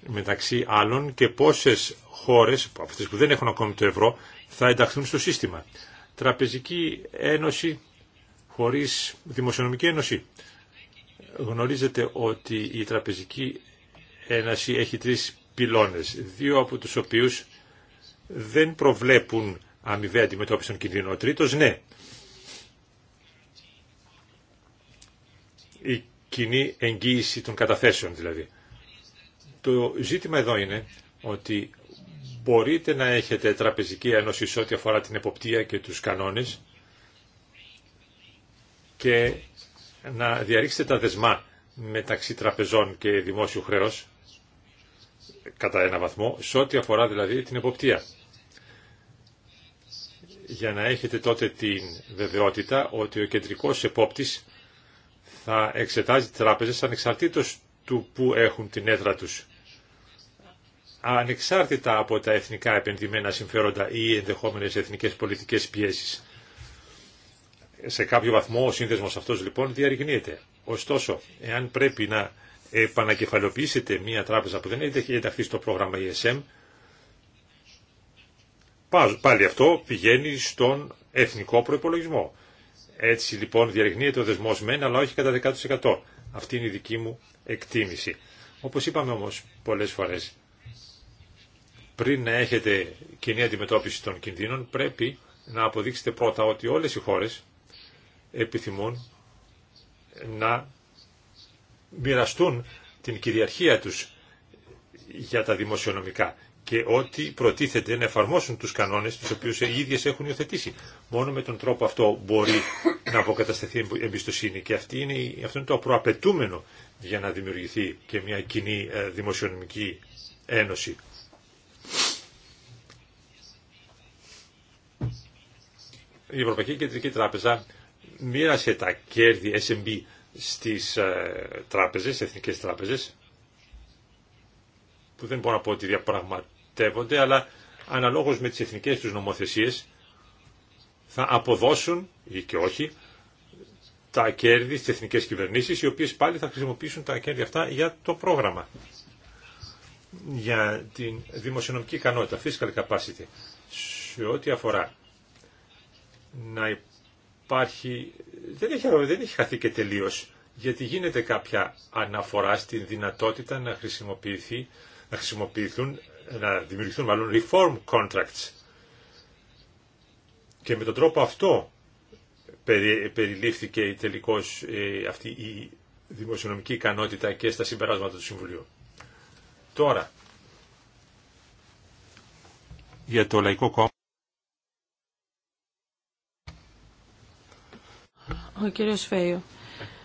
μεταξύ άλλων και πόσες χώρες, αυτές που δεν έχουν ακόμη το ευρώ, θα ενταχθούν στο σύστημα. Τραπεζική ένωση χωρίς δημοσιονομική ένωση. Γνωρίζετε ότι η τραπεζική ένωση έχει τρεις πυλώνες, δύο από τους οποίους δεν προβλέπουν αμοιβαία αντιμετώπιση των κινδύνων. Ο τρίτος, ναι. Η κοινή εγγύηση των καταθέσεων δηλαδή. Το ζήτημα εδώ είναι ότι μπορείτε να έχετε τραπεζική ένωση σε ό,τι αφορά την εποπτεία και τους κανόνες και να διαρρήξετε τα δεσμά μεταξύ τραπεζών και δημόσιου χρέους κατά ένα βαθμό, σε ό,τι αφορά δηλαδή την εποπτεία. Για να έχετε τότε την βεβαιότητα ότι ο κεντρικός επόπτης θα εξετάζει τράπεζες ανεξαρτήτως του που έχουν την έδρα τους ανεξάρτητα από τα εθνικά επενδυμένα συμφέροντα ή ενδεχόμενες εθνικές πολιτικές πιέσεις. Σε κάποιο βαθμό ο σύνδεσμος αυτός λοιπόν διαρριγνύεται. Ωστόσο, εάν πρέπει να επανακεφαλοποιήσετε μια τράπεζα που δεν έχει ενταχθεί στο πρόγραμμα ESM, πάλι αυτό πηγαίνει στον εθνικό προπολογισμό. Έτσι λοιπόν διαρριγνύεται ο δεσμός μεν, αλλά όχι κατά 10%. Αυτή είναι η δική μου εκτίμηση. Όπως είπαμε όμως πολλές φορές, πριν να έχετε κοινή αντιμετώπιση των κινδύνων, πρέπει να αποδείξετε πρώτα ότι όλες οι χώρες επιθυμούν να μοιραστούν την κυριαρχία τους για τα δημοσιονομικά και ότι προτίθεται να εφαρμόσουν τους κανόνες τους οποίους οι ίδιες έχουν υιοθετήσει. Μόνο με τον τρόπο αυτό μπορεί να αποκατασταθεί εμπιστοσύνη και είναι, αυτό είναι το προαπαιτούμενο για να δημιουργηθεί και μια κοινή ε, δημοσιονομική ένωση. η Ευρωπαϊκή Κεντρική Τράπεζα μοίρασε τα κέρδη SMB στις ε, τράπεζες, εθνικές τράπεζες, που δεν μπορώ να πω ότι διαπραγματεύονται, αλλά αναλόγως με τις εθνικές τους νομοθεσίες θα αποδώσουν ή και όχι τα κέρδη στις εθνικές κυβερνήσεις, οι οποίες πάλι θα χρησιμοποιήσουν τα κέρδη αυτά για το πρόγραμμα, για την δημοσιονομική ικανότητα, fiscal capacity. Σε ό,τι αφορά να υπάρχει, δεν έχει, δεν έχει χαθεί και τελείως, γιατί γίνεται κάποια αναφορά στην δυνατότητα να χρησιμοποιηθεί, να χρησιμοποιηθούν, να δημιουργηθούν μάλλον reform contracts. Και με τον τρόπο αυτό περιλήφθηκε τελικώς ε, αυτή η δημοσιονομική ικανότητα και στα συμπεράσματα του Συμβουλίου. Τώρα, για το Λαϊκό Κόμμα Ο κύριος Φέιο.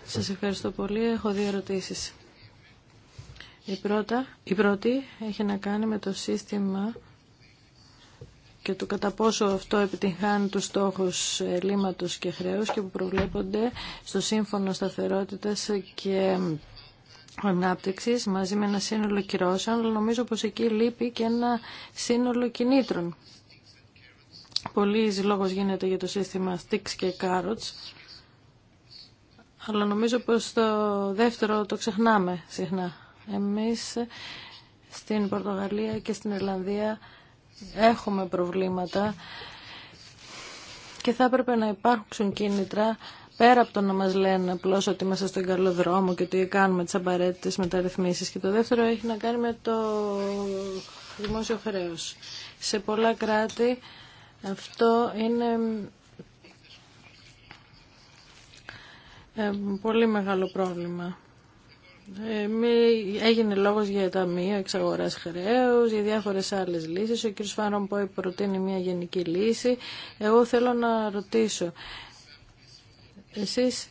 Σας ευχαριστώ πολύ. Έχω δύο ερωτήσεις. Η, η πρώτη έχει να κάνει με το σύστημα και το κατά πόσο αυτό επιτυγχάνει τους στόχους λίματος και χρέους και που προβλέπονται στο Σύμφωνο Σταθερότητας και ανάπτυξη μαζί με ένα σύνολο κυρώσεων, αλλά νομίζω πως εκεί λείπει και ένα σύνολο κινήτρων. πολύς λόγος γίνεται για το σύστημα sticks και carrots αλλά νομίζω πως το δεύτερο το ξεχνάμε συχνά. Εμείς στην Πορτογαλία και στην Ελλανδία έχουμε προβλήματα και θα έπρεπε να υπάρξουν κίνητρα πέρα από το να μας λένε απλώς ότι είμαστε στον καλό δρόμο και ότι κάνουμε τις απαραίτητες μεταρρυθμίσεις. Και το δεύτερο έχει να κάνει με το δημόσιο χρέος. Σε πολλά κράτη αυτό είναι πολύ μεγάλο πρόβλημα. Ε, μη, έγινε λόγος για ταμείο εξαγοράς χρέους, για διάφορες άλλες λύσεις. Ο κ. Φάρομπόη προτείνει μια γενική λύση. Εγώ θέλω να ρωτήσω, εσείς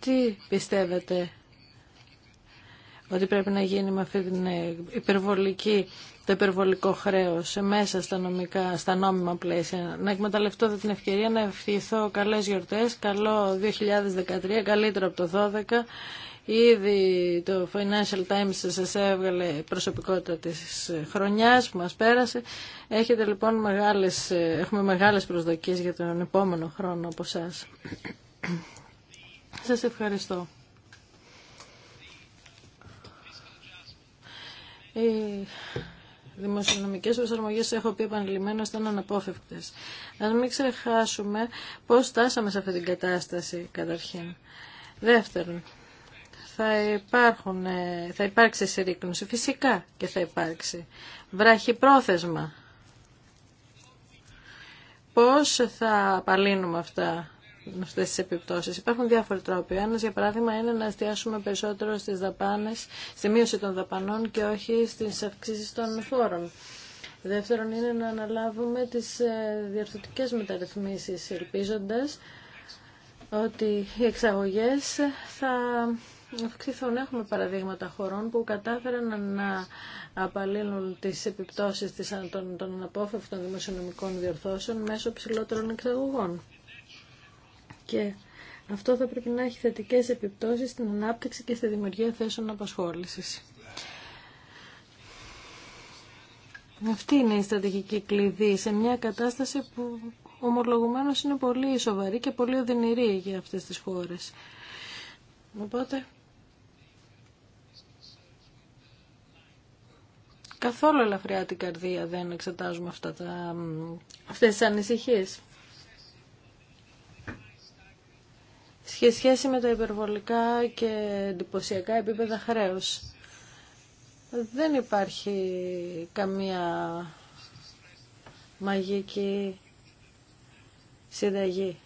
τι πιστεύετε ότι πρέπει να γίνει με αυτή την υπερβολική το υπερβολικό χρέος μέσα στα, νομικά, στα νόμιμα πλαίσια. Να εκμεταλλευτώ την ευκαιρία να ευχηθώ καλές γιορτές, καλό 2013, καλύτερο από το 2012. Ήδη το Financial Times σας έβγαλε προσωπικότητα της χρονιάς που μας πέρασε. Έχετε λοιπόν μεγάλες, έχουμε μεγάλες προσδοκίες για τον επόμενο χρόνο από εσά. Σας ευχαριστώ. Ε, Δημοσιονομικέ προσαρμογέ έχω πει επανειλημμένω, ήταν αναπόφευκτες. Να μην ξεχάσουμε πώς στάσαμε σε αυτή την κατάσταση, καταρχήν. Δεύτερον, θα, υπάρχουν, ε, θα υπάρξει συρρήκνωση, φυσικά και θα υπάρξει. Βράχει πρόθεσμα. Πώς θα απαλύνουμε αυτά αυτέ τι επιπτώσει. Υπάρχουν διάφοροι τρόποι. Ένα, για παράδειγμα, είναι να εστιάσουμε περισσότερο στι δαπάνε, στη μείωση των δαπανών και όχι στι αυξήσει των φόρων. Δεύτερον, είναι να αναλάβουμε τι ε, διαρθρωτικέ μεταρρυθμίσει, ελπίζοντα ότι οι εξαγωγέ θα αυξηθούν. Έχουμε παραδείγματα χωρών που κατάφεραν να απαλύνουν τις επιπτώσει των αναπόφευκτων δημοσιονομικών διορθώσεων μέσω ψηλότερων εξαγωγών και αυτό θα πρέπει να έχει θετικές επιπτώσεις στην ανάπτυξη και στη δημιουργία θέσεων απασχόλησης. Αυτή είναι η στρατηγική κλειδί σε μια κατάσταση που ομολογουμένως είναι πολύ σοβαρή και πολύ οδυνηρή για αυτές τις χώρες. Οπότε, καθόλου ελαφριά την καρδία δεν εξετάζουμε αυτά τα, αυτές τις ανησυχίες. σε σχέση με τα υπερβολικά και εντυπωσιακά επίπεδα χρέους. Δεν υπάρχει καμία μαγική συνταγή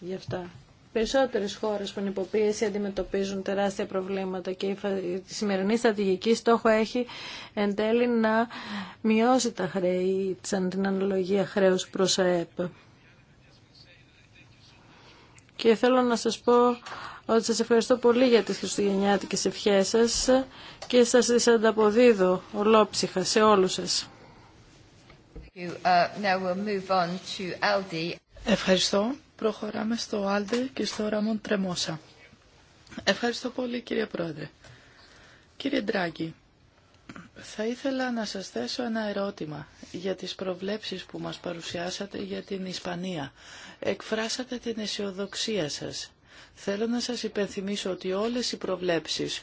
γι' αυτά. Περισσότερες χώρες που είναι υποπίεση αντιμετωπίζουν τεράστια προβλήματα και η σημερινή στρατηγική στόχο έχει εν τέλει να μειώσει τα χρέη, σαν την αναλογία χρέους προς ΑΕΠ. Και θέλω να σας πω ότι σας ευχαριστώ πολύ για τις χριστουγεννιάτικες ευχές σας και σας τις ανταποδίδω ολόψυχα σε όλους σας. Uh, ευχαριστώ. Προχωράμε στο Άλντε και στο Ραμόν Τρεμόσα. Ευχαριστώ πολύ κύριε Πρόεδρε. Κύριε Ντράγκη, θα ήθελα να σας θέσω ένα ερώτημα για τις προβλέψεις που μας παρουσιάσατε για την Ισπανία. Εκφράσατε την αισιοδοξία σας. Θέλω να σας υπενθυμίσω ότι όλες οι προβλέψεις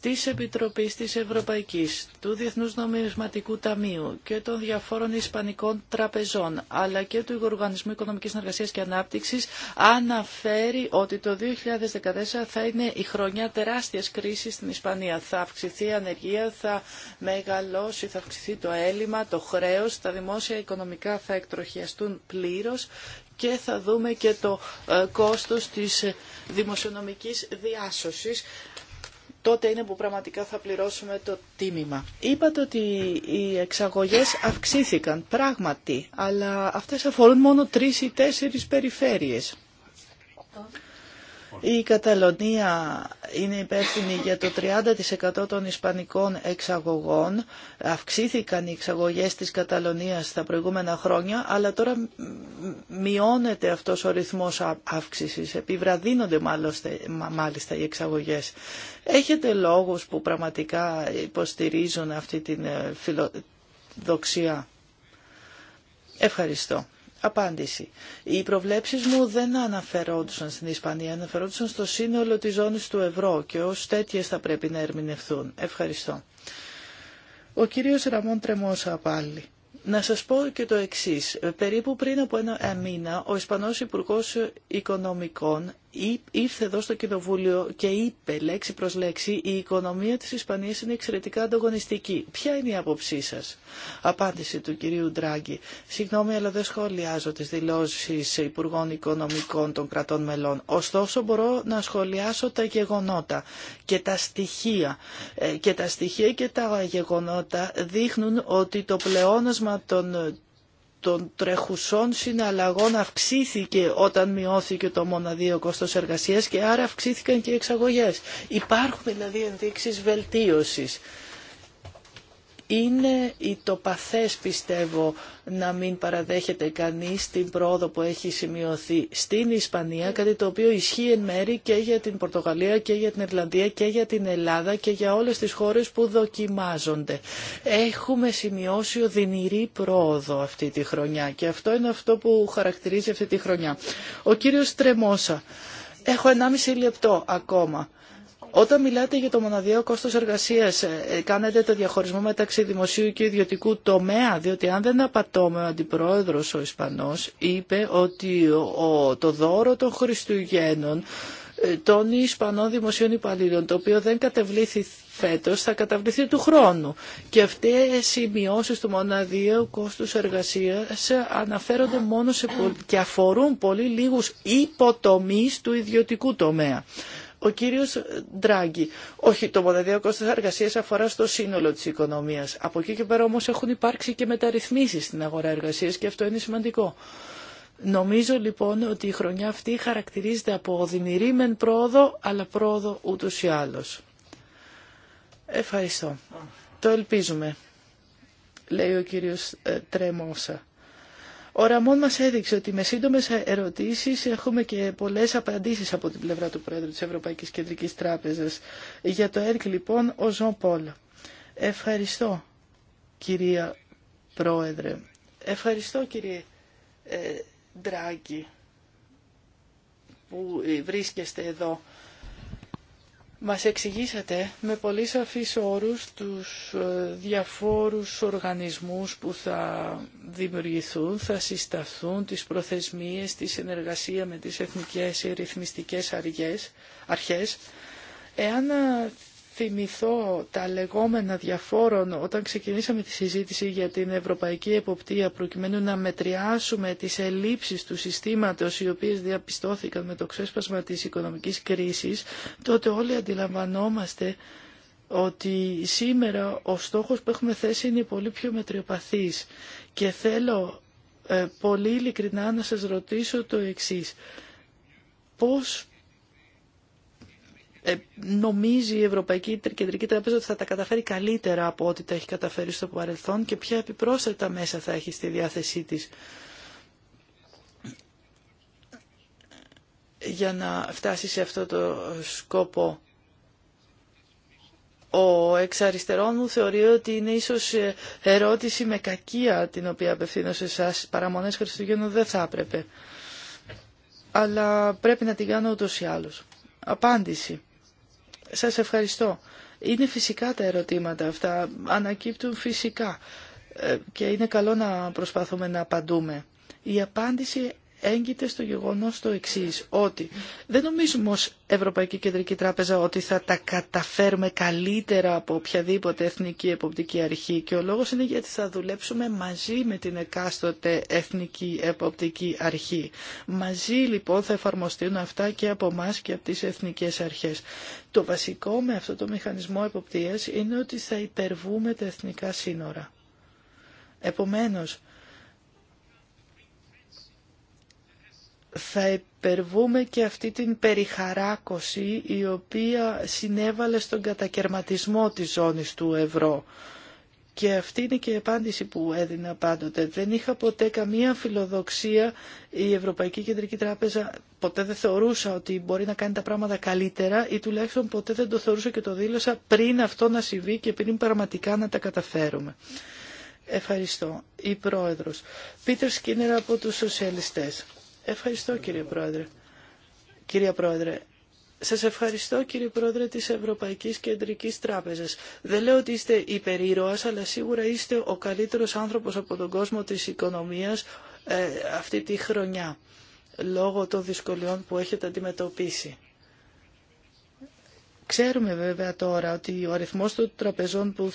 της Επιτροπής της Ευρωπαϊκής, του Διεθνούς Νομισματικού Ταμείου και των διαφόρων Ισπανικών τραπεζών, αλλά και του Οργανισμού Οικονομικής Συνεργασίας και Ανάπτυξης, αναφέρει ότι το 2014 θα είναι η χρονιά τεράστιας κρίσης στην Ισπανία. Θα αυξηθεί η ανεργία, θα μεγαλώσει, θα αυξηθεί το έλλειμμα, το χρέος, τα δημόσια οικονομικά θα εκτροχιαστούν πλήρως και θα δούμε και το ε, κόστος της ε, δημοσιονομικής διάσωσης τότε είναι που πραγματικά θα πληρώσουμε το τίμημα. Είπατε ότι οι εξαγωγές αυξήθηκαν πράγματι, αλλά αυτές αφορούν μόνο τρεις ή τέσσερις περιφέρειες. Η Καταλονία είναι υπεύθυνη για το 30% των ισπανικών εξαγωγών. Αυξήθηκαν οι εξαγωγές της Καταλωνίας τα προηγούμενα χρόνια, αλλά τώρα μειώνεται αυτός ο ρυθμός αύξησης. Επιβραδύνονται μάλιστα οι εξαγωγές. Έχετε λόγους που πραγματικά υποστηρίζουν αυτή την ε, φιλοδοξία. Ευχαριστώ. Απάντηση. Οι προβλέψεις μου δεν αναφερόντουσαν στην Ισπανία, αναφερόντουσαν στο σύνολο της ζώνης του ευρώ και ως τέτοιες θα πρέπει να ερμηνευθούν. Ευχαριστώ. Ο κύριος Ραμόν Τρεμόσα πάλι. Να σας πω και το εξής. Περίπου πριν από ένα μήνα, ο Ισπανός Υπουργός Οικονομικών ήρθε εδώ στο Κοινοβούλιο και είπε λέξη προς λέξη η οικονομία της Ισπανίας είναι εξαιρετικά ανταγωνιστική. Ποια είναι η άποψή σας. Απάντηση του κυρίου Ντράγκη. Συγγνώμη αλλά δεν σχολιάζω τις δηλώσεις Υπουργών Οικονομικών των κρατών μελών. Ωστόσο μπορώ να σχολιάσω τα γεγονότα και τα στοιχεία. Ε, και τα στοιχεία και τα γεγονότα δείχνουν ότι το πλεόνασμα των των τρεχουσών συναλλαγών αυξήθηκε όταν μειώθηκε το μοναδίο κόστος εργασίας και άρα αυξήθηκαν και οι εξαγωγές. Υπάρχουν δηλαδή ενδείξεις βελτίωσης. Είναι παθές, πιστεύω να μην παραδέχεται κανείς την πρόοδο που έχει σημειωθεί στην Ισπανία, κάτι το οποίο ισχύει εν μέρη και για την Πορτογαλία και για την Ιρλανδία και για την Ελλάδα και για όλες τις χώρες που δοκιμάζονται. Έχουμε σημειώσει οδυνηρή πρόοδο αυτή τη χρονιά και αυτό είναι αυτό που χαρακτηρίζει αυτή τη χρονιά. Ο κύριος Τρεμόσα. Έχω 1,5 λεπτό ακόμα. Όταν μιλάτε για το μοναδιαίο κόστος εργασίας, ε, ε, κάνετε το διαχωρισμό μεταξύ δημοσίου και ιδιωτικού τομέα, διότι αν δεν απατώμε ο αντιπρόεδρος ο Ισπανός είπε ότι το δώρο των Χριστουγέννων ε, των Ισπανών δημοσίων υπαλλήλων, το οποίο δεν κατεβλήθη φέτος, θα καταβληθεί του χρόνου. Και αυτές οι μειώσεις του μοναδιαίου κόστους εργασίας αναφέρονται μόνο σε και αφορούν πολύ λίγους υποτομείς του ιδιωτικού τομέα ο κύριος Ντράγκη. Όχι, το μοναδιακό κόστο εργασία αφορά στο σύνολο τη οικονομία. Από εκεί και πέρα όμω έχουν υπάρξει και μεταρρυθμίσει στην αγορά εργασία, και αυτό είναι σημαντικό. Νομίζω λοιπόν ότι η χρονιά αυτή χαρακτηρίζεται από οδυνηρή μεν πρόοδο, αλλά πρόοδο ούτω ή άλλω. Ευχαριστώ. Το ελπίζουμε, λέει ο κύριος ε, Τρέμοσα. Ο Ραμόν μας έδειξε ότι με σύντομες ερωτήσεις έχουμε και πολλές απαντήσεις από την πλευρά του Πρόεδρου της Ευρωπαϊκής Κεντρικής Τράπεζας. Για το ΕΡΚ λοιπόν ο Ζων Πολ. Ευχαριστώ κυρία Πρόεδρε. Ευχαριστώ κύριε ε, που βρίσκεστε εδώ μας εξηγήσατε με πολύ σαφείς όρους τους ε, διαφόρους οργανισμούς που θα δημιουργηθούν, θα συσταθούν, τις προθεσμίες, τη συνεργασία με τις εθνικές ρυθμιστικές αρχές. Εάν θυμηθώ τα λεγόμενα διαφόρων όταν ξεκινήσαμε τη συζήτηση για την ευρωπαϊκή εποπτεία προκειμένου να μετριάσουμε τις ελλείψεις του συστήματος οι οποίες διαπιστώθηκαν με το ξέσπασμα της οικονομικής κρίσης, τότε όλοι αντιλαμβανόμαστε ότι σήμερα ο στόχος που έχουμε θέσει είναι πολύ πιο μετριοπαθής και θέλω ε, πολύ ειλικρινά να σας ρωτήσω το εξής. Πώς ε, νομίζει η Ευρωπαϊκή Κεντρική Τραπέζα ότι θα τα καταφέρει καλύτερα από ό,τι τα έχει καταφέρει στο παρελθόν και ποια επιπρόσθετα μέσα θα έχει στη διάθεσή της για να φτάσει σε αυτό το σκόπο. Ο εξ μου θεωρεί ότι είναι ίσως ε, ερώτηση με κακία την οποία απευθύνω σε εσάς. Παραμονές Χριστουγέννου δεν θα έπρεπε. Αλλά πρέπει να την κάνω ούτως ή άλλως. Απάντηση. Σας ευχαριστώ. Είναι φυσικά τα ερωτήματα αυτά, ανακύπτουν φυσικά ε, και είναι καλό να προσπαθούμε να απαντούμε. Η απάντηση έγκυται στο γεγονός το εξής, ότι δεν νομίζουμε ως Ευρωπαϊκή Κεντρική Τράπεζα ότι θα τα καταφέρουμε καλύτερα από οποιαδήποτε εθνική εποπτική αρχή και ο λόγος είναι γιατί θα δουλέψουμε μαζί με την εκάστοτε εθνική εποπτική αρχή. Μαζί λοιπόν θα εφαρμοστούν αυτά και από εμά και από τις εθνικές αρχές. Το βασικό με αυτό το μηχανισμό εποπτείας είναι ότι θα υπερβούμε τα εθνικά σύνορα. Επομένως, θα υπερβούμε και αυτή την περιχαράκωση η οποία συνέβαλε στον κατακαιρματισμό της ζώνης του ευρώ. Και αυτή είναι και η απάντηση που έδινα πάντοτε. Δεν είχα ποτέ καμία φιλοδοξία η Ευρωπαϊκή Κεντρική Τράπεζα. Ποτέ δεν θεωρούσα ότι μπορεί να κάνει τα πράγματα καλύτερα ή τουλάχιστον ποτέ δεν το θεωρούσα και το δήλωσα πριν αυτό να συμβεί και πριν πραγματικά να τα καταφέρουμε. Ευχαριστώ. Η Πρόεδρος. Πίτερ Σκίνερα από τους Σοσιαλιστές. Ευχαριστώ κύριε Πρόεδρε. Κύριε Πρόεδρε, σας ευχαριστώ κύριε Πρόεδρε της Ευρωπαϊκής Κεντρικής Τράπεζας. Δεν λέω ότι είστε υπερήρωας, αλλά σίγουρα είστε ο καλύτερος άνθρωπος από τον κόσμο της οικονομίας ε, αυτή τη χρονιά, λόγω των δυσκολιών που έχετε αντιμετωπίσει. Ξέρουμε βέβαια τώρα ότι ο αριθμός των τραπεζών που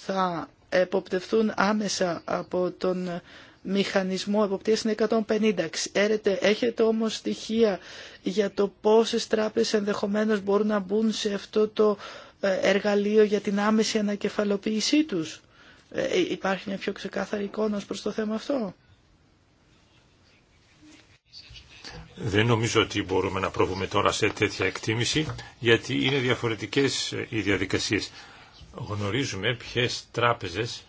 θα εποπτευθούν άμεσα από τον μηχανισμό εποπτείας είναι 150. Έρετε, έχετε όμως στοιχεία για το πόσες τράπεζες ενδεχομένως μπορούν να μπουν σε αυτό το ε, εργαλείο για την άμεση ανακεφαλοποίησή τους. Ε, υπάρχει μια πιο ξεκάθαρη εικόνα προς το θέμα αυτό. Δεν νομίζω ότι μπορούμε να προβούμε τώρα σε τέτοια εκτίμηση, γιατί είναι διαφορετικές ε, οι διαδικασίες. Γνωρίζουμε ποιες τράπεζες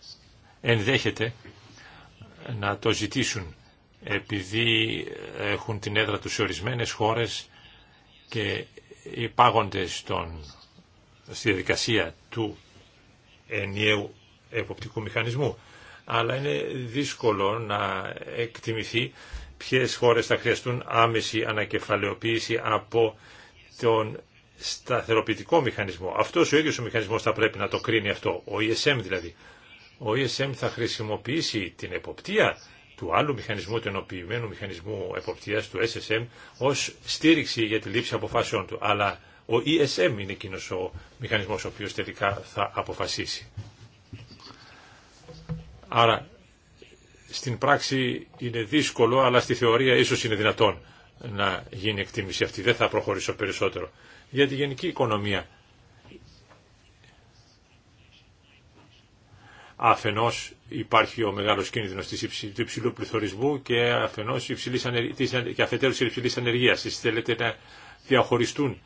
ενδέχεται να το ζητήσουν επειδή έχουν την έδρα τους σε ορισμένες χώρες και υπάγονται στον, στη διαδικασία του ενιαίου εποπτικού μηχανισμού. Αλλά είναι δύσκολο να εκτιμηθεί ποιες χώρες θα χρειαστούν άμεση ανακεφαλαιοποίηση από τον σταθεροποιητικό μηχανισμό. Αυτός ο ίδιος ο μηχανισμός θα πρέπει να το κρίνει αυτό, ο ESM δηλαδή ο ESM θα χρησιμοποιήσει την εποπτεία του άλλου μηχανισμού, του ενοποιημένου μηχανισμού εποπτείας του SSM ως στήριξη για τη λήψη αποφάσεων του. Αλλά ο ESM είναι εκείνο ο μηχανισμός ο οποίος τελικά θα αποφασίσει. Άρα στην πράξη είναι δύσκολο, αλλά στη θεωρία ίσως είναι δυνατόν να γίνει εκτίμηση αυτή. Δεν θα προχωρήσω περισσότερο. Για τη γενική οικονομία αφενός υπάρχει ο μεγάλος κίνδυνος του υψηλού πληθωρισμού και αφενός υψηλής ανεργίας, και αφετέρου της υψηλής ανεργίας. θέλετε να διαχωριστούν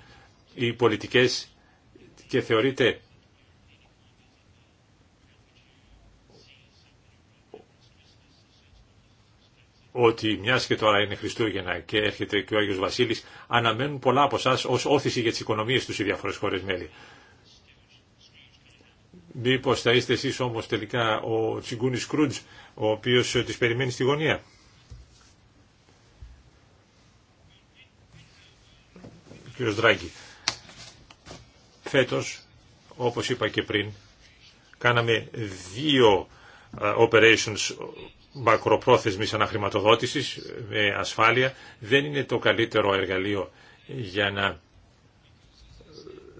οι πολιτικές και θεωρείτε ότι μια και τώρα είναι Χριστούγεννα και έρχεται και ο Άγιος Βασίλης, αναμένουν πολλά από εσά ω όθηση για τι οικονομίε του οι διάφορε χώρε μέλη. Μήπω θα είστε εσεί όμω τελικά ο Τσιγκούνης Κρούντζ, ο οποίος ε, τις περιμένει στη γωνία. Κύριος Δράγκη, φέτος, όπως είπα και πριν, κάναμε δύο ε, operations μακροπρόθεσμης αναχρηματοδότηση ε, με ασφάλεια. Δεν είναι το καλύτερο εργαλείο για να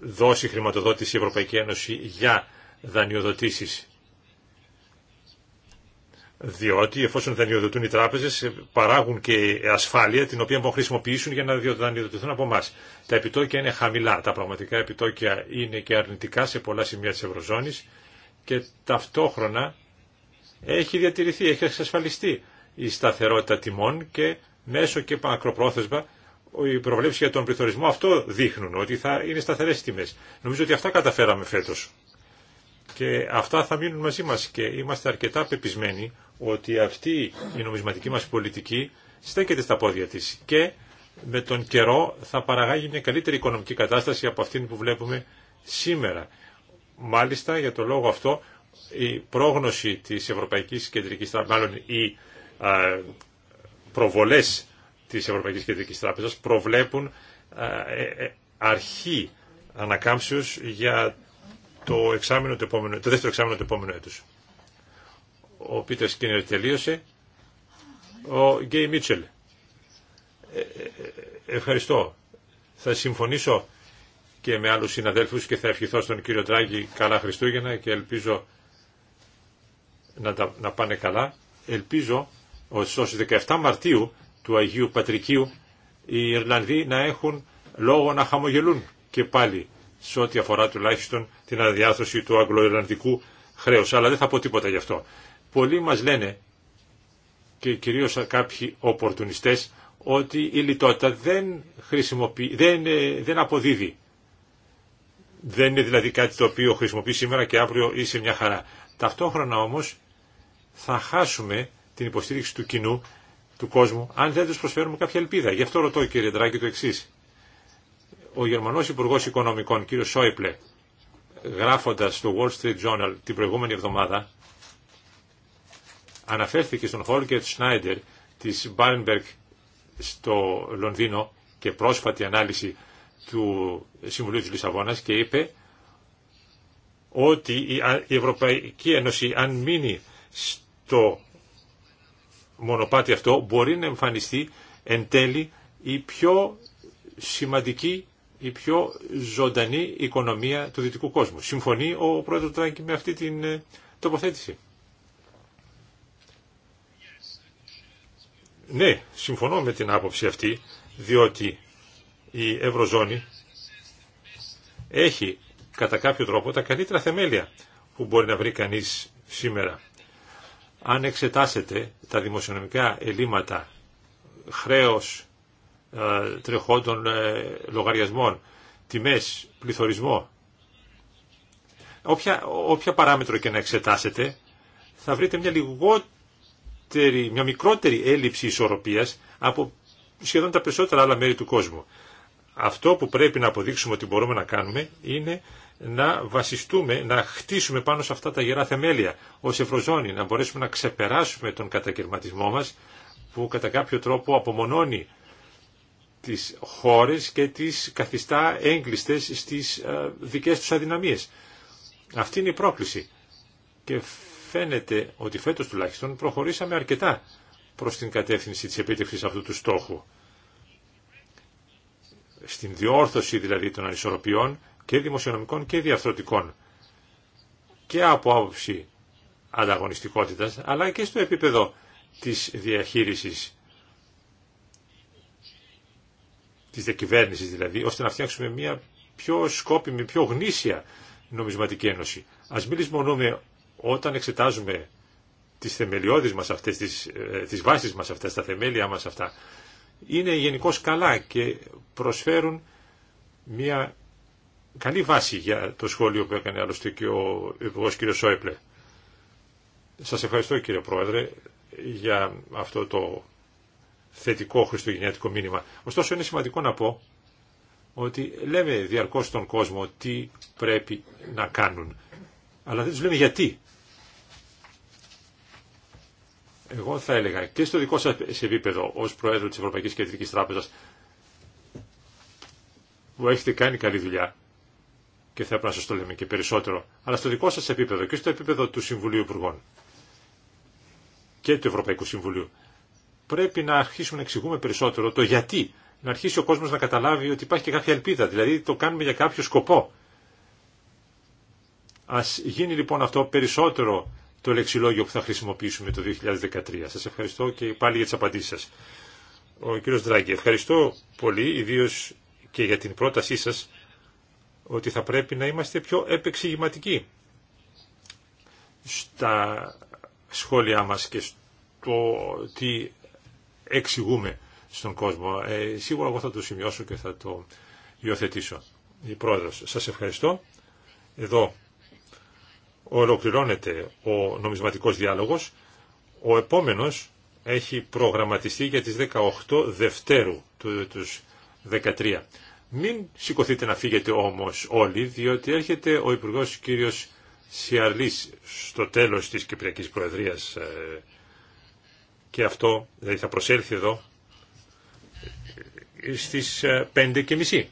δώσει χρηματοδότηση η Ευρωπαϊκή Ένωση για δανειοδοτήσεις. Διότι εφόσον δανειοδοτούν οι τράπεζες παράγουν και ασφάλεια την οποία μπορούν να χρησιμοποιήσουν για να δανειοδοτηθούν από εμά. Τα επιτόκια είναι χαμηλά. Τα πραγματικά επιτόκια είναι και αρνητικά σε πολλά σημεία της Ευρωζώνης και ταυτόχρονα έχει διατηρηθεί, έχει εξασφαλιστεί η σταθερότητα τιμών και μέσω και μακροπρόθεσμα οι προβλέψει για τον πληθωρισμό αυτό δείχνουν ότι θα είναι σταθερέ τιμέ. Νομίζω ότι αυτά καταφέραμε φέτο. Και αυτά θα μείνουν μαζί μας και είμαστε αρκετά πεπισμένοι ότι αυτή η νομισματική μας πολιτική στέκεται στα πόδια της και με τον καιρό θα παραγάγει μια καλύτερη οικονομική κατάσταση από αυτήν που βλέπουμε σήμερα. Μάλιστα για τον λόγο αυτό η πρόγνωση της Ευρωπαϊκής Κεντρικής Τράπεζας, μάλλον οι προβολές της Ευρωπαϊκής Κεντρικής Τράπεζας προβλέπουν ε, ε, αρχή ανακάμψεως για το, εξάμεινο το, επόμενο, το δεύτερο εξάμεινο του επόμενου έτους. Ο Πίτερ Σκίνερ τελείωσε. Ο Γκέι Μίτσελ. Ε, ε, ε ευχαριστώ. Θα συμφωνήσω και με άλλους συναδέλφους και θα ευχηθώ στον κύριο Τράγκη καλά Χριστούγεννα και ελπίζω να, να πάνε καλά. Ελπίζω ότι στις 17 Μαρτίου του Αγίου Πατρικίου οι Ιρλανδοί να έχουν λόγο να χαμογελούν και πάλι σε ό,τι αφορά τουλάχιστον την αναδιάθρωση του αγγλοϊρλανδικού χρέου. Αλλά δεν θα πω τίποτα γι' αυτό. Πολλοί μα λένε και κυρίω κάποιοι οπορτουνιστέ, ότι η λιτότητα δεν, χρησιμοποιεί, δεν, ε, δεν αποδίδει. Δεν είναι δηλαδή κάτι το οποίο χρησιμοποιεί σήμερα και αύριο ή σε μια χαρά. Ταυτόχρονα όμω, θα χάσουμε την υποστήριξη του κοινού, του κόσμου, αν δεν του προσφέρουμε κάποια ελπίδα. Γι' αυτό ρωτώ κύριε Ντράκη το εξή ο Γερμανός Υπουργός Οικονομικών, κύριο Σόιπλε, γράφοντας στο Wall Street Journal την προηγούμενη εβδομάδα, αναφέρθηκε στον Χόλκετ Σνάιντερ της Μπάρνμπεργκ στο Λονδίνο και πρόσφατη ανάλυση του Συμβουλίου της Λισαβόνας και είπε ότι η Ευρωπαϊκή Ένωση αν μείνει στο μονοπάτι αυτό μπορεί να εμφανιστεί εν τέλει η πιο σημαντική η πιο ζωντανή οικονομία του δυτικού κόσμου. Συμφωνεί ο πρόεδρος Τράγκη με αυτή την ε, τοποθέτηση. Ναι, συμφωνώ με την άποψη αυτή, διότι η Ευρωζώνη έχει κατά κάποιο τρόπο τα καλύτερα θεμέλια που μπορεί να βρει κανείς σήμερα. Αν εξετάσετε τα δημοσιονομικά ελλείμματα, χρέος ε, τρεχόντων ε, λογαριασμών, τιμές, πληθωρισμό. Όποια, όποια παράμετρο και να εξετάσετε, θα βρείτε μια λιγότερη, μια μικρότερη έλλειψη ισορροπίας από σχεδόν τα περισσότερα άλλα μέρη του κόσμου. Αυτό που πρέπει να αποδείξουμε ότι μπορούμε να κάνουμε είναι να βασιστούμε, να χτίσουμε πάνω σε αυτά τα γερά θεμέλια ως Ευρωζώνη, να μπορέσουμε να ξεπεράσουμε τον κατακαιρματισμό μας που κατά κάποιο τρόπο απομονώνει τις χώρες και τις καθιστά έγκλειστες στις ε, δικές τους αδυναμίες. Αυτή είναι η πρόκληση. Και φαίνεται ότι φέτος τουλάχιστον προχωρήσαμε αρκετά προς την κατεύθυνση της επίτευξης αυτού του στόχου. Στην διόρθωση δηλαδή των ανισορροπιών και δημοσιονομικών και διαφθορτικών και από άποψη ανταγωνιστικότητας αλλά και στο επίπεδο της διαχείρισης της διακυβέρνησης δηλαδή, ώστε να φτιάξουμε μια πιο σκόπιμη, πιο γνήσια νομισματική ένωση. Ας μην λησμονούμε όταν εξετάζουμε τις θεμελιώδεις μας αυτές, τις, ε, τις βάσεις μας αυτές, τα θεμέλια μας αυτά, είναι γενικώ καλά και προσφέρουν μια καλή βάση για το σχόλιο που έκανε άλλωστε και ο υπουργό κ. Σόιπλε. Σας ευχαριστώ κύριε Πρόεδρε για αυτό το θετικό χριστουγεννιάτικο μήνυμα. Ωστόσο είναι σημαντικό να πω ότι λέμε διαρκώς στον κόσμο τι πρέπει να κάνουν, αλλά δεν τους λέμε γιατί. Εγώ θα έλεγα και στο δικό σας επίπεδο ως Προέδρο της Ευρωπαϊκής Κεντρικής Τράπεζας που έχετε κάνει καλή δουλειά και θα έπρεπε να σας το λέμε και περισσότερο, αλλά στο δικό σας επίπεδο και στο επίπεδο του Συμβουλίου Υπουργών και του Ευρωπαϊκού Συμβουλίου πρέπει να αρχίσουμε να εξηγούμε περισσότερο το γιατί. Να αρχίσει ο κόσμος να καταλάβει ότι υπάρχει και κάποια ελπίδα, δηλαδή το κάνουμε για κάποιο σκοπό. Ας γίνει λοιπόν αυτό περισσότερο το λεξιλόγιο που θα χρησιμοποιήσουμε το 2013. Σας ευχαριστώ και πάλι για τις απαντήσεις σας. Ο κύριος Δράγκη, ευχαριστώ πολύ, ιδίω και για την πρότασή σας, ότι θα πρέπει να είμαστε πιο επεξηγηματικοί στα σχόλιά μας και στο τι εξηγούμε στον κόσμο. Ε, σίγουρα εγώ θα το σημειώσω και θα το υιοθετήσω. Η πρόεδρος, σας ευχαριστώ. Εδώ ολοκληρώνεται ο νομισματικός διάλογος. Ο επόμενος έχει προγραμματιστεί για τις 18 Δευτέρου του 2013. Μην σηκωθείτε να φύγετε όμως όλοι, διότι έρχεται ο Υπουργός κύριος Σιαρλής στο τέλος της Κυπριακής Προεδρίας ε, και αυτό, δηλαδή θα προσέλθει εδώ στις 5 ε, και μισή.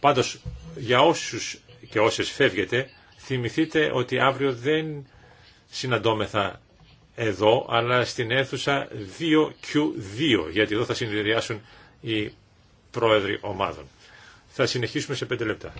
Πάντως, για όσους και όσες φεύγετε, θυμηθείτε ότι αύριο δεν συναντώμεθα εδώ, αλλά στην αίθουσα 2Q2, γιατί εδώ θα συνεδριάσουν οι πρόεδροι ομάδων. Θα συνεχίσουμε σε 5 λεπτά.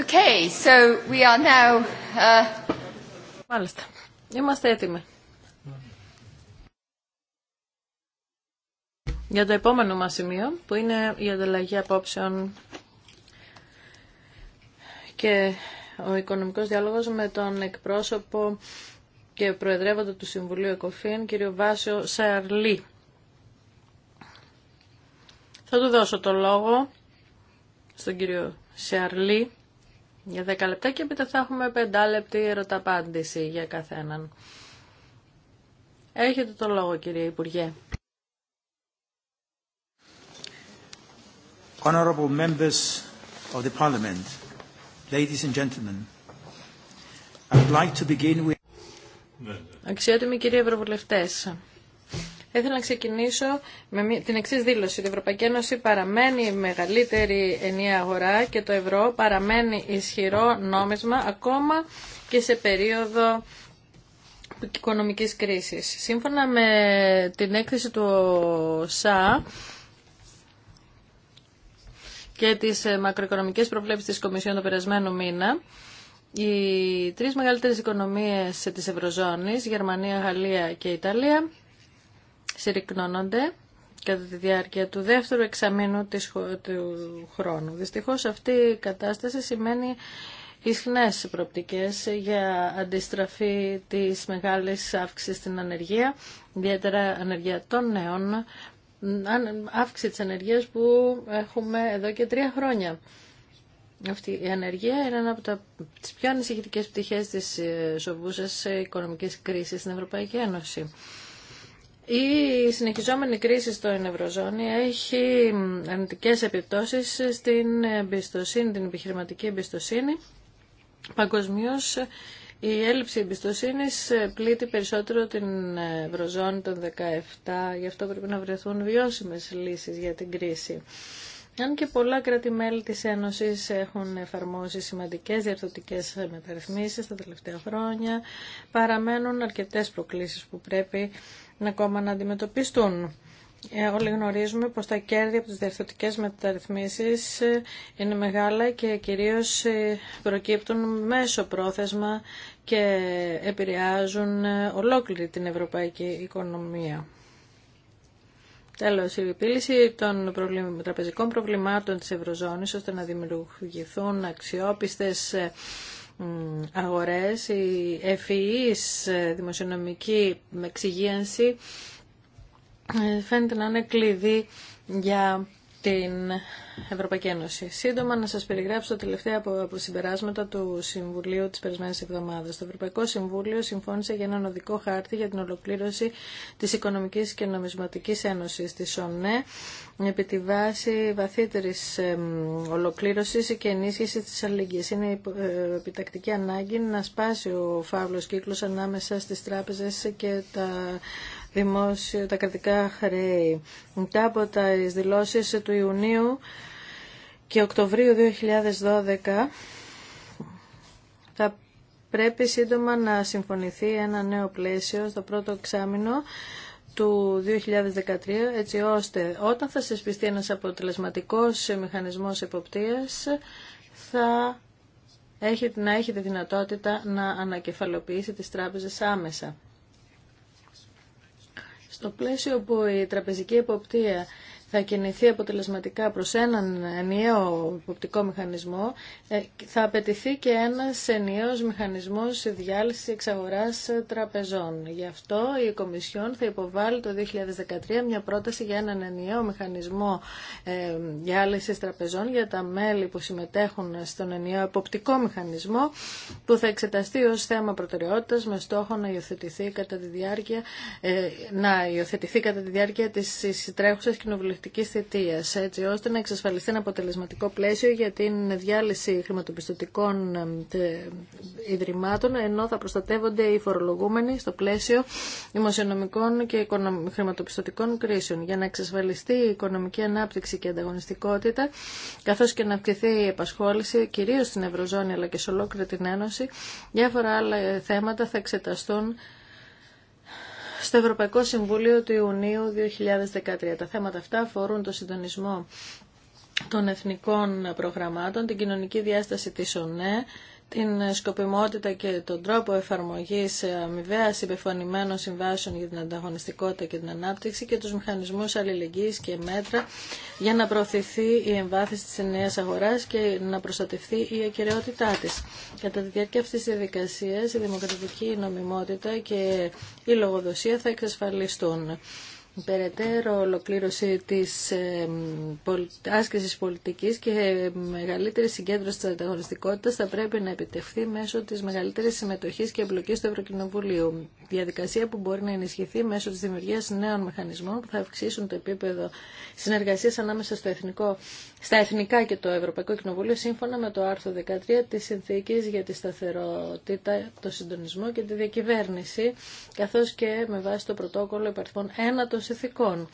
Okay, we now, uh, Είμαστε έτοιμοι. Για το επόμενο μας σημείο, που είναι η ανταλλαγή απόψεων και ο οικονομικός διάλογος με τον εκπρόσωπο και προεδρεύοντα του Συμβουλίου Εκοφήν, κύριο Βάσιο Σαρλή. Θα του δώσω το λόγο στον κύριο Σαρλή για 10 λεπτά και έπειτα θα έχουμε 5 λεπτή ερωταπάντηση για καθέναν. Έχετε το λόγο κύριε Υπουργέ. Honorable members of the Parliament, ladies and gentlemen, I would like to begin with... Ναι, ναι. Αξιότιμοι κύριοι Ευρωβουλευτές, θα ήθελα να ξεκινήσω με την εξή δήλωση. Η Ευρωπαϊκή Ένωση παραμένει η μεγαλύτερη ενιαία αγορά και το ευρώ παραμένει ισχυρό νόμισμα ακόμα και σε περίοδο οικονομικής κρίσης. Σύμφωνα με την έκθεση του ΣΑ, και τις ε, μακροοικονομικές προβλέψεις της Κομισιόν το περασμένο μήνα, οι τρεις μεγαλύτερες οικονομίες της Ευρωζώνης, Γερμανία, Γαλλία και Ιταλία, συρρυκνώνονται κατά τη διάρκεια του δεύτερου εξαμήνου του χρόνου. Δυστυχώς αυτή η κατάσταση σημαίνει ισχνές προπτικές για αντιστραφή της μεγάλης αύξησης στην ανεργία, ιδιαίτερα ανεργία των νέων, αύξηση της ανεργίας που έχουμε εδώ και τρία χρόνια. Αυτή η ανεργία είναι ένα από τα, τις πιο ανησυχητικές πτυχές της ε, σοβούσας ε, οικονομικής κρίσης στην Ευρωπαϊκή Ένωση. Η συνεχιζόμενη κρίση στο Ευρωζώνη έχει αρνητικέ επιπτώσει στην εμπιστοσύνη, την επιχειρηματική εμπιστοσύνη. Παγκοσμίω η έλλειψη εμπιστοσύνη πλήττει περισσότερο την Ευρωζώνη των 17, γι' αυτό πρέπει να βρεθούν βιώσιμες λύσεις για την κρίση. Αν και πολλά κράτη-μέλη της Ένωσης έχουν εφαρμόσει σημαντικές διαρθωτικές μεταρρυθμίσεις τα τελευταία χρόνια, παραμένουν αρκετές προκλήσεις που πρέπει να ακόμα να αντιμετωπιστούν. Ε, όλοι γνωρίζουμε πως τα κέρδη από τις διευθυντικές μεταρρυθμίσεις ε, είναι μεγάλα και κυρίως ε, προκύπτουν μέσω πρόθεσμα και επηρεάζουν ολόκληρη την ευρωπαϊκή οικονομία. Τέλος, η επίλυση των τραπεζικών προβλημάτων της Ευρωζώνης ώστε να δημιουργηθούν αξιόπιστες αγορές, η e ευφυής δημοσιονομική εξυγίανση ε, φαίνεται να είναι κλειδί για την Ευρωπαϊκή Ένωση. Σύντομα να σας περιγράψω τα τελευταία από συμπεράσματα του Συμβουλίου της περισμένης εβδομάδας. Το Ευρωπαϊκό Συμβούλιο συμφώνησε για έναν οδικό χάρτη για την ολοκλήρωση της Οικονομικής και Νομισματικής Ένωσης της ΟΝΕ επί τη βάση βαθύτερης ολοκλήρωσης και ενίσχυσης της αλληλεγγύης. Είναι ε, επιτακτική ανάγκη να σπάσει ο φαύλος Κύκλο ανάμεσα στι τράπεζε και τα δημόσιο, τα κρατικά χρέη. Μετά από τις δηλώσεις του Ιουνίου και Οκτωβρίου 2012 θα πρέπει σύντομα να συμφωνηθεί ένα νέο πλαίσιο στο πρώτο εξάμεινο του 2013, έτσι ώστε όταν θα συσπιστεί ένας αποτελεσματικός μηχανισμός εποπτείας, θα έχει, να έχει τη δυνατότητα να ανακεφαλοποιήσει τις τράπεζες άμεσα. Στο πλαίσιο που η τραπεζική εποπτεία θα κινηθεί αποτελεσματικά προς έναν ενιαίο υποπτικό μηχανισμό, ε, θα απαιτηθεί και ένας ενιαίος μηχανισμός διάλυσης εξαγοράς τραπεζών. Γι' αυτό η Κομισιόν θα υποβάλει το 2013 μια πρόταση για έναν ενιαίο μηχανισμό ε, διάλυσης τραπεζών για τα μέλη που συμμετέχουν στον ενιαίο υποπτικό μηχανισμό που θα εξεταστεί ως θέμα προτεραιότητας με στόχο να υιοθετηθεί κατά τη διάρκεια, ε, να υιοθετηθεί κατά τη διάρκεια της τρέχουσας κοινοβουλευτικής έτσι ώστε να εξασφαλιστεί ένα αποτελεσματικό πλαίσιο για την διάλυση χρηματοπιστωτικών ε, ιδρυμάτων, ενώ θα προστατεύονται οι φορολογούμενοι στο πλαίσιο δημοσιονομικών και χρηματοπιστωτικών κρίσεων. Για να εξασφαλιστεί η οικονομική ανάπτυξη και ανταγωνιστικότητα, καθώ και να αυξηθεί η επασχόληση, κυρίω στην Ευρωζώνη αλλά και σε ολόκληρη την Ένωση, διάφορα άλλα ε, θέματα θα εξεταστούν στο Ευρωπαϊκό Συμβούλιο του Ιουνίου 2013. Τα θέματα αυτά αφορούν το συντονισμό των εθνικών προγραμμάτων, την κοινωνική διάσταση της ΟΝΕ, την σκοπιμότητα και τον τρόπο εφαρμογής αμοιβαία υπεφωνημένων συμβάσεων για την ανταγωνιστικότητα και την ανάπτυξη και τους μηχανισμούς αλληλεγγύης και μέτρα για να προωθηθεί η εμβάθυνση της νέας αγοράς και να προστατευτεί η ακυρεότητά της. Κατά τη διάρκεια αυτής της διαδικασίας η δημοκρατική νομιμότητα και η λογοδοσία θα εξασφαλιστούν περαιτέρω ολοκλήρωση της άσκησης πολιτικής και μεγαλύτερη συγκέντρωση της ανταγωνιστικότητας θα πρέπει να επιτευχθεί μέσω της μεγαλύτερης συμμετοχής και εμπλοκής του Ευρωκοινοβουλίου. Διαδικασία που μπορεί να ενισχυθεί μέσω της δημιουργίας νέων μηχανισμών που θα αυξήσουν το επίπεδο συνεργασίας ανάμεσα στο εθνικό, στα εθνικά και το Ευρωπαϊκό Κοινοβούλιο σύμφωνα με το άρθρο 13 της Συνθήκης για τη σταθερότητα, το συντονισμό και τη διακυβέρνηση καθώς και με βάση το πρωτόκολλο υπαρθμών 1 συνθήκων.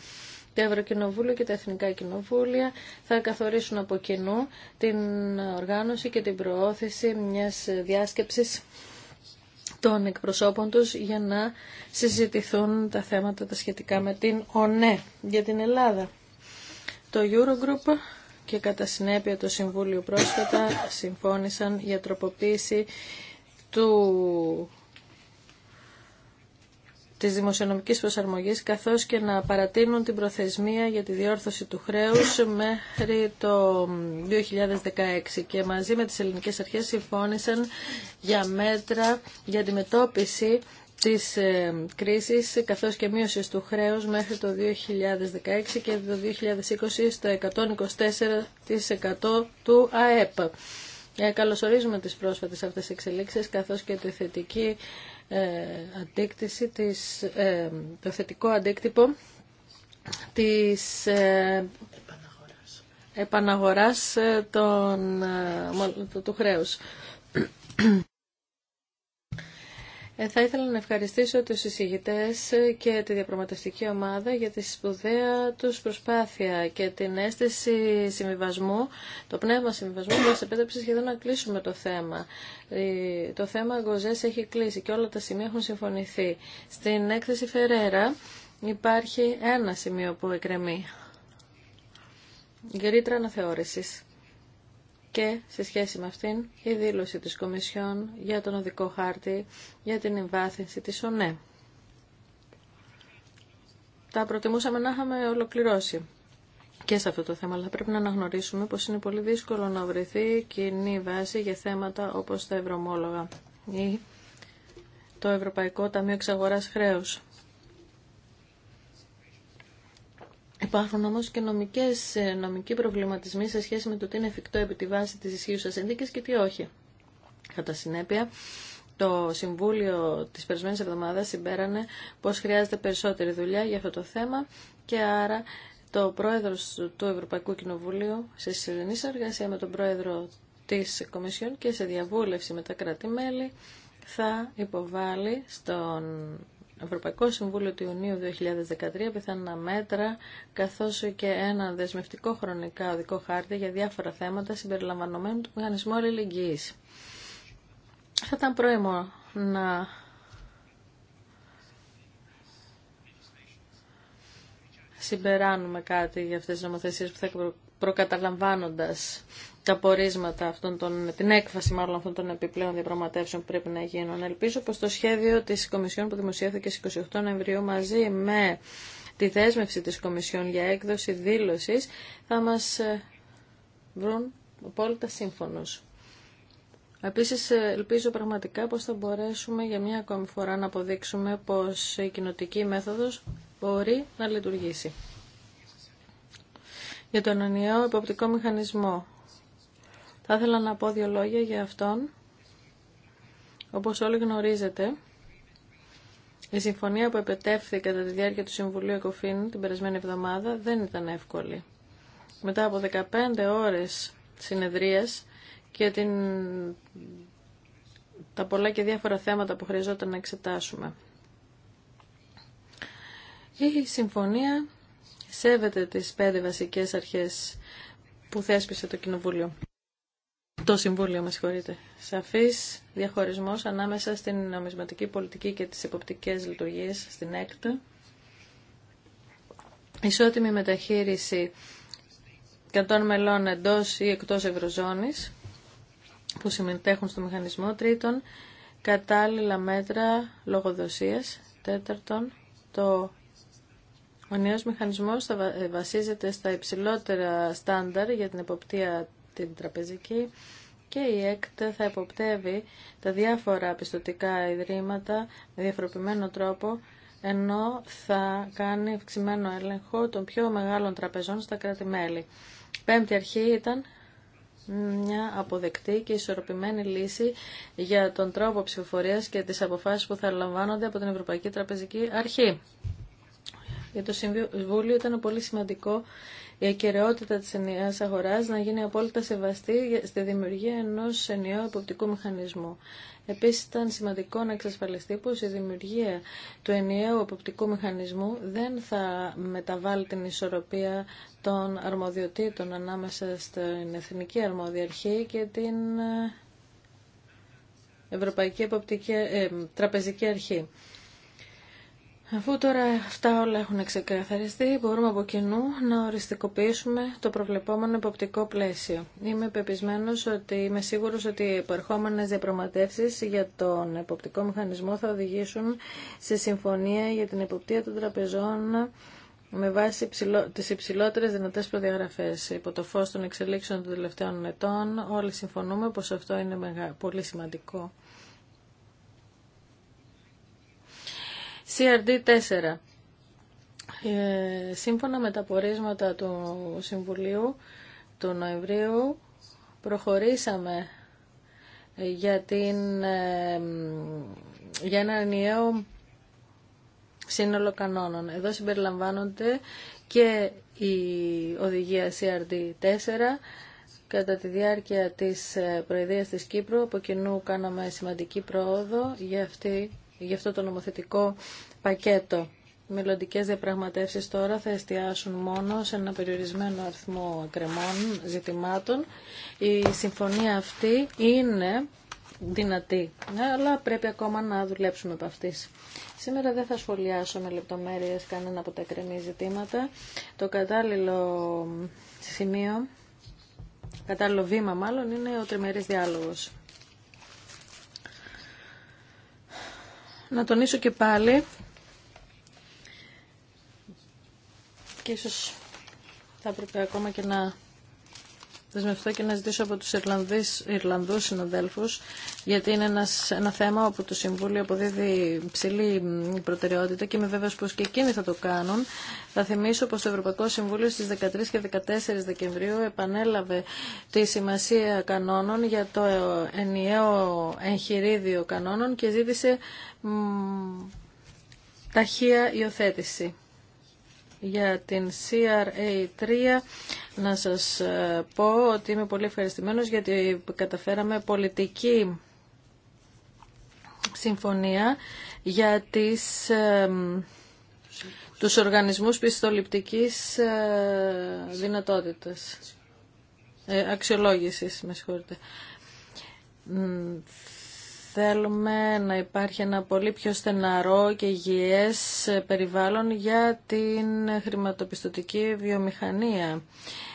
Το Ευρωκοινοβούλιο και τα Εθνικά Κοινοβούλια θα καθορίσουν από κοινού την οργάνωση και την προώθηση μιας διάσκεψης των εκπροσώπων τους για να συζητηθούν τα θέματα τα σχετικά με την ΟΝΕ για την Ελλάδα. Το Eurogroup και κατά συνέπεια το Συμβούλιο πρόσφατα συμφώνησαν για τροποποίηση του της δημοσιονομικής προσαρμογής καθώς και να παρατείνουν την προθεσμία για τη διόρθωση του χρέους μέχρι το 2016 και μαζί με τις ελληνικές αρχές συμφώνησαν για μέτρα για αντιμετώπιση της ε, κρίσης καθώς και μείωση του χρέους μέχρι το 2016 και το 2020 στο 124% του ΑΕΠ. Ε, καλωσορίζουμε τις πρόσφατες αυτές εξελίξεις καθώς και τη θετική ε, αντίκτυση της, ε, το θετικό αντίκτυπο της ε, επαναγοράς των, του χρέους. Ε, θα ήθελα να ευχαριστήσω τους εισηγητές και τη διαπραγματευτική ομάδα για τη σπουδαία τους προσπάθεια και την αίσθηση συμβιβασμού, το πνεύμα συμβιβασμού που μας επέτρεψε σχεδόν να κλείσουμε το θέμα. Το θέμα Γκοζές έχει κλείσει και όλα τα σημεία έχουν συμφωνηθεί. Στην έκθεση Φερέρα υπάρχει ένα σημείο που εκκρεμεί. Γερήτρα αναθεώρησης και σε σχέση με αυτήν η δήλωση της Κομισιόν για τον οδικό χάρτη για την εμβάθυνση της ΟΝΕ. Τα προτιμούσαμε να είχαμε ολοκληρώσει και σε αυτό το θέμα, αλλά πρέπει να αναγνωρίσουμε πως είναι πολύ δύσκολο να βρεθεί κοινή βάση για θέματα όπως τα ευρωμόλογα ή το Ευρωπαϊκό Ταμείο Εξαγοράς Χρέους. Υπάρχουν όμως και νομικές, ε, νομικοί προβληματισμοί σε σχέση με το τι είναι εφικτό επί τη βάση της ισχύουσα συνθήκης και τι όχι. Κατά συνέπεια, το Συμβούλιο της περισμένης εβδομάδας συμπέρανε πως χρειάζεται περισσότερη δουλειά για αυτό το θέμα και άρα το πρόεδρος του Ευρωπαϊκού Κοινοβουλίου σε συνεργασία συνεργασία με τον πρόεδρο της Κομισιόν και σε διαβούλευση με τα κράτη-μέλη θα υποβάλει στον Ευρωπαϊκό Συμβούλιο του Ιουνίου 2013 πιθανά μέτρα, καθώς και ένα δεσμευτικό χρονικά οδικό χάρτη για διάφορα θέματα συμπεριλαμβανομένου του μηχανισμού αλληλεγγύης. Θα ήταν πρόημο να συμπεράνουμε κάτι για αυτές τις νομοθεσίες που θα προκαταλαμβάνοντας τα πορίσματα αυτών των, την έκφαση μάλλον αυτών των επιπλέον διαπραγματεύσεων που πρέπει να γίνουν. Ελπίζω πως το σχέδιο της Κομισιόν που δημοσιεύθηκε στις 28 Νοεμβρίου μαζί με τη δέσμευση της Κομισιόν για έκδοση δήλωσης θα μας ε, βρουν απόλυτα σύμφωνος. Επίσης ε, ελπίζω πραγματικά πως θα μπορέσουμε για μια ακόμη φορά να αποδείξουμε πως η κοινοτική μέθοδος μπορεί να λειτουργήσει για τον ενιαίο υποπτικό μηχανισμό. Θα ήθελα να πω δύο λόγια για αυτόν. Όπως όλοι γνωρίζετε, η συμφωνία που επετεύθη κατά τη διάρκεια του Συμβουλίου Εκοφήν την περασμένη εβδομάδα δεν ήταν εύκολη. Μετά από 15 ώρες συνεδρίας και την... τα πολλά και διάφορα θέματα που χρειαζόταν να εξετάσουμε. Η συμφωνία σέβεται τις πέντε βασικές αρχές που θέσπισε το Κοινοβούλιο. Το Συμβούλιο, με συγχωρείτε. Σαφής διαχωρισμός ανάμεσα στην νομισματική πολιτική και τις εποπτικές λειτουργίες στην ΕΚΤ. Ισότιμη μεταχείριση κατών μελών εντός ή εκτός ευρωζώνης που συμμετέχουν στο μηχανισμό. Τρίτον, κατάλληλα μέτρα λογοδοσίας. Τέταρτον, το ο νέος μηχανισμός θα ε, βασίζεται στα υψηλότερα στάνταρ για την εποπτεία την τραπεζική και η ΕΚΤ θα εποπτεύει τα διάφορα πιστοτικά ιδρύματα με διαφοροποιημένο τρόπο ενώ θα κάνει αυξημένο έλεγχο των πιο μεγάλων τραπεζών στα κράτη-μέλη. Πέμπτη αρχή ήταν μια αποδεκτή και ισορροπημένη λύση για τον τρόπο ψηφοφορίας και τις αποφάσεις που θα λαμβάνονται από την Ευρωπαϊκή Τραπεζική Αρχή. Για το Συμβούλιο ήταν πολύ σημαντικό η ακαιρεότητα της ενιαίας αγοράς να γίνει απόλυτα σεβαστή στη δημιουργία ενός ενιαίου εποπτικού μηχανισμού. Επίσης ήταν σημαντικό να εξασφαλιστεί πως η δημιουργία του ενιαίου εποπτικού μηχανισμού δεν θα μεταβάλει την ισορροπία των αρμοδιοτήτων ανάμεσα στην Εθνική Αρμοδιαρχή και την ε, Ευρωπαϊκή ε, Τραπεζική Αρχή. Αφού τώρα αυτά όλα έχουν ξεκαθαριστεί, μπορούμε από κοινού να οριστικοποιήσουμε το προβλεπόμενο υποπτικό πλαίσιο. Είμαι πεπισμένο ότι είμαι σίγουρο ότι οι επερχόμενε διαπραγματεύσει για τον υποπτικό μηχανισμό θα οδηγήσουν σε συμφωνία για την υποπτία των τραπεζών με βάση τις υψηλότερες δυνατές προδιαγραφές. Υπό το φως των εξελίξεων των τελευταίων ετών όλοι συμφωνούμε πως αυτό είναι πολύ σημαντικό CRD4. Ε, σύμφωνα με τα πορίσματα του Συμβουλίου του Νοεμβρίου προχωρήσαμε για, την, ε, για ένα ενιαίο σύνολο κανόνων. Εδώ συμπεριλαμβάνονται και η οδηγία CRD4 Κατά τη διάρκεια της ε, προεδρίας της Κύπρου, από κοινού κάναμε σημαντική πρόοδο για αυτή γι' αυτό το νομοθετικό πακέτο. Οι μελλοντικέ διαπραγματεύσει τώρα θα εστιάσουν μόνο σε ένα περιορισμένο αριθμό κρεμών ζητημάτων. Η συμφωνία αυτή είναι δυνατή, αλλά πρέπει ακόμα να δουλέψουμε από αυτής. Σήμερα δεν θα σχολιάσω με λεπτομέρειες κανένα από τα εκκρεμή ζητήματα. Το κατάλληλο σημείο, κατάλληλο βήμα μάλλον, είναι ο τριμερής διάλογος. να τονίσω και πάλι και ίσως θα έπρεπε ακόμα και να δεσμευτώ και να ζητήσω από τους Ιρλανδού Ιρλανδούς συναδέλφους, γιατί είναι ένας, ένα θέμα όπου το Συμβούλιο αποδίδει ψηλή προτεραιότητα και είμαι βέβαιος πως και εκείνοι θα το κάνουν. Θα θυμίσω πως το Ευρωπαϊκό Συμβούλιο στις 13 και 14 Δεκεμβρίου επανέλαβε τη σημασία κανόνων για το ενιαίο εγχειρίδιο κανόνων και ζήτησε ταχεία υιοθέτηση για την CRA3 να σας ε, πω ότι είμαι πολύ ευχαριστημένος γιατί καταφέραμε πολιτική συμφωνία για τις, ε, τους οργανισμούς πιστοληπτικής ε, δυνατότητας, αξιολόγησης, με συγχωρείτε θέλουμε να υπάρχει ένα πολύ πιο στεναρό και υγιές περιβάλλον για την χρηματοπιστωτική βιομηχανία.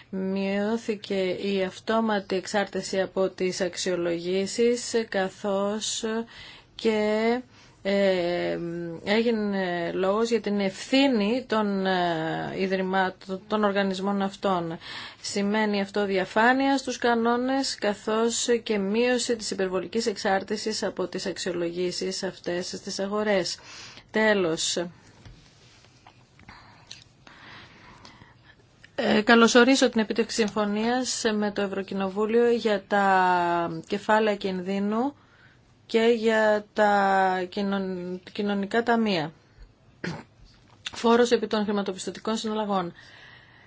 Μειώθηκε η αυτόματη εξάρτηση από τις αξιολογήσεις καθώς και ε, έγινε λόγος για την ευθύνη των ε, των οργανισμών αυτών. Σημαίνει αυτό διαφάνεια στους κανόνες καθώς και μείωση της υπερβολικής εξάρτησης από τις αξιολογήσεις αυτές στις αγορές. Τέλος. Ε, καλωσορίζω την επίτευξη συμφωνίας με το Ευρωκοινοβούλιο για τα κεφάλαια κινδύνου και για τα κοινωνικά ταμεία. Φόρος επί των χρηματοπιστωτικών συναλλαγών.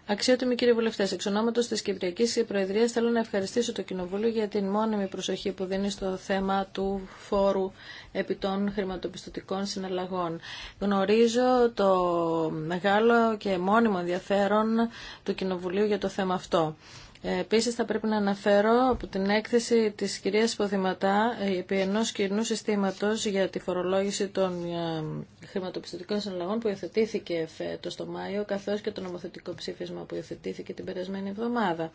Αξιότιμοι κύριοι βουλευτέ, εξ ονόματο τη Κυπριακή Προεδρία θέλω να ευχαριστήσω το Κοινοβούλιο για την μόνιμη προσοχή που δίνει στο θέμα του φόρου επί των χρηματοπιστωτικών συναλλαγών. Γνωρίζω το μεγάλο και μόνιμο ενδιαφέρον του Κοινοβουλίου για το θέμα αυτό. Ε, επίσης θα πρέπει να αναφέρω από την έκθεση της κυρίας Ποδηματά ε, επί ενός κοινού συστήματος για τη φορολόγηση των ε, χρηματοπιστωτικών συναλλαγών που υιοθετήθηκε φέτος το Μάιο καθώς και το νομοθετικό ψήφισμα που υιοθετήθηκε την περασμένη εβδομάδα.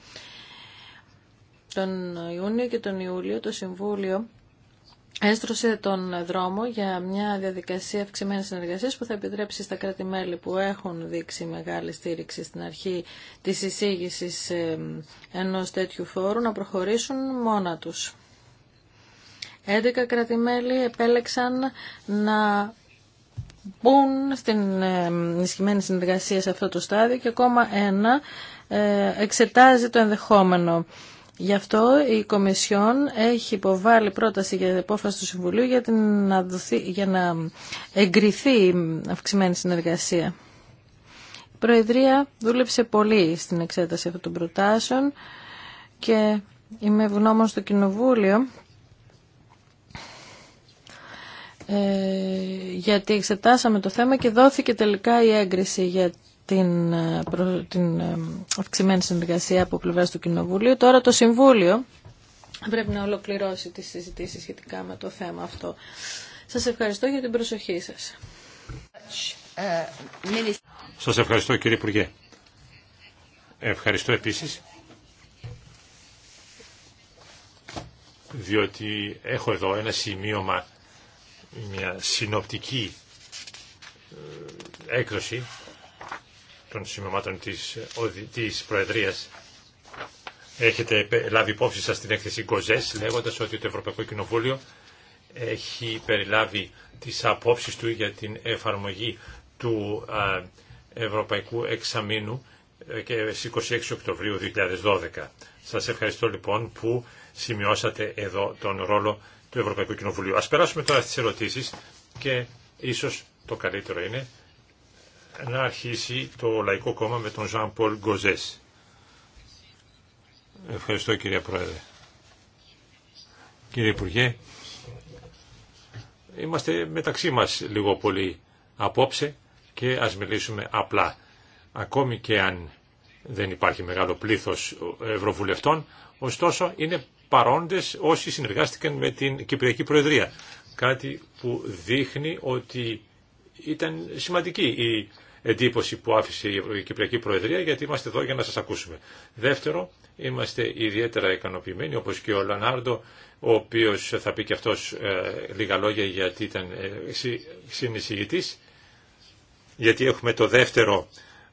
Τον Ιούνιο και τον Ιούλιο το Συμβούλιο έστρωσε τον δρόμο για μια διαδικασία αυξημένη συνεργασία που θα επιτρέψει στα κράτη-μέλη που έχουν δείξει μεγάλη στήριξη στην αρχή της εισήγηση ε, ενό τέτοιου φόρου να προχωρήσουν μόνα τους. 11 κράτη-μέλη επέλεξαν να μπουν στην ε, ισχυμένη συνεργασία σε αυτό το στάδιο και ακόμα ένα ε, εξετάζει το ενδεχόμενο. Γι' αυτό η Κομισιόν έχει υποβάλει πρόταση για απόφαση του Συμβουλίου για, την, να, για να εγκριθεί η αυξημένη συνεργασία. Η Προεδρία δούλεψε πολύ στην εξέταση αυτών των προτάσεων και είμαι ευγνώμων στο Κοινοβούλιο ε, γιατί εξετάσαμε το θέμα και δόθηκε τελικά η έγκριση για την, ε, την ε, αυξημένη συνεργασία από πλευρά του Κοινοβουλίου. Τώρα το Συμβούλιο πρέπει να ολοκληρώσει τις συζητήσεις σχετικά με το θέμα αυτό. Σας ευχαριστώ για την προσοχή σας. Σας ευχαριστώ κύριε Υπουργέ. Ευχαριστώ επίσης διότι έχω εδώ ένα σημείωμα, μια συνοπτική ε, έκδοση των σημειωμάτων της, ε, της Προεδρίας έχετε λάβει υπόψη σας την έκθεση Γκοζές λέγοντας ότι το Ευρωπαϊκό Κοινοβούλιο έχει περιλάβει τις απόψεις του για την εφαρμογή του Ευρωπαϊκού Εξαμήνου ε, και στις 26 Οκτωβρίου 2012. Σας ευχαριστώ λοιπόν που σημειώσατε εδώ τον ρόλο του Ευρωπαϊκού Κοινοβουλίου. Ας περάσουμε τώρα στις ερωτήσεις και ίσως το καλύτερο είναι να αρχίσει το Λαϊκό Κόμμα με τον Ζαν Πολ Γκοζές. Ευχαριστώ κύριε Πρόεδρε. Κύριε Υπουργέ, είμαστε μεταξύ μας λίγο πολύ απόψε και ας μιλήσουμε απλά. Ακόμη και αν δεν υπάρχει μεγάλο πλήθος ευρωβουλευτών, ωστόσο είναι παρόντες όσοι συνεργάστηκαν με την Κυπριακή Προεδρία. Κάτι που δείχνει ότι ήταν σημαντική η εντύπωση που άφησε η Κυπριακή Προεδρία γιατί είμαστε εδώ για να σας ακούσουμε. Δεύτερο, είμαστε ιδιαίτερα ικανοποιημένοι όπως και ο Λανάρντο ο οποίος θα πει και αυτός ε, λίγα λόγια γιατί ήταν ε, γιατί έχουμε το δεύτερο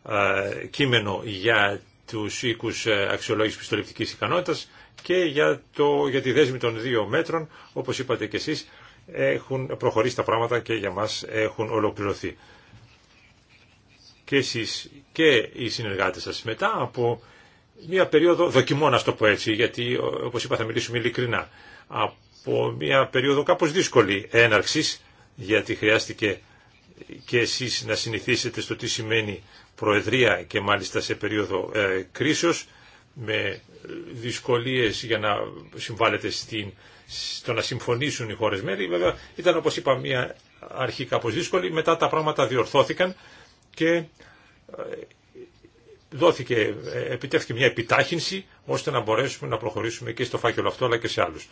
ε, κείμενο για τους οίκους ε, αξιολόγησης πιστοληπτικής ικανότητας και για, το, για τη δέσμη των δύο μέτρων, όπως είπατε και εσείς, έχουν προχωρήσει τα πράγματα και για μας έχουν ολοκληρωθεί και εσείς και οι συνεργάτες σας μετά από μια περίοδο δοκιμών, να το πω έτσι, γιατί όπως είπα θα μιλήσουμε ειλικρινά, από μια περίοδο κάπως δύσκολη έναρξης, γιατί χρειάστηκε και εσείς να συνηθίσετε στο τι σημαίνει προεδρία και μάλιστα σε περίοδο ε, κρίσεως, με δυσκολίες για να συμβάλλετε στην, στο να συμφωνήσουν οι χώρες μέλη. Βέβαια ήταν όπως είπα μια αρχή κάπως δύσκολη, μετά τα πράγματα διορθώθηκαν και ε, δόθηκε, ε, επιτεύχθηκε μια επιτάχυνση ώστε να μπορέσουμε να προχωρήσουμε και στο φάκελο αυτό αλλά και σε άλλους.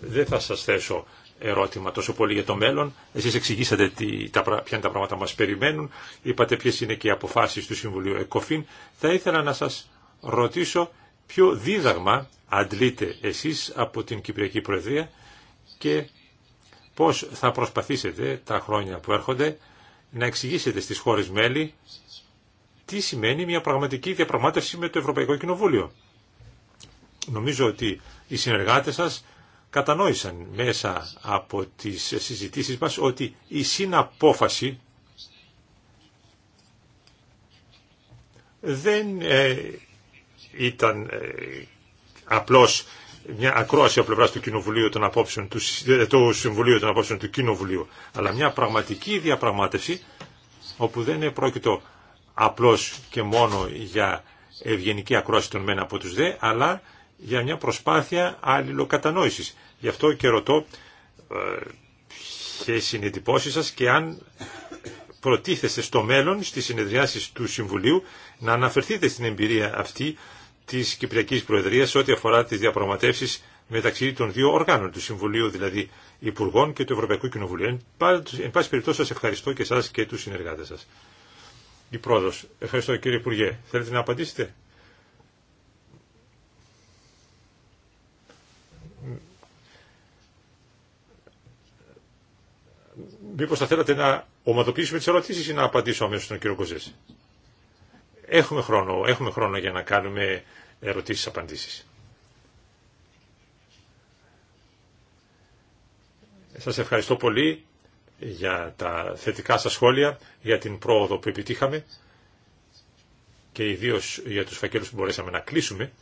Δεν θα σας θέσω ερώτημα τόσο πολύ για το μέλλον. Εσείς εξηγήσατε τι, τα, ποια είναι τα πράγματα μας περιμένουν. Είπατε ποιες είναι και οι αποφάσεις του Συμβουλίου ΕΚΟΦΗΝ. Θα ήθελα να σας ρωτήσω ποιο δίδαγμα αντλείτε εσείς από την Κυπριακή Προεδρία και πώς θα προσπαθήσετε τα χρόνια που έρχονται να εξηγήσετε στις χώρες μέλη τι σημαίνει μια πραγματική διαπραγμάτευση με το Ευρωπαϊκό Κοινοβούλιο. Νομίζω ότι οι συνεργάτες σας κατανόησαν μέσα από τις συζητήσεις μας ότι η συναπόφαση δεν ε, ήταν ε, απλώς μια ακρόαση από πλευρά του, κοινοβουλίου των απόψεων, του, ε, του Συμβουλίου των Απόψεων του Κοινοβουλίου, αλλά μια πραγματική διαπραγμάτευση όπου δεν είναι πρόκειτο απλώς και μόνο για ευγενική ακρόαση των μένα από τους δε, αλλά για μια προσπάθεια αλληλοκατανόησης. Γι' αυτό και ρωτώ ε, ποιες είναι οι εντυπώσεις σας και αν προτίθεστε στο μέλλον στις συνεδριάσεις του Συμβουλίου να αναφερθείτε στην εμπειρία αυτή της Κυπριακής Προεδρίας ό,τι αφορά τι διαπραγματεύσει μεταξύ των δύο οργάνων, του Συμβουλίου δηλαδή Υπουργών και του Ευρωπαϊκού Κοινοβουλίου. Εν πάση περιπτώσει σας ευχαριστώ και εσά και τους συνεργάτες σας. Η πρόεδρος. Ευχαριστώ κύριε Υπουργέ. Θέλετε να απαντήσετε. Μήπω θα θέλατε να ομαδοποιήσουμε τι ερωτήσει ή να απαντήσω αμέσω στον κύριο Κοζέση. Έχουμε χρόνο, έχουμε χρόνο για να κάνουμε ερωτήσεις-απαντήσεις. Σας ευχαριστώ πολύ για τα θετικά σας σχόλια, για την πρόοδο που επιτύχαμε και ιδίως για τους φακέλους που μπορέσαμε να κλείσουμε.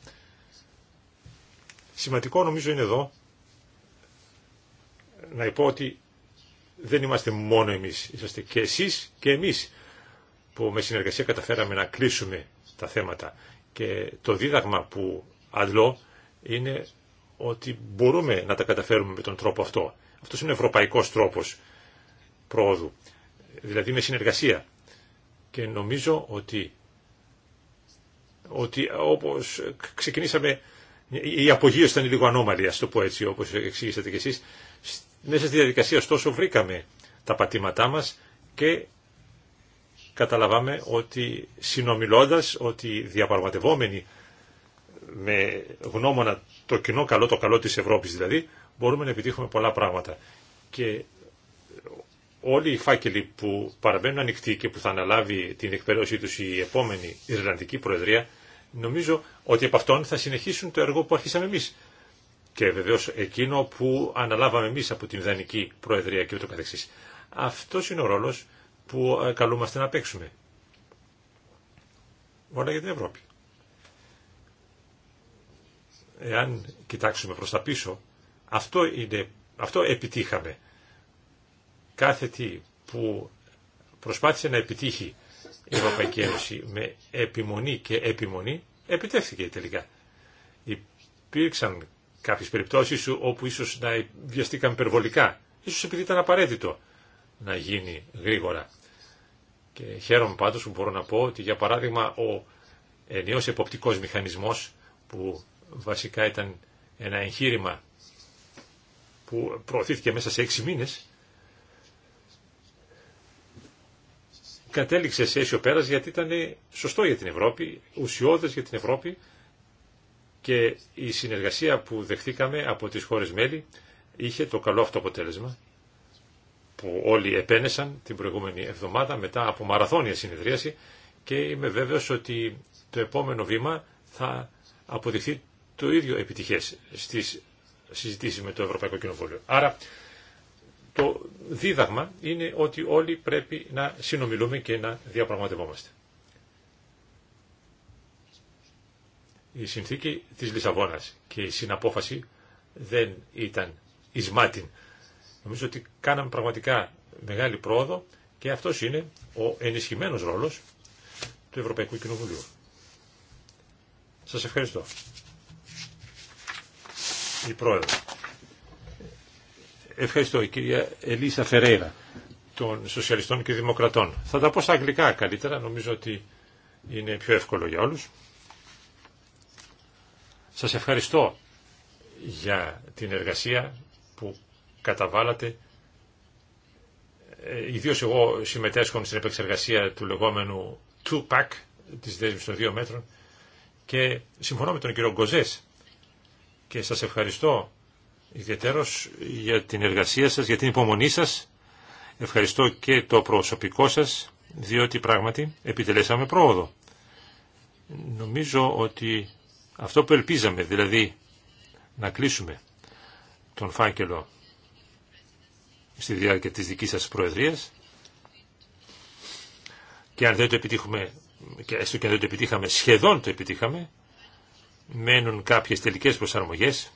Σημαντικό νομίζω είναι εδώ να υπό ότι δεν είμαστε μόνο εμείς, είσαστε και εσείς και εμείς που με συνεργασία καταφέραμε να κλείσουμε τα θέματα. Και το δίδαγμα που αντλώ είναι ότι μπορούμε να τα καταφέρουμε με τον τρόπο αυτό. Αυτός είναι ο ευρωπαϊκός τρόπος πρόοδου, δηλαδή με συνεργασία. Και νομίζω ότι, ότι όπως ξεκινήσαμε, η απογείωση ήταν λίγο ανώμαλη, ας το πω έτσι, όπως εξήγησατε κι εσείς. Μέσα στη διαδικασία ωστόσο βρήκαμε τα πατήματά μας και καταλαβαμε ότι συνομιλώντας, ότι διαπραγματευόμενοι με γνώμονα το κοινό καλό, το καλό της Ευρώπης δηλαδή, μπορούμε να επιτύχουμε πολλά πράγματα. Και όλοι οι φάκελοι που παραμένουν ανοιχτοί και που θα αναλάβει την εκπαίδευσή τους η επόμενη Ιρλανδική Προεδρία, νομίζω ότι από αυτόν θα συνεχίσουν το έργο που αρχίσαμε εμείς. Και βεβαίως εκείνο που αναλάβαμε εμείς από την Ιδανική Προεδρία και ούτω καθεξής. είναι ο ρόλος που ε, καλούμαστε να παίξουμε. Όλα για την Ευρώπη. Εάν κοιτάξουμε προς τα πίσω, αυτό, είναι, αυτό επιτύχαμε. Κάθε τι που προσπάθησε να επιτύχει η Ευρωπαϊκή Ένωση με επιμονή και επιμονή, επιτεύχθηκε τελικά. Υπήρξαν κάποιες περιπτώσεις όπου ίσως να βιαστήκαμε υπερβολικά, ίσως επειδή ήταν απαραίτητο να γίνει γρήγορα. Και χαίρομαι πάντως που μπορώ να πω ότι για παράδειγμα ο ενιαίος εποπτικός μηχανισμός που βασικά ήταν ένα εγχείρημα που προωθήθηκε μέσα σε έξι μήνες κατέληξε σε αίσιο πέρας γιατί ήταν σωστό για την Ευρώπη, ουσιώδες για την Ευρώπη και η συνεργασία που δεχτήκαμε από τις χώρες μέλη είχε το καλό αυτό αποτέλεσμα που όλοι επένεσαν την προηγούμενη εβδομάδα μετά από μαραθώνια συνεδρίαση και είμαι βέβαιος ότι το επόμενο βήμα θα αποδειχθεί το ίδιο επιτυχές στις συζητήσεις με το Ευρωπαϊκό Κοινοβούλιο. Άρα το δίδαγμα είναι ότι όλοι πρέπει να συνομιλούμε και να διαπραγματευόμαστε. Η συνθήκη της Λισαβόνας και η συναπόφαση δεν ήταν ισμάτιν Νομίζω ότι κάναμε πραγματικά μεγάλη πρόοδο και αυτός είναι ο ενισχυμένος ρόλος του Ευρωπαϊκού Κοινοβουλίου. Σας ευχαριστώ. Η Πρόεδρο. Ευχαριστώ η κυρία Ελίσα Φερέιρα των Σοσιαλιστών και Δημοκρατών. Θα τα πω στα αγγλικά καλύτερα, νομίζω ότι είναι πιο εύκολο για όλους. Σας ευχαριστώ για την εργασία που καταβάλατε. Ε, Ιδίω εγώ συμμετέσχω στην επεξεργασία του λεγόμενου two-pack της δέσμης των δύο μέτρων και συμφωνώ με τον κύριο Γκοζές και σας ευχαριστώ ιδιαίτερος για την εργασία σας, για την υπομονή σας. Ευχαριστώ και το προσωπικό σας, διότι πράγματι επιτελέσαμε πρόοδο. Νομίζω ότι αυτό που ελπίζαμε, δηλαδή να κλείσουμε τον φάκελο στη διάρκεια της δικής σας προεδρίας και αν δεν το επιτύχουμε, και έστω και αν δεν το επιτύχαμε, σχεδόν το επιτύχαμε, μένουν κάποιες τελικές προσαρμογές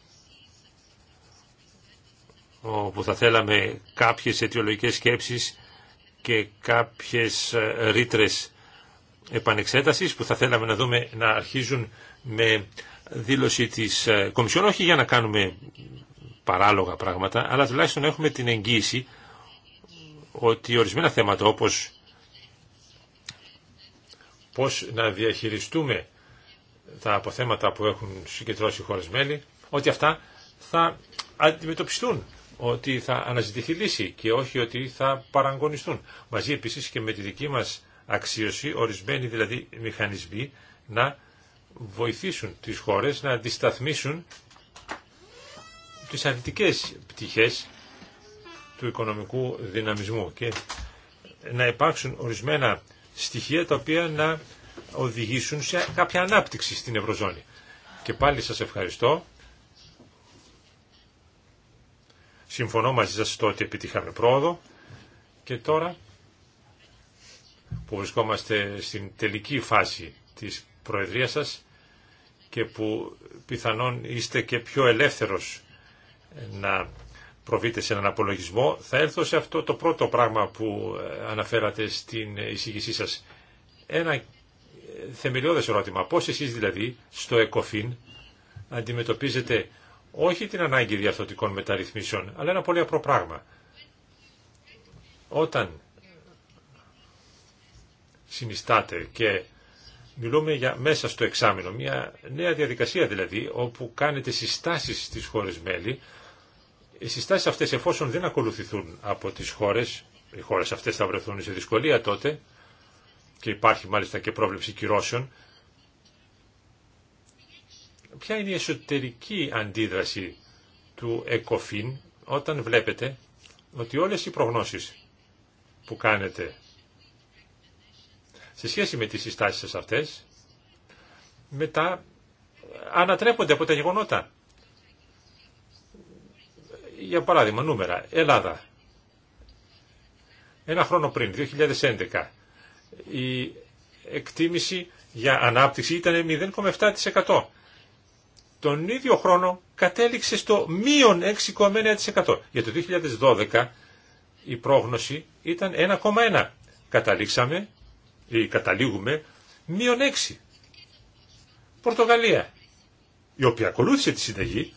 όπου θα θέλαμε κάποιες αιτιολογικές σκέψεις και κάποιες ε, ρήτρε επανεξέτασης που θα θέλαμε να δούμε να αρχίζουν με δήλωση της ε, Κομισιόν, όχι για να κάνουμε παράλογα πράγματα, αλλά τουλάχιστον έχουμε την εγγύηση ότι ορισμένα θέματα όπως πώς να διαχειριστούμε τα αποθέματα που έχουν συγκεντρώσει οι μέλη, ότι αυτά θα αντιμετωπιστούν, ότι θα αναζητηθεί λύση και όχι ότι θα παραγωνιστούν. Μαζί επίσης και με τη δική μας αξίωση, ορισμένοι δηλαδή μηχανισμοί να βοηθήσουν τις χώρες να αντισταθμίσουν τις αρνητικές πτυχές του οικονομικού δυναμισμού και να υπάρξουν ορισμένα στοιχεία τα οποία να οδηγήσουν σε κάποια ανάπτυξη στην Ευρωζώνη. Και πάλι σας ευχαριστώ. Συμφωνώ μαζί σας στο ότι επιτύχαμε πρόοδο και τώρα που βρισκόμαστε στην τελική φάση της Προεδρίας σας και που πιθανόν είστε και πιο ελεύθερος να προβείτε σε έναν απολογισμό. Θα έρθω σε αυτό το πρώτο πράγμα που ε, αναφέρατε στην εισήγησή σας. Ένα ε, θεμελιώδες ερώτημα. Πώς εσείς δηλαδή στο ΕΚΟΦΗΝ αντιμετωπίζετε όχι την ανάγκη διαρθωτικών μεταρρυθμίσεων, αλλά ένα πολύ απλό πράγμα. Όταν συνιστάτε και μιλούμε για μέσα στο εξάμεινο, μια νέα διαδικασία δηλαδή, όπου κάνετε συστάσεις στις χώρες μέλη, οι συστάσει αυτές εφόσον δεν ακολουθηθούν από τις χώρες, οι χώρες αυτές θα βρεθούν σε δυσκολία τότε και υπάρχει μάλιστα και πρόβλεψη κυρώσεων, ποια είναι η εσωτερική αντίδραση του ΕΚΟΦΗΝ όταν βλέπετε ότι όλες οι προγνώσεις που κάνετε σε σχέση με τις συστάσεις σας αυτές μετά ανατρέπονται από τα γεγονότα. Για παράδειγμα, νούμερα. Ελλάδα. Ένα χρόνο πριν, 2011, η εκτίμηση για ανάπτυξη ήταν 0,7%. Τον ίδιο χρόνο κατέληξε στο μείον 6,9%. Για το 2012 η πρόγνωση ήταν 1,1. Καταλήξαμε ή καταλήγουμε μείον 6. Πορτογαλία, η οποία ακολούθησε τη συνταγή,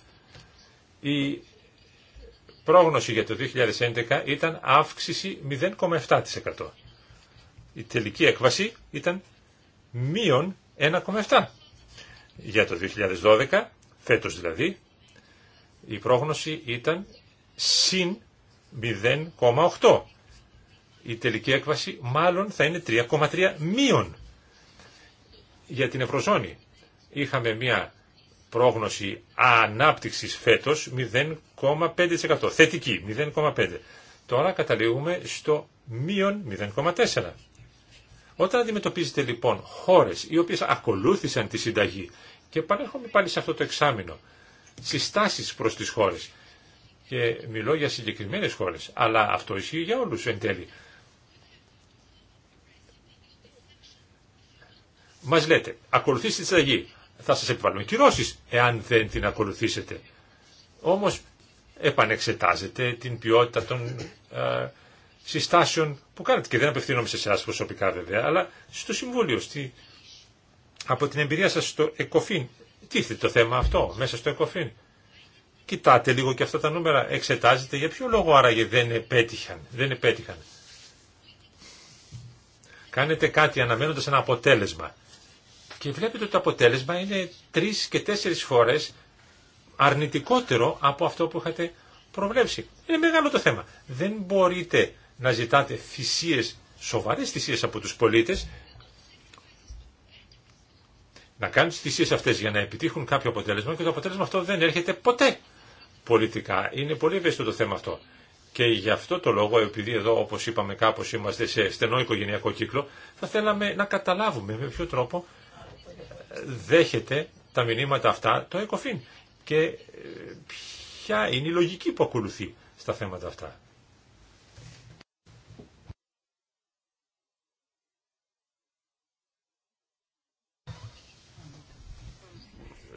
η πρόγνωση για το 2011 ήταν αύξηση 0,7%. Η τελική έκβαση ήταν μείον 1,7%. Για το 2012, φέτος δηλαδή, η πρόγνωση ήταν συν 0,8%. Η τελική έκβαση μάλλον θα είναι 3,3 μείον. Για την Ευρωζώνη είχαμε μια πρόγνωση ανάπτυξη φέτο 0,5%. Θετική 0,5%. Τώρα καταλήγουμε στο μείον 0,4%. Όταν αντιμετωπίζετε λοιπόν χώρες οι οποίες ακολούθησαν τη συνταγή και παρέχομαι πάλι σε αυτό το εξάμεινο, συστάσεις προς τις χώρες και μιλώ για συγκεκριμένες χώρες, αλλά αυτό ισχύει για όλους εν τέλει. Μας λέτε, ακολουθήστε τη συνταγή, θα σας επιβάλλουμε κυρώσεις εάν δεν την ακολουθήσετε. Όμως επανεξετάζετε την ποιότητα των ε, συστάσεων που κάνετε και δεν απευθύνομαι σε εσάς προσωπικά βέβαια, αλλά στο Συμβούλιο, στη, από την εμπειρία σας στο ΕΚΟΦΗΝ. Τίθεται το θέμα αυτό μέσα στο ΕΚΟΦΗΝ. Κοιτάτε λίγο και αυτά τα νούμερα, εξετάζετε για ποιο λόγο άραγε δεν επέτυχαν. Δεν επέτυχαν. Κάνετε κάτι αναμένοντας ένα αποτέλεσμα. Και βλέπετε ότι το αποτέλεσμα είναι τρει και τέσσερι φορέ αρνητικότερο από αυτό που είχατε προβλέψει. Είναι μεγάλο το θέμα. Δεν μπορείτε να ζητάτε θυσίε, σοβαρέ θυσίε από του πολίτε. να κάνουν τι θυσίε αυτές για να επιτύχουν κάποιο αποτέλεσμα και το αποτέλεσμα αυτό δεν έρχεται ποτέ πολιτικά. Είναι πολύ ευαίσθητο το θέμα αυτό. Και γι' αυτό το λόγο, επειδή εδώ όπως είπαμε κάπως είμαστε σε στενό οικογενειακό κύκλο, θα θέλαμε να καταλάβουμε με ποιο τρόπο δέχεται τα μηνύματα αυτά το ΕΚΟΦΗΝ και ε, ποια είναι η λογική που ακολουθεί στα θέματα αυτά.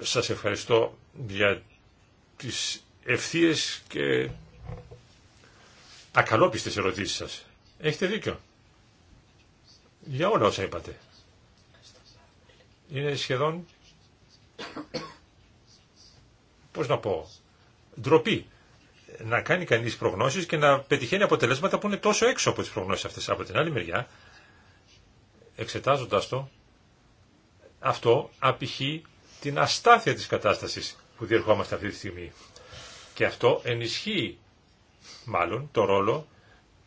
Σας ευχαριστώ για τις ευθείες και ακαλόπιστες ερωτήσεις σας. Έχετε δίκιο. Για όλα όσα είπατε είναι σχεδόν, πώς να πω, ντροπή να κάνει κανείς προγνώσεις και να πετυχαίνει αποτελέσματα που είναι τόσο έξω από τις προγνώσεις αυτές. Από την άλλη μεριά, εξετάζοντας το, αυτό απηχεί την αστάθεια της κατάστασης που διερχόμαστε αυτή τη στιγμή. Και αυτό ενισχύει μάλλον το ρόλο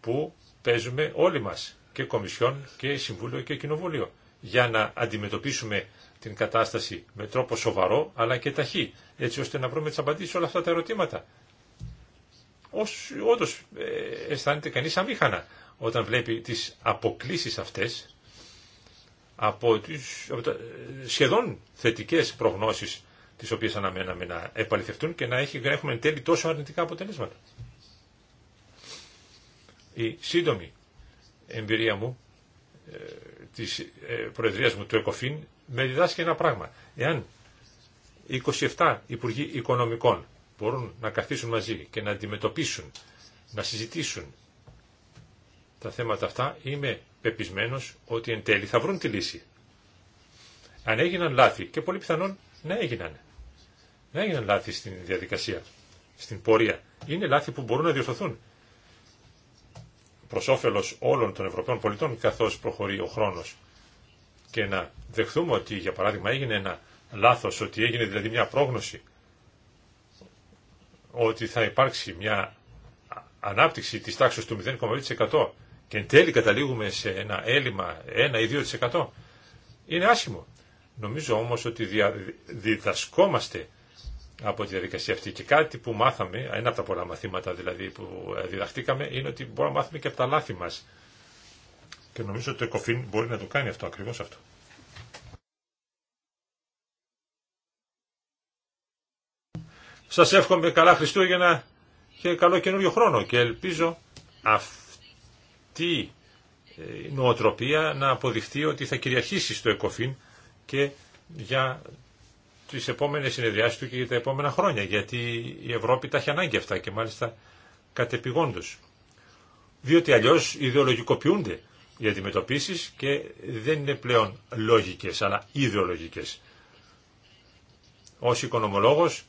που παίζουμε όλοι μας και Κομισιόν και Συμβούλιο και Κοινοβούλιο για να αντιμετωπίσουμε την κατάσταση με τρόπο σοβαρό αλλά και ταχύ, έτσι ώστε να βρούμε τι απαντήσει όλα αυτά τα ερωτήματα. Όντω ε, αισθάνεται κανεί αμήχανα όταν βλέπει τι αποκλήσει αυτέ από, τις, ε, σχεδόν θετικέ προγνώσει τι οποίε αναμέναμε να επαληθευτούν και να, έχει, να έχουμε εν τέλει τόσο αρνητικά αποτελέσματα. Η σύντομη εμπειρία μου ε, τη ε, Προεδρία μου του ΕΚΟΦΗΝ με διδάσκει ένα πράγμα. Εάν 27 Υπουργοί Οικονομικών μπορούν να καθίσουν μαζί και να αντιμετωπίσουν, να συζητήσουν τα θέματα αυτά, είμαι πεπισμένος ότι εν τέλει θα βρουν τη λύση. Αν έγιναν λάθη, και πολύ πιθανόν να έγιναν, να έγιναν λάθη στην διαδικασία, στην πορεία, είναι λάθη που μπορούν να διορθωθούν προς όφελος όλων των Ευρωπαίων πολιτών καθώς προχωρεί ο χρόνος. Και να δεχθούμε ότι για παράδειγμα έγινε ένα λάθος, ότι έγινε δηλαδή μια πρόγνωση ότι θα υπάρξει μια ανάπτυξη της τάξης του 0,2% και εν τέλει καταλήγουμε σε ένα έλλειμμα 1 ή 2% είναι άσχημο. Νομίζω όμως ότι διδασκόμαστε από τη διαδικασία αυτή. Και κάτι που μάθαμε, ένα από τα πολλά μαθήματα δηλαδή που ε, διδαχτήκαμε, είναι ότι μπορούμε να μάθουμε και από τα λάθη μας. Και νομίζω ότι το ΕΚΟΦΗΝ μπορεί να το κάνει αυτό, ακριβώς αυτό. Σας εύχομαι καλά Χριστούγεννα και καλό καινούριο χρόνο και ελπίζω αυτή ε, η νοοτροπία να αποδειχθεί ότι θα κυριαρχήσει στο ΕΚΟΦΗΝ και για τις επόμενες συνεδριάσεις του και για τα επόμενα χρόνια, γιατί η Ευρώπη τα έχει ανάγκη αυτά και μάλιστα κατεπηγόντως. Διότι αλλιώς ιδεολογικοποιούνται οι αντιμετωπίσει και δεν είναι πλέον λογικές, αλλά ιδεολογικές. Ως οικονομολόγος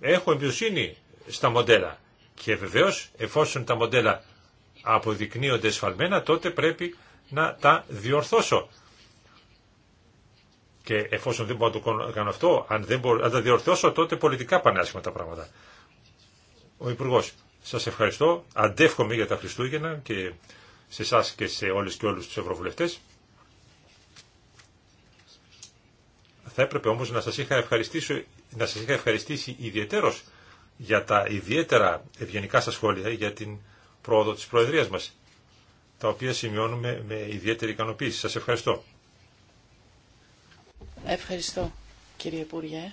έχω εμπιστοσύνη στα μοντέλα και βεβαίως εφόσον τα μοντέλα αποδεικνύονται σφαλμένα τότε πρέπει να τα διορθώσω και εφόσον δεν μπορώ να το κάνω αυτό, αν δεν, μπορώ, τα διορθώσω, τότε πολιτικά πανάσχημα τα πράγματα. Ο Υπουργό, σα ευχαριστώ. Αντεύχομαι για τα Χριστούγεννα και σε εσά και σε όλε και όλου του Ευρωβουλευτέ. Θα έπρεπε όμω να σα είχα, να σας είχα ευχαριστήσει ιδιαίτερω για τα ιδιαίτερα ευγενικά σα σχόλια για την πρόοδο τη Προεδρία μα, τα οποία σημειώνουμε με ιδιαίτερη ικανοποίηση. Σα ευχαριστώ. Ευχαριστώ κύριε Υπουργέ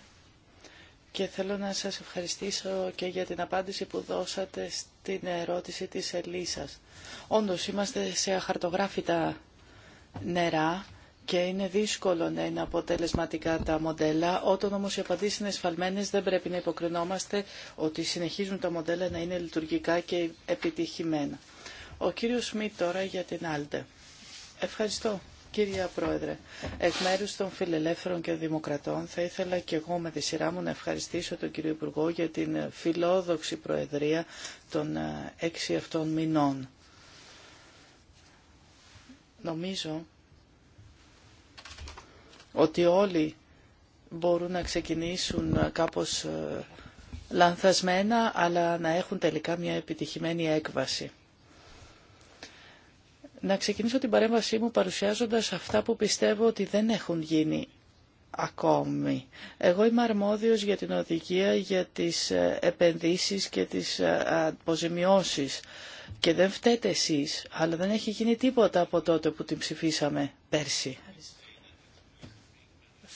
και θέλω να σας ευχαριστήσω και για την απάντηση που δώσατε στην ερώτηση της Ελίσας. Όντως είμαστε σε αχαρτογράφητα νερά και είναι δύσκολο να είναι αποτελεσματικά τα μοντέλα. Όταν όμως οι απαντήσεις είναι εσφαλμένες, δεν πρέπει να υποκρινόμαστε ότι συνεχίζουν τα μοντέλα να είναι λειτουργικά και επιτυχημένα. Ο κύριος Σμιτ τώρα για την Άλτε. Ευχαριστώ Κυρία Πρόεδρε, εκ μέρου των Φιλελεύθερων και Δημοκρατών θα ήθελα και εγώ με τη σειρά μου να ευχαριστήσω τον κύριο Υπουργό για την φιλόδοξη Προεδρία των ε, έξι αυτών μηνών. Νομίζω ότι όλοι μπορούν να ξεκινήσουν ε, κάπως ε, λανθασμένα, αλλά να έχουν τελικά μια επιτυχημένη έκβαση. Να ξεκινήσω την παρέμβασή μου παρουσιάζοντας αυτά που πιστεύω ότι δεν έχουν γίνει ακόμη. Εγώ είμαι αρμόδιος για την οδηγία για τις ε, επενδύσεις και τις ε, αποζημιώσεις και δεν φταίτε εσείς, αλλά δεν έχει γίνει τίποτα από τότε που την ψηφίσαμε πέρσι.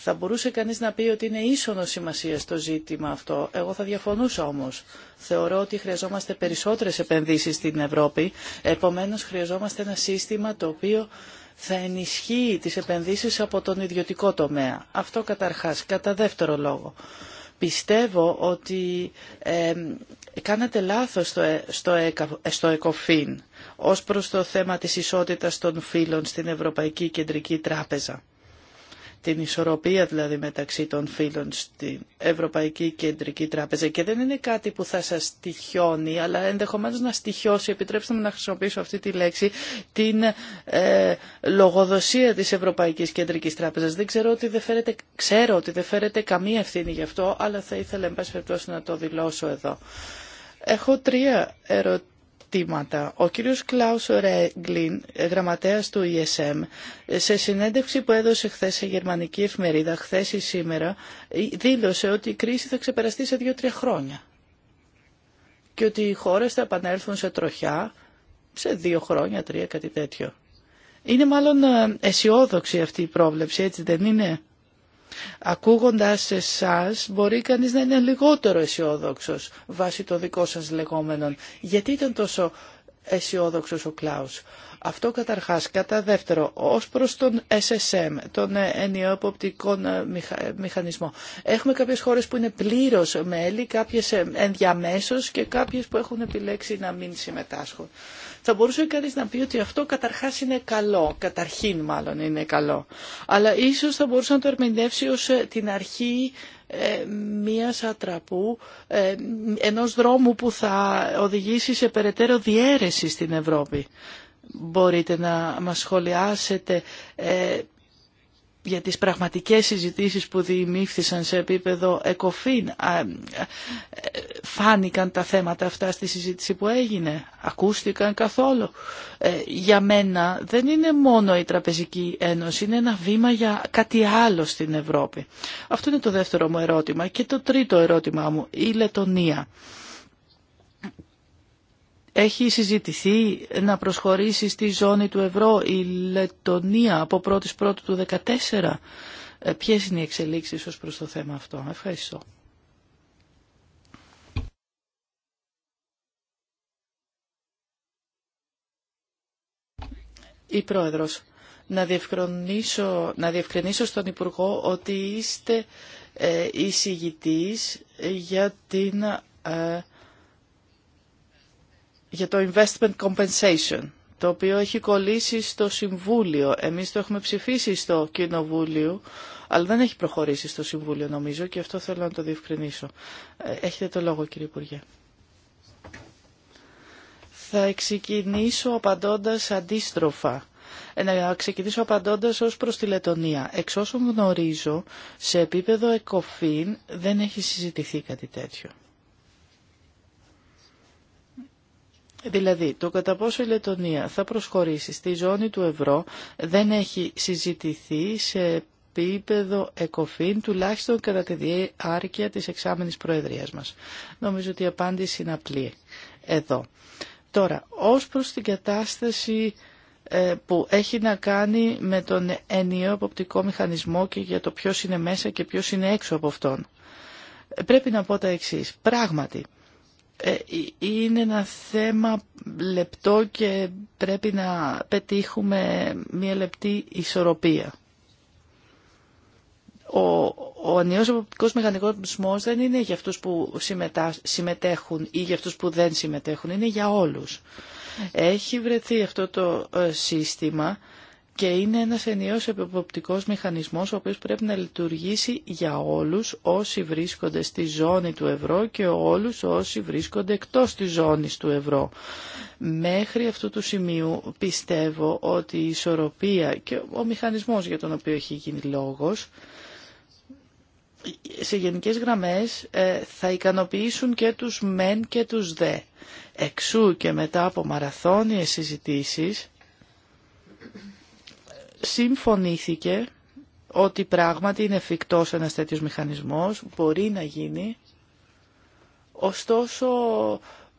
Θα μπορούσε κανείς να πει ότι είναι ίσονο σημασία στο ζήτημα αυτό. Εγώ θα διαφωνούσα όμως. Θεωρώ ότι χρειαζόμαστε περισσότερες επενδύσεις στην Ευρώπη. Επομένως χρειαζόμαστε ένα σύστημα το οποίο θα ενισχύει τις επενδύσεις από τον ιδιωτικό τομέα. Αυτό καταρχάς. Κατά δεύτερο λόγο. Πιστεύω ότι κάνατε λάθος στο, ε, στο, ε, ε, στο ΕΚΟΦΗΝ ως προς το θέμα της ισότητας των φύλων στην Ευρωπαϊκή Κεντρική Τράπεζα την ισορροπία δηλαδή μεταξύ των φίλων στην Ευρωπαϊκή Κεντρική Τράπεζα και δεν είναι κάτι που θα σας στοιχιώνει αλλά ενδεχομένως να στοιχιώσει, επιτρέψτε μου να χρησιμοποιήσω αυτή τη λέξη, την ε, λογοδοσία της Ευρωπαϊκής Κεντρικής Τράπεζας. Δεν ξέρω ότι δεν φέρετε, ξέρω ότι δεν φέρετε καμία ευθύνη γι' αυτό αλλά θα ήθελα εν πάση να το δηλώσω εδώ. Έχω τρία ερωτήματα ο κύριος Κλάους Ρέγκλιν, γραμματέας του ESM, σε συνέντευξη που έδωσε χθε σε γερμανική εφημερίδα, χθε ή σήμερα, δήλωσε ότι η κρίση θα ξεπεραστεί σε δύο-τρία χρόνια και ότι οι χώρες θα επανέλθουν σε τροχιά σε δύο χρόνια, τρία, κάτι τέτοιο. Είναι μάλλον ε, αισιόδοξη αυτή η πρόβλεψη, έτσι δεν είναι. Ακούγοντας εσάς μπορεί κανείς να είναι λιγότερο αισιόδοξο βάσει το δικό σας λεγόμενο. Γιατί ήταν τόσο αισιόδοξο ο Κλάους. Αυτό καταρχάς. Κατά δεύτερο, ως προς τον SSM, τον ενιαίο εποπτικό μηχανισμό. Έχουμε κάποιες χώρες που είναι πλήρως μέλη, κάποιες ε, ενδιαμέσως και κάποιες που έχουν επιλέξει να μην συμμετάσχουν. Θα μπορούσε κανείς να πει ότι αυτό καταρχάς είναι καλό, καταρχήν μάλλον είναι καλό, αλλά ίσως θα μπορούσε να το ερμηνεύσει ως ε, την αρχή ε, μίας ατραπού, ε, ενός δρόμου που θα οδηγήσει σε περαιτέρω διέρεση στην Ευρώπη. Μπορείτε να μας σχολιάσετε για τις πραγματικές συζητήσεις που διημήφθησαν σε επίπεδο ΕΚΟΦΗΝ ε, φάνηκαν τα θέματα αυτά στη συζήτηση που έγινε, ακούστηκαν καθόλου. Ε, για μένα δεν είναι μόνο η Τραπεζική Ένωση, είναι ένα βήμα για κάτι άλλο στην Ευρώπη. Αυτό είναι το δεύτερο μου ερώτημα. Και το τρίτο ερώτημά μου, η Λετωνία. Έχει συζητηθεί να προσχωρήσει στη ζώνη του ευρώ η Λετωνία από 1η Πρώτου του 2014. Ε, ποιες είναι οι εξελίξεις ως προς το θέμα αυτό. Ευχαριστώ. Η Πρόεδρος. Να διευκρινίσω, να διευκρινίσω στον Υπουργό ότι είστε ε, εισηγητής για την... Ε, για το investment compensation, το οποίο έχει κολλήσει στο Συμβούλιο. Εμείς το έχουμε ψηφίσει στο Κοινοβούλιο, αλλά δεν έχει προχωρήσει στο Συμβούλιο νομίζω και αυτό θέλω να το διευκρινίσω. Ε, έχετε το λόγο κύριε Υπουργέ. Θα ξεκινήσω απαντώντας αντίστροφα. Ε, να ξεκινήσω απαντώντας ως προς τη Λετωνία. Εξ όσων γνωρίζω, σε επίπεδο εκοφήν δεν έχει συζητηθεί κάτι τέτοιο. Δηλαδή, το κατά πόσο η Λετωνία θα προσχωρήσει στη ζώνη του ευρώ δεν έχει συζητηθεί σε επίπεδο εκοφήν, τουλάχιστον κατά τη διάρκεια της εξάμενης προεδρίας μας. Νομίζω ότι η απάντηση είναι απλή εδώ. Τώρα, ως προς την κατάσταση ε, που έχει να κάνει με τον ενιαίο αποπτικό μηχανισμό και για το ποιος είναι μέσα και ποιος είναι έξω από αυτόν. Πρέπει να πω τα εξής. Πράγματι, ε, είναι ένα θέμα λεπτό και πρέπει να πετύχουμε μια λεπτή ισορροπία. Ο, ο ανιός εποπτικός μηχανικός δεν είναι για αυτούς που συμμετέχουν ή για αυτούς που δεν συμμετέχουν, είναι για όλους. Ναι. Έχει βρεθεί αυτό το ε, σύστημα και είναι ένας ενιαίος επιποπτικός μηχανισμός ο οποίος πρέπει να λειτουργήσει για όλους όσοι βρίσκονται στη ζώνη του ευρώ και όλους όσοι βρίσκονται εκτός της ζώνης του ευρώ. Μέχρι αυτού του σημείου πιστεύω ότι η ισορροπία και ο μηχανισμός για τον οποίο έχει γίνει λόγος σε γενικές γραμμές ε, θα ικανοποιήσουν και τους μεν και τους δε. Εξού και μετά από μαραθώνιες συζητήσεις συμφωνήθηκε ότι πράγματι είναι εφικτός ένας τέτοιος μηχανισμός, μπορεί να γίνει, ωστόσο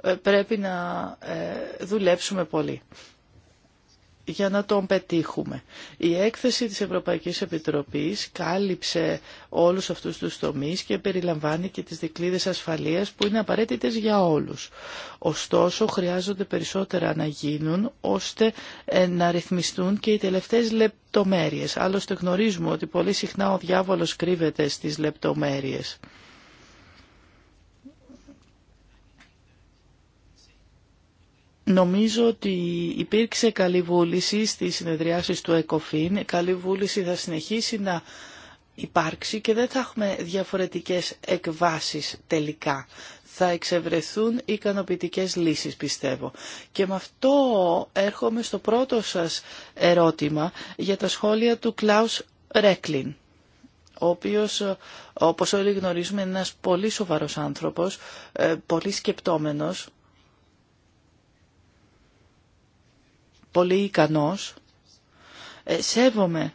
ε, πρέπει να ε, δουλέψουμε πολύ για να τον πετύχουμε. Η έκθεση της Ευρωπαϊκής Επιτροπής κάλυψε όλους αυτούς τους τομείς και περιλαμβάνει και τις δικλείδες ασφαλείας που είναι απαραίτητες για όλους. Ωστόσο, χρειάζονται περισσότερα να γίνουν ώστε ε, να ρυθμιστούν και οι τελευταίες λεπτομέρειες. Άλλωστε γνωρίζουμε ότι πολύ συχνά ο διάβολος κρύβεται στις λεπτομέρειες. Νομίζω ότι υπήρξε καλή βούληση στη συνεδριάσεις του ΕΚΟΦΗΝ. καλή βούληση θα συνεχίσει να υπάρξει και δεν θα έχουμε διαφορετικές εκβάσεις τελικά. Θα εξευρεθούν ικανοποιητικές λύσεις πιστεύω. Και με αυτό έρχομαι στο πρώτο σας ερώτημα για τα σχόλια του Κλάους Ρέκλιν ο οποίος, όπως όλοι γνωρίζουμε, είναι ένας πολύ σοβαρός άνθρωπος, ε, πολύ σκεπτόμενος, πολύ ικανός. Ε, σέβομαι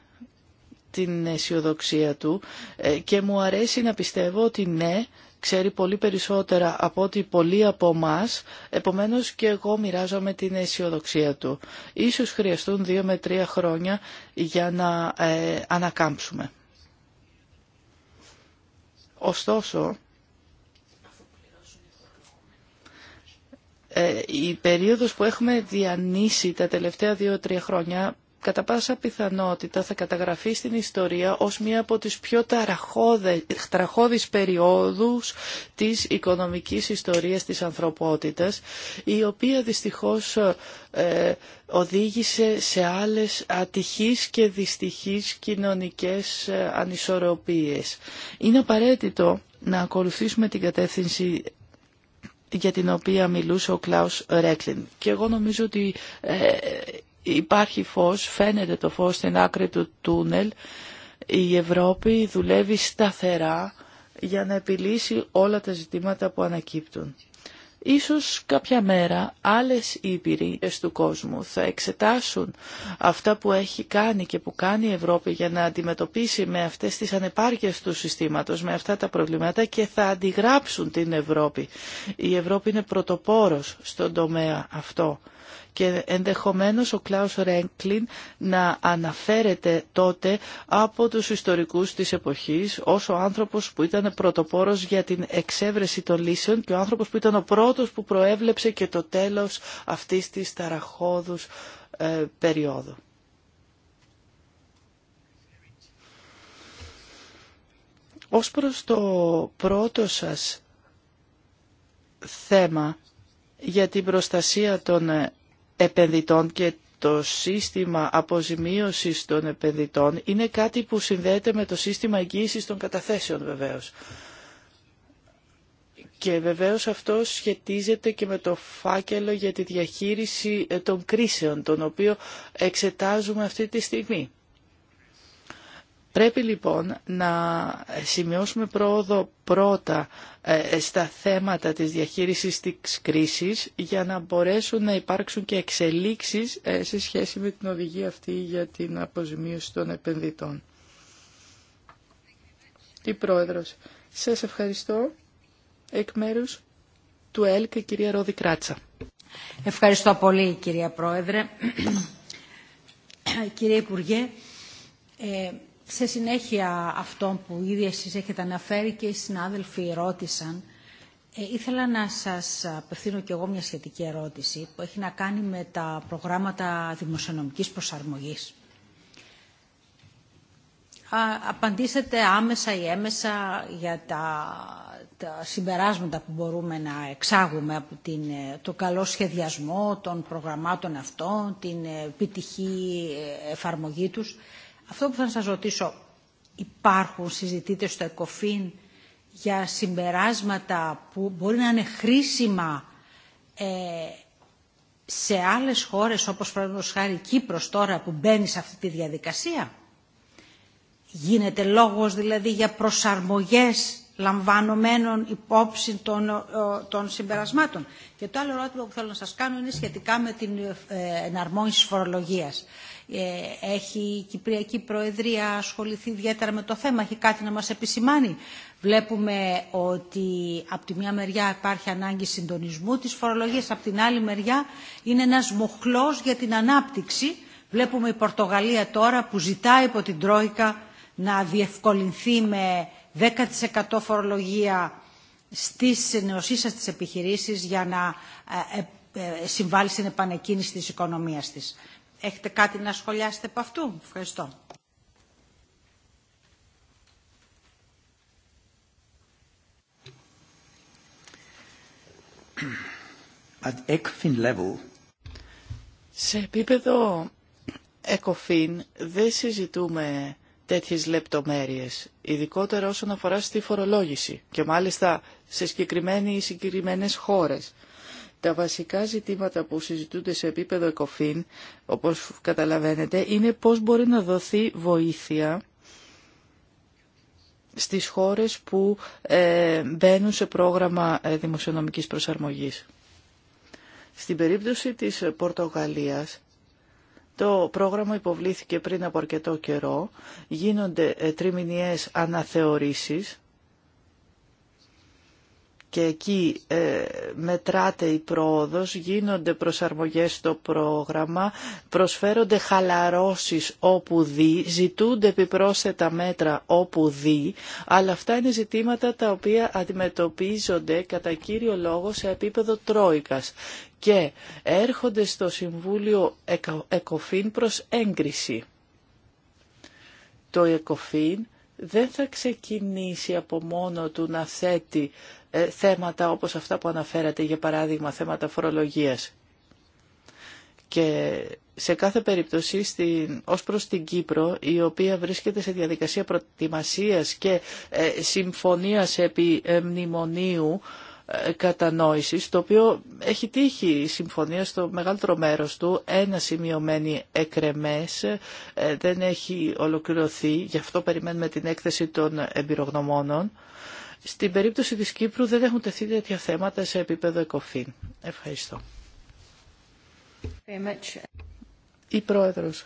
την αισιοδοξία του ε, και μου αρέσει να πιστεύω ότι ναι, ξέρει πολύ περισσότερα από ότι πολλοί από εμά, επομένως και εγώ μοιράζομαι την αισιοδοξία του. Ίσως χρειαστούν δύο με τρία χρόνια για να ε, ανακάμψουμε. Ωστόσο, Ε, η περίοδος που έχουμε διανύσει τα τελευταία δύο-τρία χρόνια κατά πάσα πιθανότητα θα καταγραφεί στην ιστορία ως μία από τις πιο τραχώδεις περιόδους της οικονομικής ιστορίας της ανθρωπότητας, η οποία δυστυχώς ε, οδήγησε σε άλλες ατυχείς και δυστυχείς κοινωνικές ε, ανισορροπίες. Είναι απαραίτητο να ακολουθήσουμε την κατεύθυνση για την οποία μιλούσε ο Κλάους Ρέκλιν. Και εγώ νομίζω ότι ε, υπάρχει φως, φαίνεται το φως στην άκρη του τούνελ. Η Ευρώπη δουλεύει σταθερά για να επιλύσει όλα τα ζητήματα που ανακύπτουν. Ίσως κάποια μέρα άλλες ήπειροι του κόσμου θα εξετάσουν αυτά που έχει κάνει και που κάνει η Ευρώπη για να αντιμετωπίσει με αυτές τις ανεπάρκειες του συστήματος, με αυτά τα προβλήματα και θα αντιγράψουν την Ευρώπη. Η Ευρώπη είναι πρωτοπόρος στον τομέα αυτό και ενδεχομένως ο Κλάους Ρέγκλιν να αναφέρεται τότε από τους ιστορικούς της εποχής ως ο άνθρωπος που ήταν πρωτοπόρος για την εξέβρεση των λύσεων και ο άνθρωπος που ήταν ο πρώτος που προέβλεψε και το τέλος αυτής της ταραχώδους ε, περίοδου. Ως προς το πρώτο σας θέμα για την προστασία των ε, επενδυτών και το σύστημα αποζημίωσης των επενδυτών είναι κάτι που συνδέεται με το σύστημα εγγύησης των καταθέσεων βεβαίως. Και βεβαίως αυτό σχετίζεται και με το φάκελο για τη διαχείριση ε, των κρίσεων, τον οποίο εξετάζουμε αυτή τη στιγμή. Πρέπει λοιπόν να σημειώσουμε πρόοδο πρώτα ε, στα θέματα της διαχείρισης της κρίσης για να μπορέσουν να υπάρξουν και εξελίξεις ε, σε σχέση με την οδηγία αυτή για την αποζημίωση των επενδυτών. Η Πρόεδρος, σας ευχαριστώ εκ μέρους του ΕΛΚ, κυρία Ρόδη Κράτσα. Ευχαριστώ πολύ κυρία Πρόεδρε. Κύριε Υπουργέ, ε, σε συνέχεια αυτό που ήδη εσείς έχετε αναφέρει και οι συνάδελφοι ρώτησαν, ε, ήθελα να σας απευθύνω κι εγώ μια σχετική ερώτηση που έχει να κάνει με τα προγράμματα δημοσιονομικής προσαρμογής. απαντήσετε άμεσα ή έμεσα για τα, τα συμπεράσματα που μπορούμε να εξάγουμε από την, ε, το καλό σχεδιασμό των προγραμμάτων αυτών, την επιτυχή ε, εφαρμογή τους. Αυτό που θα σας ρωτήσω, υπάρχουν συζητείτε στο ΕΚΟΦΗΝ για συμπεράσματα που μπορεί να είναι χρήσιμα ε, σε άλλες χώρες όπως παραδείγματος χάρη Κύπρος τώρα που μπαίνει σε αυτή τη διαδικασία. Γίνεται λόγος δηλαδή για προσαρμογές λαμβανωμένων υπόψη των, ε, των συμπερασμάτων. Και το άλλο ερώτημα που θέλω να σας κάνω είναι σχετικά με την ε, εναρμόνιση φορολογίας. Ε, έχει η Κυπριακή Προεδρία ασχοληθεί ιδιαίτερα με το θέμα, έχει κάτι να μας επισημάνει. Βλέπουμε ότι από τη μια μεριά υπάρχει ανάγκη συντονισμού της φορολογίας, από την άλλη μεριά είναι ένας μοχλός για την ανάπτυξη. Βλέπουμε η Πορτογαλία τώρα που ζητάει από την Τρόικα να διευκολυνθεί με 10% φορολογία στις νεοσύστατες της επιχειρήσεις για να ε, ε, συμβάλλει στην επανεκκίνηση της οικονομίας της. Έχετε κάτι να σχολιάσετε από αυτού. Ευχαριστώ. At level. Σε επίπεδο ΕΚΟΦΗΝ δεν συζητούμε τέτοιες λεπτομέρειες, ειδικότερα όσον αφορά στη φορολόγηση και μάλιστα σε συγκεκριμένες χώρες. Τα βασικά ζητήματα που συζητούνται σε επίπεδο ΕΚΟΦΗΝ, όπως καταλαβαίνετε, είναι πώς μπορεί να δοθεί βοήθεια στις χώρες που ε, μπαίνουν σε πρόγραμμα ε, δημοσιονομικής προσαρμογής. Στην περίπτωση της Πορτογαλίας, το πρόγραμμα υποβλήθηκε πριν από αρκετό καιρό, γίνονται ε, τριμηνιές αναθεωρήσεις και εκεί ε, μετράται η πρόοδος, γίνονται προσαρμογές στο πρόγραμμα, προσφέρονται χαλαρώσεις όπου δει, ζητούνται επιπρόσθετα μέτρα όπου δει, αλλά αυτά είναι ζητήματα τα οποία αντιμετωπίζονται κατά κύριο λόγο σε επίπεδο τρόικας και έρχονται στο Συμβούλιο ΕΚΟΦΗΝ προς έγκριση. Το ΕΚΟΦΗΝ δεν θα ξεκινήσει από μόνο του να θέτει ε, θέματα όπως αυτά που αναφέρατε, για παράδειγμα θέματα φορολογίας. Και σε κάθε περίπτωση στην, ως προς την Κύπρο η οποία βρίσκεται σε διαδικασία προετοιμασίας και ε, συμφωνίας επί ε, μνημονίου κατανόησης το οποίο έχει τύχει η συμφωνία στο μεγαλύτερο μέρος του ένα σημειωμένη εκρεμές δεν έχει ολοκληρωθεί γι' αυτό περιμένουμε την έκθεση των εμπειρογνωμόνων στην περίπτωση της Κύπρου δεν έχουν τεθεί τέτοια θέματα σε επίπεδο ΕΚΟΦΗΝ. Ευχαριστώ. Η Πρόεδρος.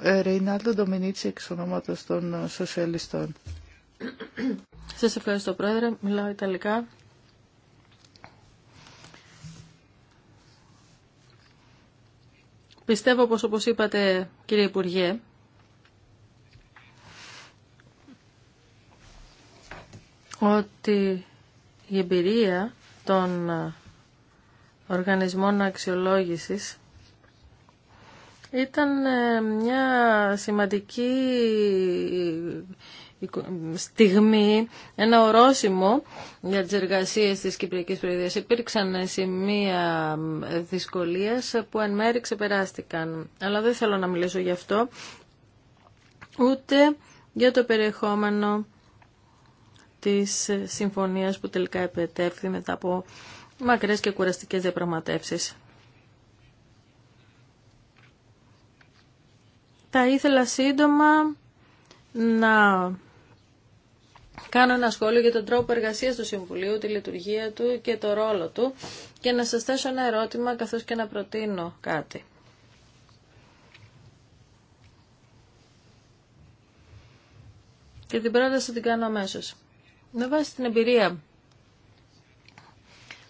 Ε, Ρεϊνάλτο Ντομινίτσι, εξ ονόματος των ε, Σοσιαλιστών. Σας ευχαριστώ, Πρόεδρε. Μιλάω Ιταλικά. Πιστεύω πως, όπως είπατε, κύριε Υπουργέ, ότι η εμπειρία των οργανισμών αξιολόγησης ήταν ε, μια σημαντική στιγμή, ένα ορόσημο για τις εργασίες της Κυπριακής Προεδρίας. Υπήρξαν σημεία δυσκολίας που εν μέρη ξεπεράστηκαν. Αλλά δεν θέλω να μιλήσω γι' αυτό, ούτε για το περιεχόμενο της συμφωνίας που τελικά επετεύχθη μετά από μακρές και κουραστικές διαπραγματεύσεις. Θα ήθελα σύντομα να κάνω ένα σχόλιο για τον τρόπο εργασίας του Συμβουλίου, τη λειτουργία του και το ρόλο του και να σας θέσω ένα ερώτημα καθώς και να προτείνω κάτι. Και την πρόταση την κάνω αμέσως. Με βάση την εμπειρία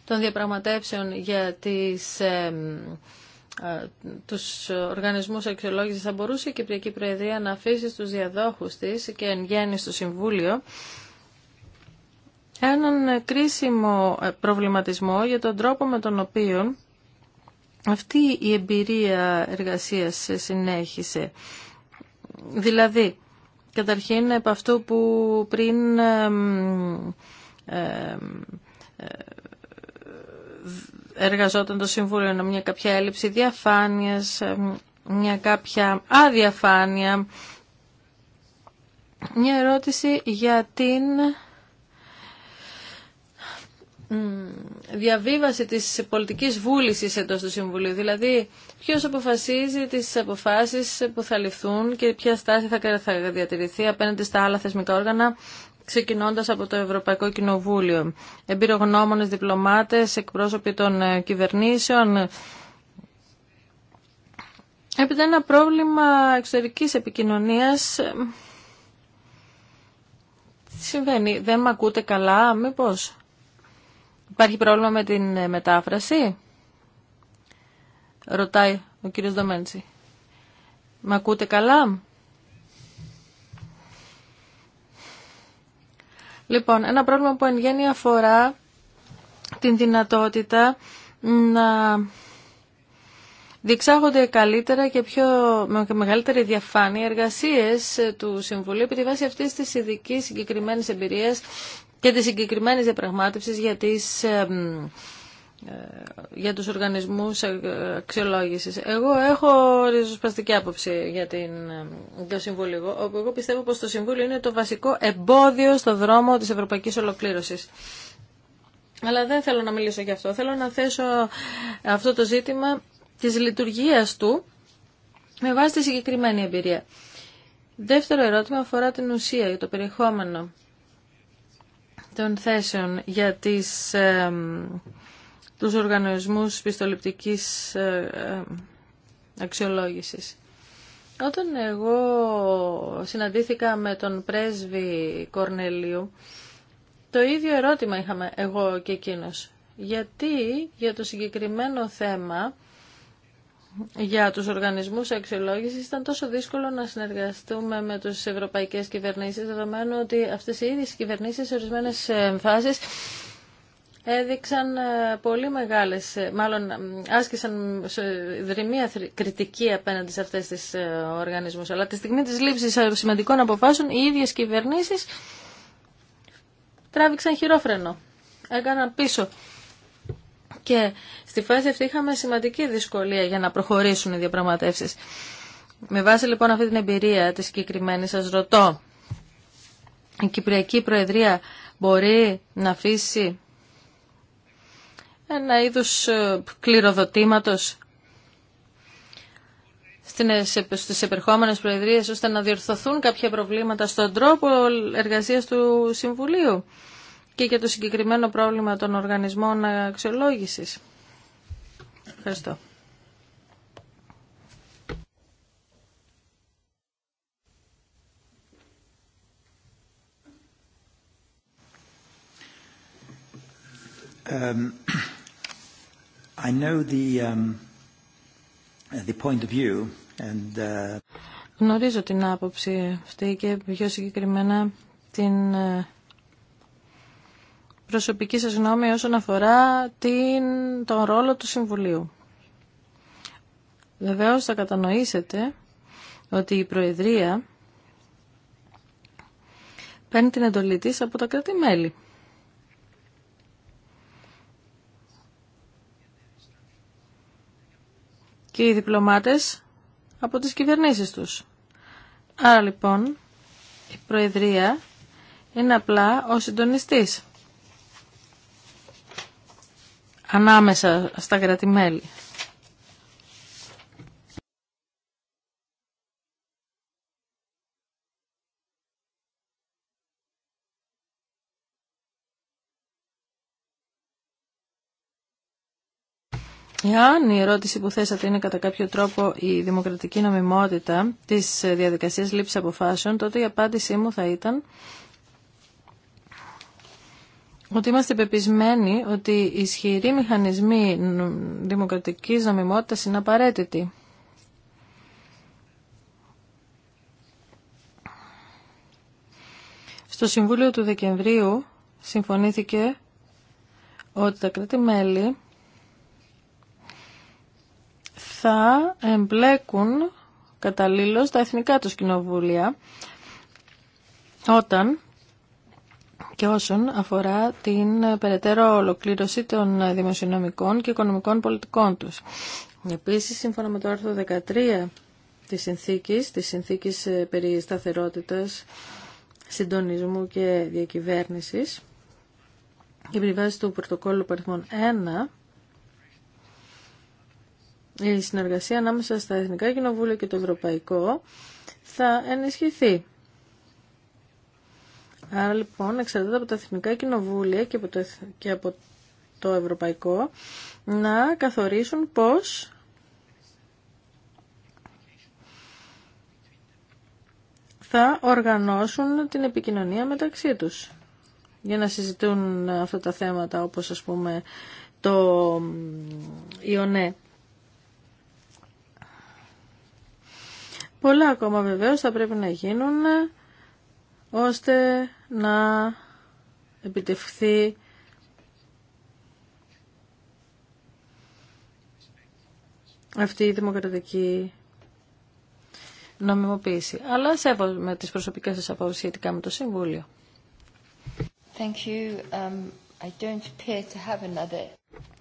των διαπραγματεύσεων για τις, ε, ε, τους οργανισμούς αξιολόγησης θα μπορούσε η Κυπριακή Προεδρία να αφήσει στους διαδόχους της και εν γέννη στο Συμβούλιο έναν κρίσιμο ε, προβληματισμό για τον τρόπο με τον οποίο αυτή η εμπειρία εργασίας συνέχισε. Δηλαδή, Καταρχήν, από αυτό που πριν ε, εργαζόταν το Συμβούλιο, να μια κάποια έλλειψη διαφάνειας, μια κάποια αδιαφάνεια. Μια ερώτηση για την διαβίβαση της πολιτικής βούλησης εντός του Συμβουλίου. Δηλαδή, ποιος αποφασίζει τις αποφάσεις που θα ληφθούν και ποια στάση θα διατηρηθεί απέναντι στα άλλα θεσμικά όργανα, ξεκινώντας από το Ευρωπαϊκό Κοινοβούλιο. Εμπειρογνώμονες, διπλωμάτες, εκπρόσωποι των ε, κυβερνήσεων. Έπειτα ένα πρόβλημα εξωτερικής επικοινωνίας ε, συμβαίνει, δεν με ακούτε καλά, μήπως. Υπάρχει πρόβλημα με την ε, μετάφραση. Ρωτάει ο κύριος Δομέντσι. Μ' ακούτε καλά. Λοιπόν, ένα πρόβλημα που εν γέννη αφορά την δυνατότητα να διεξάγονται καλύτερα και πιο με μεγαλύτερη διαφάνεια εργασίες ε, του Συμβουλίου επί τη βάση αυτής της ειδικής συγκεκριμένης εμπειρίας και τις συγκεκριμένες διαπραγμάτευσεις για, τις, ε, για τους οργανισμούς ε, αξιολόγησης. Εγώ έχω ριζοσπαστική άποψη για την, ε, το Συμβούλιο. Εγώ πιστεύω πως το Συμβούλιο είναι το βασικό εμπόδιο στο δρόμο της ευρωπαϊκής ολοκλήρωσης. Αλλά δεν θέλω να μιλήσω γι' αυτό. Θέλω να θέσω αυτό το ζήτημα της λειτουργίας του με βάση τη συγκεκριμένη εμπειρία. Δεύτερο ερώτημα αφορά την ουσία, το περιεχόμενο των θέσεων για τις, ε, τους οργανισμούς πιστοληπτικής ε, ε, αξιολόγησης. Όταν εγώ συναντήθηκα με τον πρέσβη Κορνελίου, το ίδιο ερώτημα είχαμε εγώ και εκείνος. Γιατί για το συγκεκριμένο θέμα για τους οργανισμούς αξιολόγησης ήταν τόσο δύσκολο να συνεργαστούμε με τους ευρωπαϊκές κυβερνήσεις δεδομένου ότι αυτές οι ίδιες κυβερνήσεις σε ορισμένες ε, εμφάσεις έδειξαν ε, πολύ μεγάλες, ε, μάλλον άσκησαν δρυμία κριτική απέναντι σε αυτές τις οργανισμούς. Αλλά τη στιγμή της λήψης σημαντικών αποφάσεων οι ίδιες κυβερνήσεις τράβηξαν χειρόφρενο, έκαναν πίσω και στη φάση αυτή είχαμε σημαντική δυσκολία για να προχωρήσουν οι διαπραγματεύσεις. Με βάση λοιπόν αυτή την εμπειρία τη συγκεκριμένη σας ρωτώ, η Κυπριακή Προεδρία μπορεί να αφήσει ένα είδους ε, κληροδοτήματος στις επερχόμενες προεδρίες ώστε να διορθωθούν κάποια προβλήματα στον τρόπο εργασίας του Συμβουλίου και για το συγκεκριμένο πρόβλημα των οργανισμών αξιολόγησης. Ευχαριστώ. Um, I um, uh, Γνωρίζω την άποψη αυτή και πιο συγκεκριμένα την ε, προσωπική σας γνώμη όσον αφορά την, τον ρόλο του Συμβουλίου. Βεβαίω θα κατανοήσετε ότι η Προεδρία παίρνει την εντολή της από τα κρατημέλη Και οι διπλωμάτες από τις κυβερνήσεις τους. Άρα λοιπόν η Προεδρία είναι απλά ο συντονιστής ανάμεσα στα κρατημέλη. Εάν η ερώτηση που θέσατε είναι κατά κάποιο τρόπο η δημοκρατική νομιμότητα της διαδικασίας λήψης αποφάσεων, τότε η απάντησή μου θα ήταν ότι είμαστε πεπισμένοι ότι οι ισχυροί μηχανισμοί δημοκρατικής νομιμότητας είναι απαραίτητοι. Στο Συμβούλιο του Δεκεμβρίου συμφωνήθηκε ότι τα κράτη-μέλη θα εμπλέκουν καταλήλως τα εθνικά τους κοινοβούλια όταν και όσον αφορά την περαιτέρω ολοκλήρωση των δημοσιονομικών και οικονομικών πολιτικών τους. Επίσης, σύμφωνα με το άρθρο 13 της συνθήκης, της συνθήκης ε, περί σταθερότητας, συντονισμού και διακυβέρνησης, η περιβάση του πρωτοκόλλου παριθμών 1, η συνεργασία ανάμεσα στα Εθνικά Κοινοβούλια και το Ευρωπαϊκό θα ενισχυθεί Άρα λοιπόν εξαρτάται από τα εθνικά κοινοβούλια και από το, και από το ευρωπαϊκό να καθορίσουν πώς θα οργανώσουν την επικοινωνία μεταξύ τους για να συζητούν αυτά τα θέματα όπως ας πούμε το Ιωνέ. Πολλά ακόμα βεβαίως θα πρέπει να γίνουν ώστε να επιτευχθεί αυτή η δημοκρατική νομιμοποίηση. Αλλά σέβομαι τις προσωπικές σας απόψεις σχετικά με το Συμβούλιο. Thank you.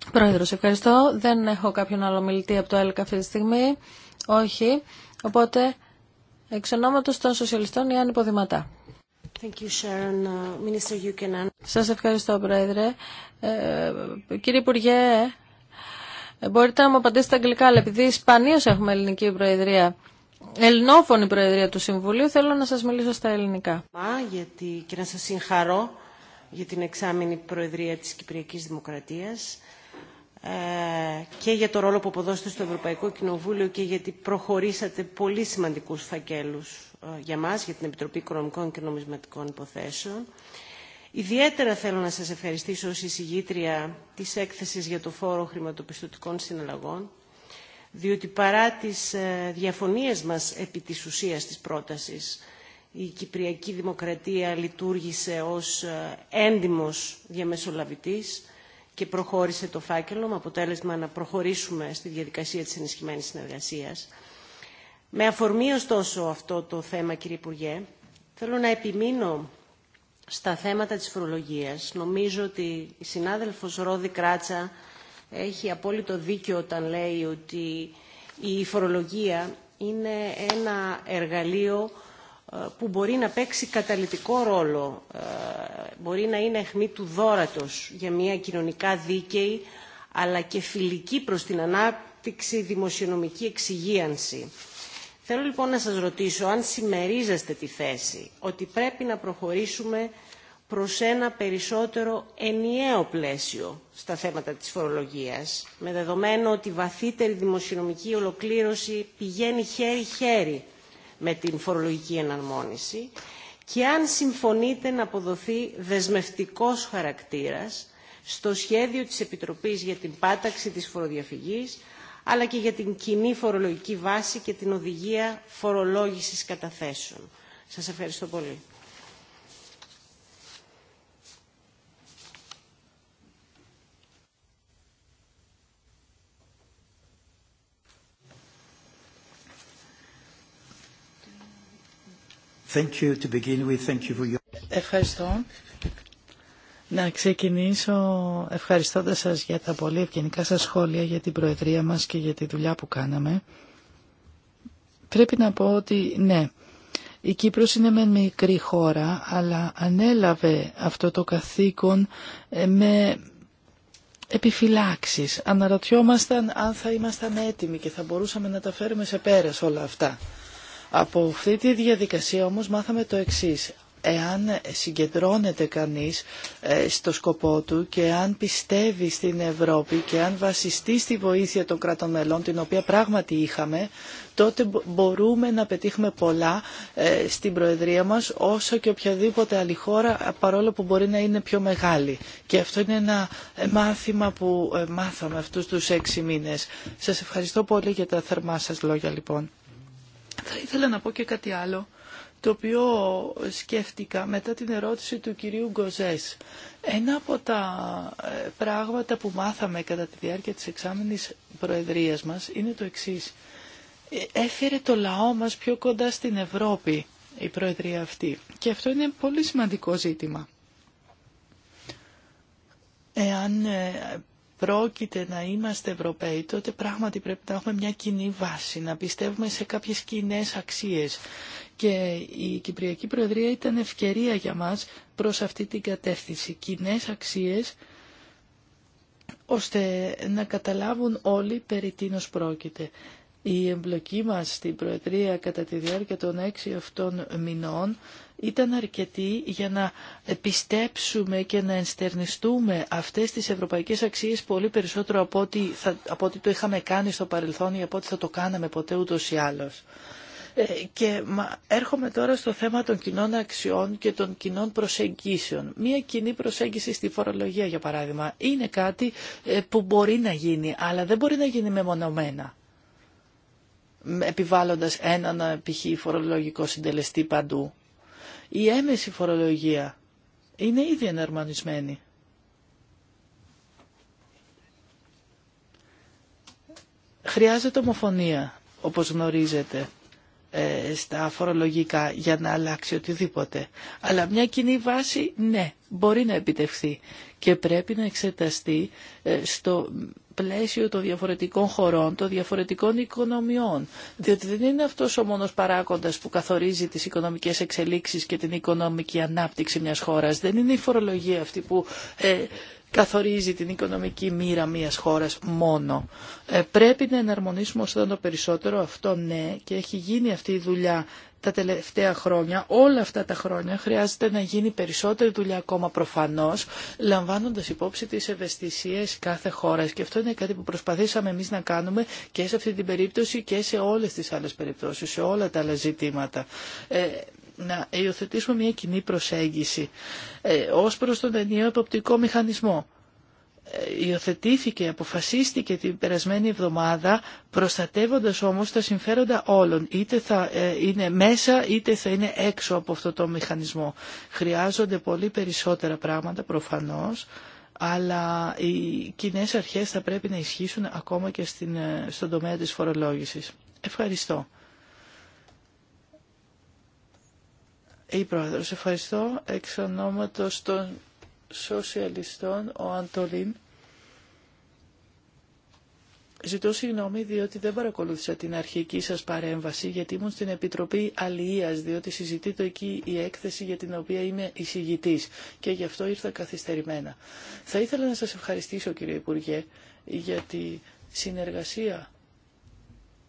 Um, ευχαριστώ. Δεν έχω κάποιον άλλο μιλητή από το ΕΛΚ αυτή τη στιγμή. Όχι. Οπότε, εξ ονόματος των σοσιαλιστών, Ιάννη Ποδηματά. Uh, σας ευχαριστώ, Πρόεδρε. Ε, κύριε Υπουργέ, ε, μπορείτε να μου απαντήσετε αγγλικά, αλλά επειδή σπανίως έχουμε ελληνική προεδρία, ελληνόφωνη προεδρία του Συμβουλίου, θέλω να σας μιλήσω στα ελληνικά. γιατί, και να σας συγχαρώ για την εξάμεινη προεδρία της Κυπριακής Δημοκρατίας ε, και για το ρόλο που αποδώσετε στο Ευρωπαϊκό Κοινοβούλιο και γιατί προχωρήσατε πολύ σημαντικούς φακέλους ε, για μας, για την Επιτροπή Οικονομικών και Νομισματικών Υποθέσεων. Ιδιαίτερα θέλω να σας ευχαριστήσω ως εισηγήτρια της έκθεσης για το φόρο χρηματοπιστωτικών συναλλαγών, διότι παρά τις ε, διαφωνίες μας επί της ουσίας της πρότασης, η Κυπριακή Δημοκρατία λειτουργήσε ως ε, έντιμος διαμεσολαβητής και προχώρησε το φάκελο με αποτέλεσμα να προχωρήσουμε στη διαδικασία της ενισχυμένης συνεργασίας. Με αφορμή ωστόσο αυτό το θέμα, κύριε Υπουργέ, θέλω να επιμείνω στα θέματα της φορολογίας. Νομίζω ότι η συνάδελφος Ρόδη Κράτσα έχει απόλυτο δίκιο όταν λέει ότι η φορολογία είναι ένα εργαλείο ε, που μπορεί να παίξει καταλητικό ρόλο, ε, μπορεί να είναι αιχμή του δόρατος για μια κοινωνικά δίκαιη αλλά και φιλική προς την ανάπτυξη δημοσιονομική εξυγίανση. Θέλω λοιπόν να σας ρωτήσω αν συμμερίζεστε τη θέση ότι πρέπει να προχωρήσουμε προς ένα περισσότερο ενιαίο πλαίσιο στα θέματα της φορολογίας, με δεδομένο ότι η βαθύτερη δημοσιονομική ολοκλήρωση πηγαίνει χέρι-χέρι με την φορολογική εναρμόνιση και αν συμφωνείτε να αποδοθεί δεσμευτικός χαρακτήρας στο σχέδιο της Επιτροπής για την πάταξη της φοροδιαφυγής αλλά και για την κοινή φορολογική βάση και την οδηγία φορολόγησης καταθέσεων. Σας ευχαριστώ πολύ. Ευχαριστώ να ξεκινήσω ευχαριστώντας σας για τα πολύ ευγενικά σας σχόλια για την Προεδρία μας και για τη δουλειά που κάναμε. Πρέπει να πω ότι ναι, η Κύπρος είναι με μικρή χώρα, αλλά ανέλαβε αυτό το καθήκον ε, με επιφυλάξεις. Αναρωτιόμασταν αν θα ήμασταν έτοιμοι και θα μπορούσαμε να τα φέρουμε σε πέρας όλα αυτά. Από αυτή τη διαδικασία όμως μάθαμε το εξής εάν συγκεντρώνεται κανείς ε, στο σκοπό του και αν πιστεύει στην Ευρώπη και αν βασιστεί στη βοήθεια των κρατών μελών, την οποία πράγματι είχαμε, τότε μπορούμε να πετύχουμε πολλά ε, στην Προεδρία μας, όσο και οποιαδήποτε άλλη χώρα, παρόλο που μπορεί να είναι πιο μεγάλη. Και αυτό είναι ένα ε, μάθημα που μάθαμε αυτούς τους έξι μήνες. Σας ευχαριστώ πολύ για τα θερμά σας λόγια, λοιπόν. Θα ήθελα να πω και κάτι άλλο το οποίο σκέφτηκα μετά την ερώτηση του κυρίου Γκοζές. Ένα από τα ε, πράγματα που μάθαμε κατά τη διάρκεια της εξάμενης προεδρίας μας είναι το εξής. Ε, έφερε το λαό μας πιο κοντά στην Ευρώπη η προεδρία αυτή και αυτό είναι πολύ σημαντικό ζήτημα. Εάν ε, πρόκειται να είμαστε Ευρωπαίοι, τότε πράγματι πρέπει να έχουμε μια κοινή βάση, να πιστεύουμε σε κάποιες κοινέ αξίες. Και η Κυπριακή Προεδρία ήταν ευκαιρία για μας προς αυτή την κατεύθυνση. Κοινέ αξίες ώστε να καταλάβουν όλοι περί τίνος πρόκειται. Η εμπλοκή μας στην Προεδρία κατά τη διάρκεια των έξι αυτών μηνών ήταν αρκετή για να πιστέψουμε και να ενστερνιστούμε αυτές τις ευρωπαϊκές αξίες πολύ περισσότερο από ό,τι, το είχαμε κάνει στο παρελθόν ή από ό,τι θα το κάναμε ποτέ ούτως ή άλλως. Ε, και έρχομαι τώρα στο θέμα των κοινών αξιών και των κοινών προσεγγίσεων. Μία κοινή προσέγγιση στη φορολογία, για παράδειγμα, είναι κάτι ε, που μπορεί να γίνει, αλλά δεν μπορεί να γίνει μεμονωμένα επιβάλλοντας έναν π.χ. φορολογικό συντελεστή παντού. Η έμεση φορολογία είναι ήδη ενερμανισμένη. Χρειάζεται ομοφωνία, όπως γνωρίζετε, ε, στα φορολογικά για να αλλάξει οτιδήποτε. Αλλά μια κοινή βάση, ναι, μπορεί να επιτευχθεί και πρέπει να εξεταστεί ε, στο πλαίσιο των διαφορετικών χωρών, των διαφορετικών οικονομιών. Διότι δεν είναι αυτός ο μόνος παράγοντας που καθορίζει τις οικονομικές εξελίξεις και την οικονομική ανάπτυξη μιας χώρας. Δεν είναι η φορολογία αυτή που ε, καθορίζει την οικονομική μοίρα μιας χώρας μόνο. Ε, πρέπει να εναρμονίσουμε όσο το περισσότερο αυτό ναι και έχει γίνει αυτή η δουλειά τα τελευταία χρόνια, όλα αυτά τα χρόνια, χρειάζεται να γίνει περισσότερη δουλειά ακόμα προφανώς, λαμβάνοντας υπόψη τις ευαισθησίες κάθε χώρας. Και αυτό είναι κάτι που προσπαθήσαμε εμείς να κάνουμε και σε αυτή την περίπτωση και σε όλες τις άλλες περιπτώσεις, σε όλα τα άλλα ζητήματα. Ε, να υιοθετήσουμε μια κοινή προσέγγιση ε, ως προς τον ενιαίο εποπτικό μηχανισμό υιοθετήθηκε, αποφασίστηκε την περασμένη εβδομάδα, προστατεύοντας όμως τα συμφέροντα όλων, είτε θα ε, είναι μέσα είτε θα είναι έξω από αυτό το μηχανισμό. Χρειάζονται πολύ περισσότερα πράγματα προφανώς, αλλά οι κοινέ αρχές θα πρέπει να ισχύσουν ακόμα και στην, ε, στον τομέα της φορολόγησης. Ευχαριστώ. Η Πρόεδρος, ευχαριστώ εξ ονόματος των σοσιαλιστών, ο Αντολίν, Ζητώ συγγνώμη διότι δεν παρακολούθησα την αρχική σας παρέμβαση γιατί ήμουν στην Επιτροπή αλληλία, διότι συζητείται εκεί η έκθεση για την οποία είμαι εισηγητής και γι' αυτό ήρθα καθυστερημένα. Θα ήθελα να σας ευχαριστήσω κύριε Υπουργέ για τη συνεργασία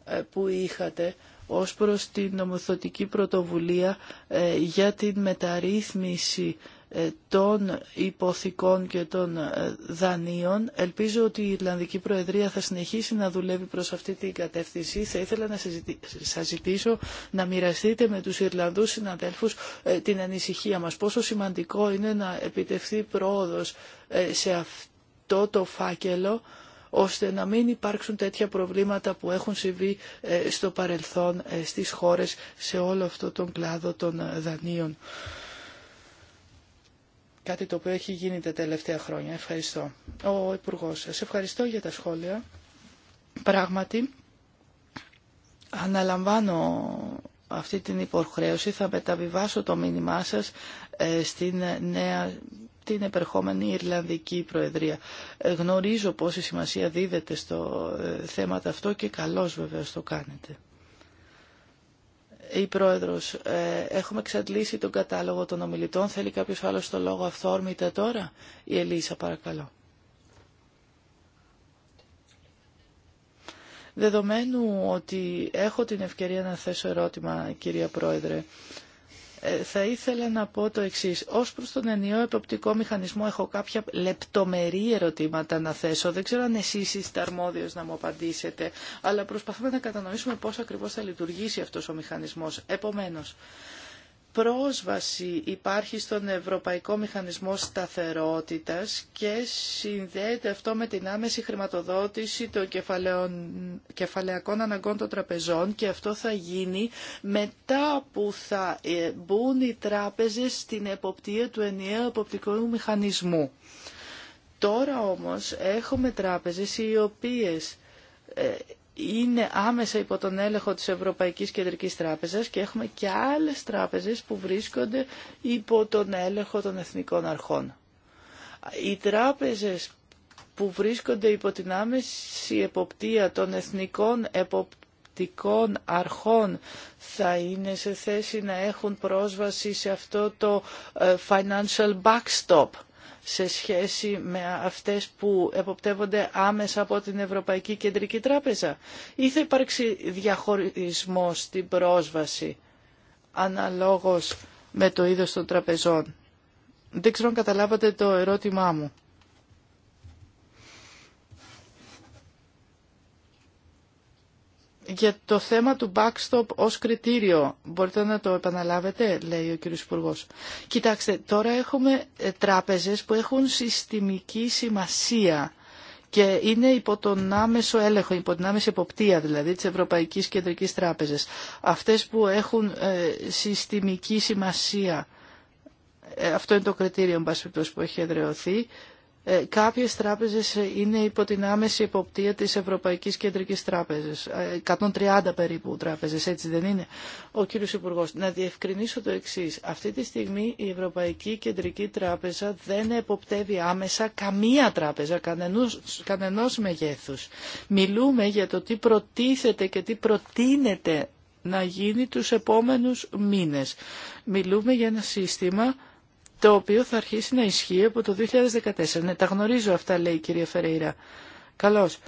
ε, που είχατε ως προς την νομοθετική πρωτοβουλία ε, για την μεταρρύθμιση ε, των υποθηκών και των ε, δανείων. Ελπίζω ότι η Ιρλανδική Προεδρία θα συνεχίσει να δουλεύει προς αυτή την κατεύθυνση. Θα ήθελα να σας ζητήσω να μοιραστείτε με τους Ιρλανδούς συναδέλφους ε, την ανησυχία μας. Πόσο σημαντικό είναι να επιτευχθεί πρόοδος σε αυτό το φάκελο ώστε να μην υπάρξουν τέτοια προβλήματα που έχουν συμβεί στο παρελθόν στις χώρες σε όλο αυτό τον κλάδο των δανείων. Κάτι το οποίο έχει γίνει τα τελευταία χρόνια. Ευχαριστώ. Ο Υπουργό σας ευχαριστώ για τα σχόλια. Πράγματι, αναλαμβάνω αυτή την υποχρέωση. Θα μεταβιβάσω το μήνυμά σας ε, στην νέα την επερχόμενη Ιρλανδική Προεδρία. Ε, γνωρίζω πόση σημασία δίδεται στο ε, θέμα αυτό και καλώς βεβαίως το κάνετε η Πρόεδρος, ε, έχουμε εξαντλήσει τον κατάλογο των ομιλητών. Θέλει κάποιος άλλος το λόγο αυθόρμητα τώρα. Η Ελίσσα παρακαλώ. Δεδομένου ότι έχω την ευκαιρία να θέσω ερώτημα, κυρία Πρόεδρε, ε, θα ήθελα να πω το εξή. Ω προ τον ενιαίο εποπτικό μηχανισμό, έχω κάποια λεπτομερή ερωτήματα να θέσω. Δεν ξέρω αν εσεί είστε αρμόδιο να μου απαντήσετε, αλλά προσπαθούμε να κατανοήσουμε πώ ακριβώ θα λειτουργήσει αυτό ο μηχανισμό. Επομένω, πρόσβαση υπάρχει στον Ευρωπαϊκό Μηχανισμό Σταθερότητας και συνδέεται αυτό με την άμεση χρηματοδότηση των κεφαλαιακών αναγκών των τραπεζών και αυτό θα γίνει μετά που θα ε, μπουν οι τράπεζες στην εποπτεία του ενιαίου εποπτικού μηχανισμού. Τώρα όμως έχουμε τράπεζες οι οποίες ε, είναι άμεσα υπό τον έλεγχο της Ευρωπαϊκής Κεντρικής Τράπεζας και έχουμε και άλλες τράπεζες που βρίσκονται υπό τον έλεγχο των εθνικών αρχών. Οι τράπεζες που βρίσκονται υπό την άμεση εποπτεία των εθνικών εποπτικών αρχών θα είναι σε θέση να έχουν πρόσβαση σε αυτό το ε, financial backstop σε σχέση με αυτές που εποπτεύονται άμεσα από την Ευρωπαϊκή Κεντρική Τράπεζα ή θα υπάρξει διαχωρισμός στην πρόσβαση αναλόγως με το είδος των τραπεζών. Δεν ξέρω αν καταλάβατε το ερώτημά μου. για το θέμα του backstop ως κριτήριο. Μπορείτε να το επαναλάβετε, λέει ο κ. Υπουργό. Κοιτάξτε, τώρα έχουμε ε, τράπεζες που έχουν συστημική σημασία και είναι υπό τον άμεσο έλεγχο, υπό την άμεση εποπτεία δηλαδή της Ευρωπαϊκής Κεντρικής Τράπεζας. Αυτές που έχουν ε, συστημική σημασία, ε, αυτό είναι το κριτήριο που έχει εδρεωθεί, ε, κάποιες τράπεζες είναι υπό την άμεση εποπτεία της Ευρωπαϊκής Κεντρικής Τράπεζας. 130 ε, περίπου τράπεζες, έτσι δεν είναι. Ο κύριος Υπουργός, να διευκρινίσω το εξής. Αυτή τη στιγμή η Ευρωπαϊκή Κεντρική Τράπεζα δεν εποπτεύει άμεσα καμία τράπεζα, κανενός, κανενός μεγέθους. Μιλούμε για το τι προτίθεται και τι προτείνεται να γίνει τους επόμενους μήνες. Μιλούμε για ένα σύστημα το οποίο θα αρχίσει να ισχύει από το 2014. Ναι, τα γνωρίζω αυτά, λέει η κυρία Φερέιρα. Καλώς.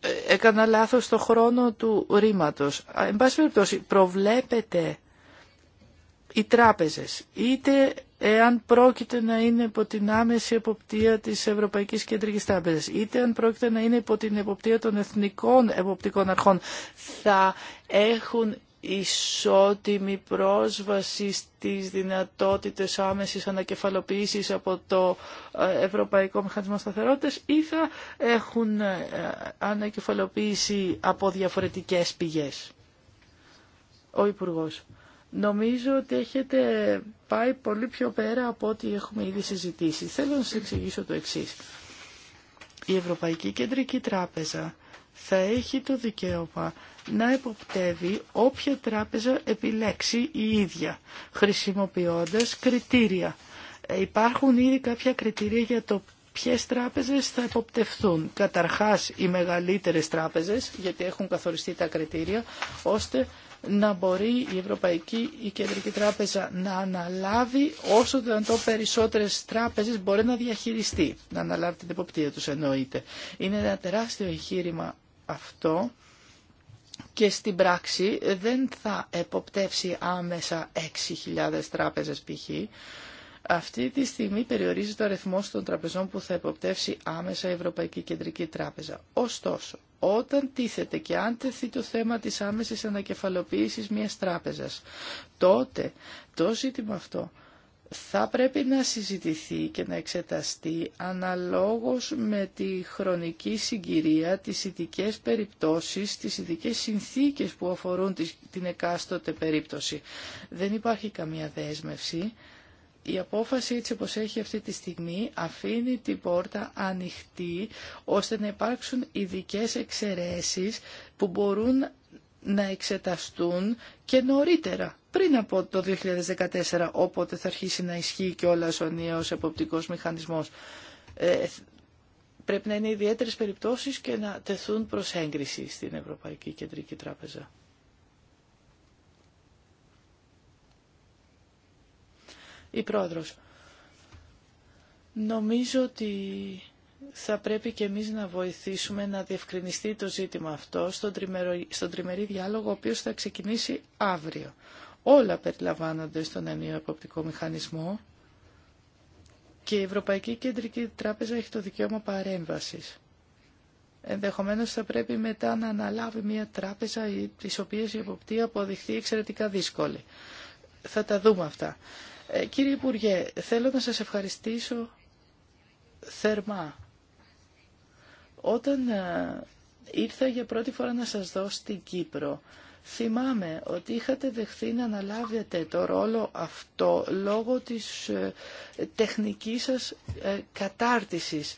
Ε, έκανα λάθος το χρόνο του ρήματος. Εν πάση περιπτώσει, προβλέπετε οι τράπεζες, είτε εάν πρόκειται να είναι υπό την άμεση εποπτεία της Ευρωπαϊκής Κεντρικής Τράπεζας, είτε αν πρόκειται να είναι υπό την εποπτεία των εθνικών εποπτικών αρχών, θα έχουν ισότιμη πρόσβαση στις δυνατότητες άμεσης ανακεφαλοποίησης από το ε, Ευρωπαϊκό Μηχανισμό Σταθερότητας ή θα έχουν ε, ανακεφαλοποίηση από διαφορετικές πηγές. Ο Υπουργός. Νομίζω ότι έχετε πάει πολύ πιο πέρα από ό,τι έχουμε ήδη συζητήσει. Θέλω να σας εξηγήσω το εξής. Η Ευρωπαϊκή Κεντρική Τράπεζα θα έχει το δικαίωμα να εποπτεύει όποια τράπεζα επιλέξει η ίδια, χρησιμοποιώντας κριτήρια. Ε, υπάρχουν ήδη κάποια κριτήρια για το ποιες τράπεζες θα εποπτευθούν. Καταρχάς οι μεγαλύτερες τράπεζες, γιατί έχουν καθοριστεί τα κριτήρια, ώστε να μπορεί η Ευρωπαϊκή η Κεντρική Τράπεζα να αναλάβει όσο περισσότερες τράπεζες μπορεί να διαχειριστεί, να αναλάβει την εποπτεία τους εννοείται. Είναι ένα τεράστιο εγχείρημα αυτό και στην πράξη δεν θα εποπτεύσει άμεσα 6.000 τράπεζες π.χ. Αυτή τη στιγμή περιορίζει το αριθμό των τραπεζών που θα εποπτεύσει άμεσα η Ευρωπαϊκή Κεντρική Τράπεζα. Ωστόσο, όταν τίθεται και αν τεθεί το θέμα της άμεσης ανακεφαλοποίησης μιας τράπεζας, τότε το ζήτημα αυτό θα πρέπει να συζητηθεί και να εξεταστεί αναλόγως με τη χρονική συγκυρία, τις ειδικέ περιπτώσεις, τις ειδικέ συνθήκες που αφορούν την εκάστοτε περίπτωση. Δεν υπάρχει καμία δέσμευση. Η απόφαση έτσι όπως έχει αυτή τη στιγμή αφήνει την πόρτα ανοιχτή ώστε να υπάρξουν ειδικέ εξαιρέσεις που μπορούν να εξεταστούν και νωρίτερα, πριν από το 2014, όποτε θα αρχίσει να ισχύει και όλας ο νέος εποπτικός μηχανισμός. Ε, πρέπει να είναι ιδιαίτερες περιπτώσεις και να τεθούν προς έγκριση στην Ευρωπαϊκή Κεντρική Τράπεζα. Η Πρόεδρος. Νομίζω ότι θα πρέπει και εμείς να βοηθήσουμε να διευκρινιστεί το ζήτημα αυτό στον, τριμερο, στον τριμερή διάλογο, ο οποίος θα ξεκινήσει αύριο. Όλα περιλαμβάνονται στον ενίο εποπτικό μηχανισμό και η Ευρωπαϊκή Κεντρική Τράπεζα έχει το δικαίωμα παρέμβασης. Ενδεχομένως θα πρέπει μετά να αναλάβει μια τράπεζα της οποίας η εποπτεία αποδειχθεί εξαιρετικά δύσκολη. Θα τα δούμε αυτά. Ε, κύριε Υπουργέ, θέλω να σας ευχαριστήσω θερμά όταν ε, ήρθα για πρώτη φορά να σας δω στην Κύπρο, θυμάμαι ότι είχατε δεχθεί να αναλάβετε το ρόλο αυτό λόγω της ε, τεχνικής σας ε, κατάρτισης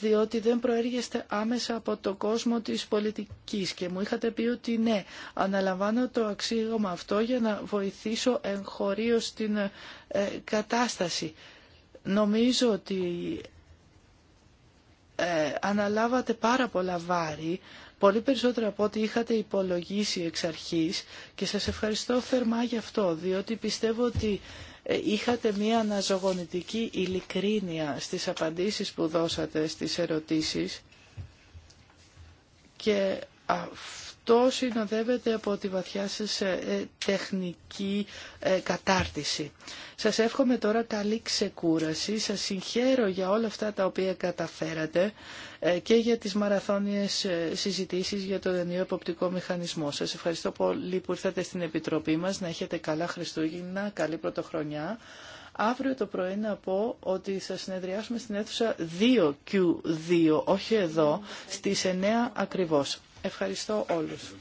διότι δεν προέργεστε άμεσα από το κόσμο της πολιτικής και μου είχατε πει ότι ναι, αναλαμβάνω το αξίωμα αυτό για να βοηθήσω εγχωρίως την κατάσταση. Νομίζω ότι ε, αναλάβατε πάρα πολλά βάρη, πολύ περισσότερο από ό,τι είχατε υπολογίσει εξ αρχής και σας ευχαριστώ θερμά γι' αυτό, διότι πιστεύω ότι ε, είχατε μία αναζωογονητική ειλικρίνεια στις απαντήσεις που δώσατε στις ερωτήσεις και αυτό συνοδεύεται από τη βαθιά σας ε, ε, τεχνική ε, κατάρτιση. Σας εύχομαι τώρα καλή ξεκούραση. Σας συγχαίρω για όλα αυτά τα οποία καταφέρατε και για τις μαραθώνιες συζητήσεις για το δανείο εποπτικό μηχανισμό. Σας ευχαριστώ πολύ που ήρθατε στην Επιτροπή μας. Να έχετε καλά Χριστούγεννα, καλή Πρωτοχρονιά. Αύριο το πρωί να πω ότι θα συνεδριάσουμε στην αίθουσα 2Q2, όχι εδώ, στις 9 ακριβώς. Ευχαριστώ όλους.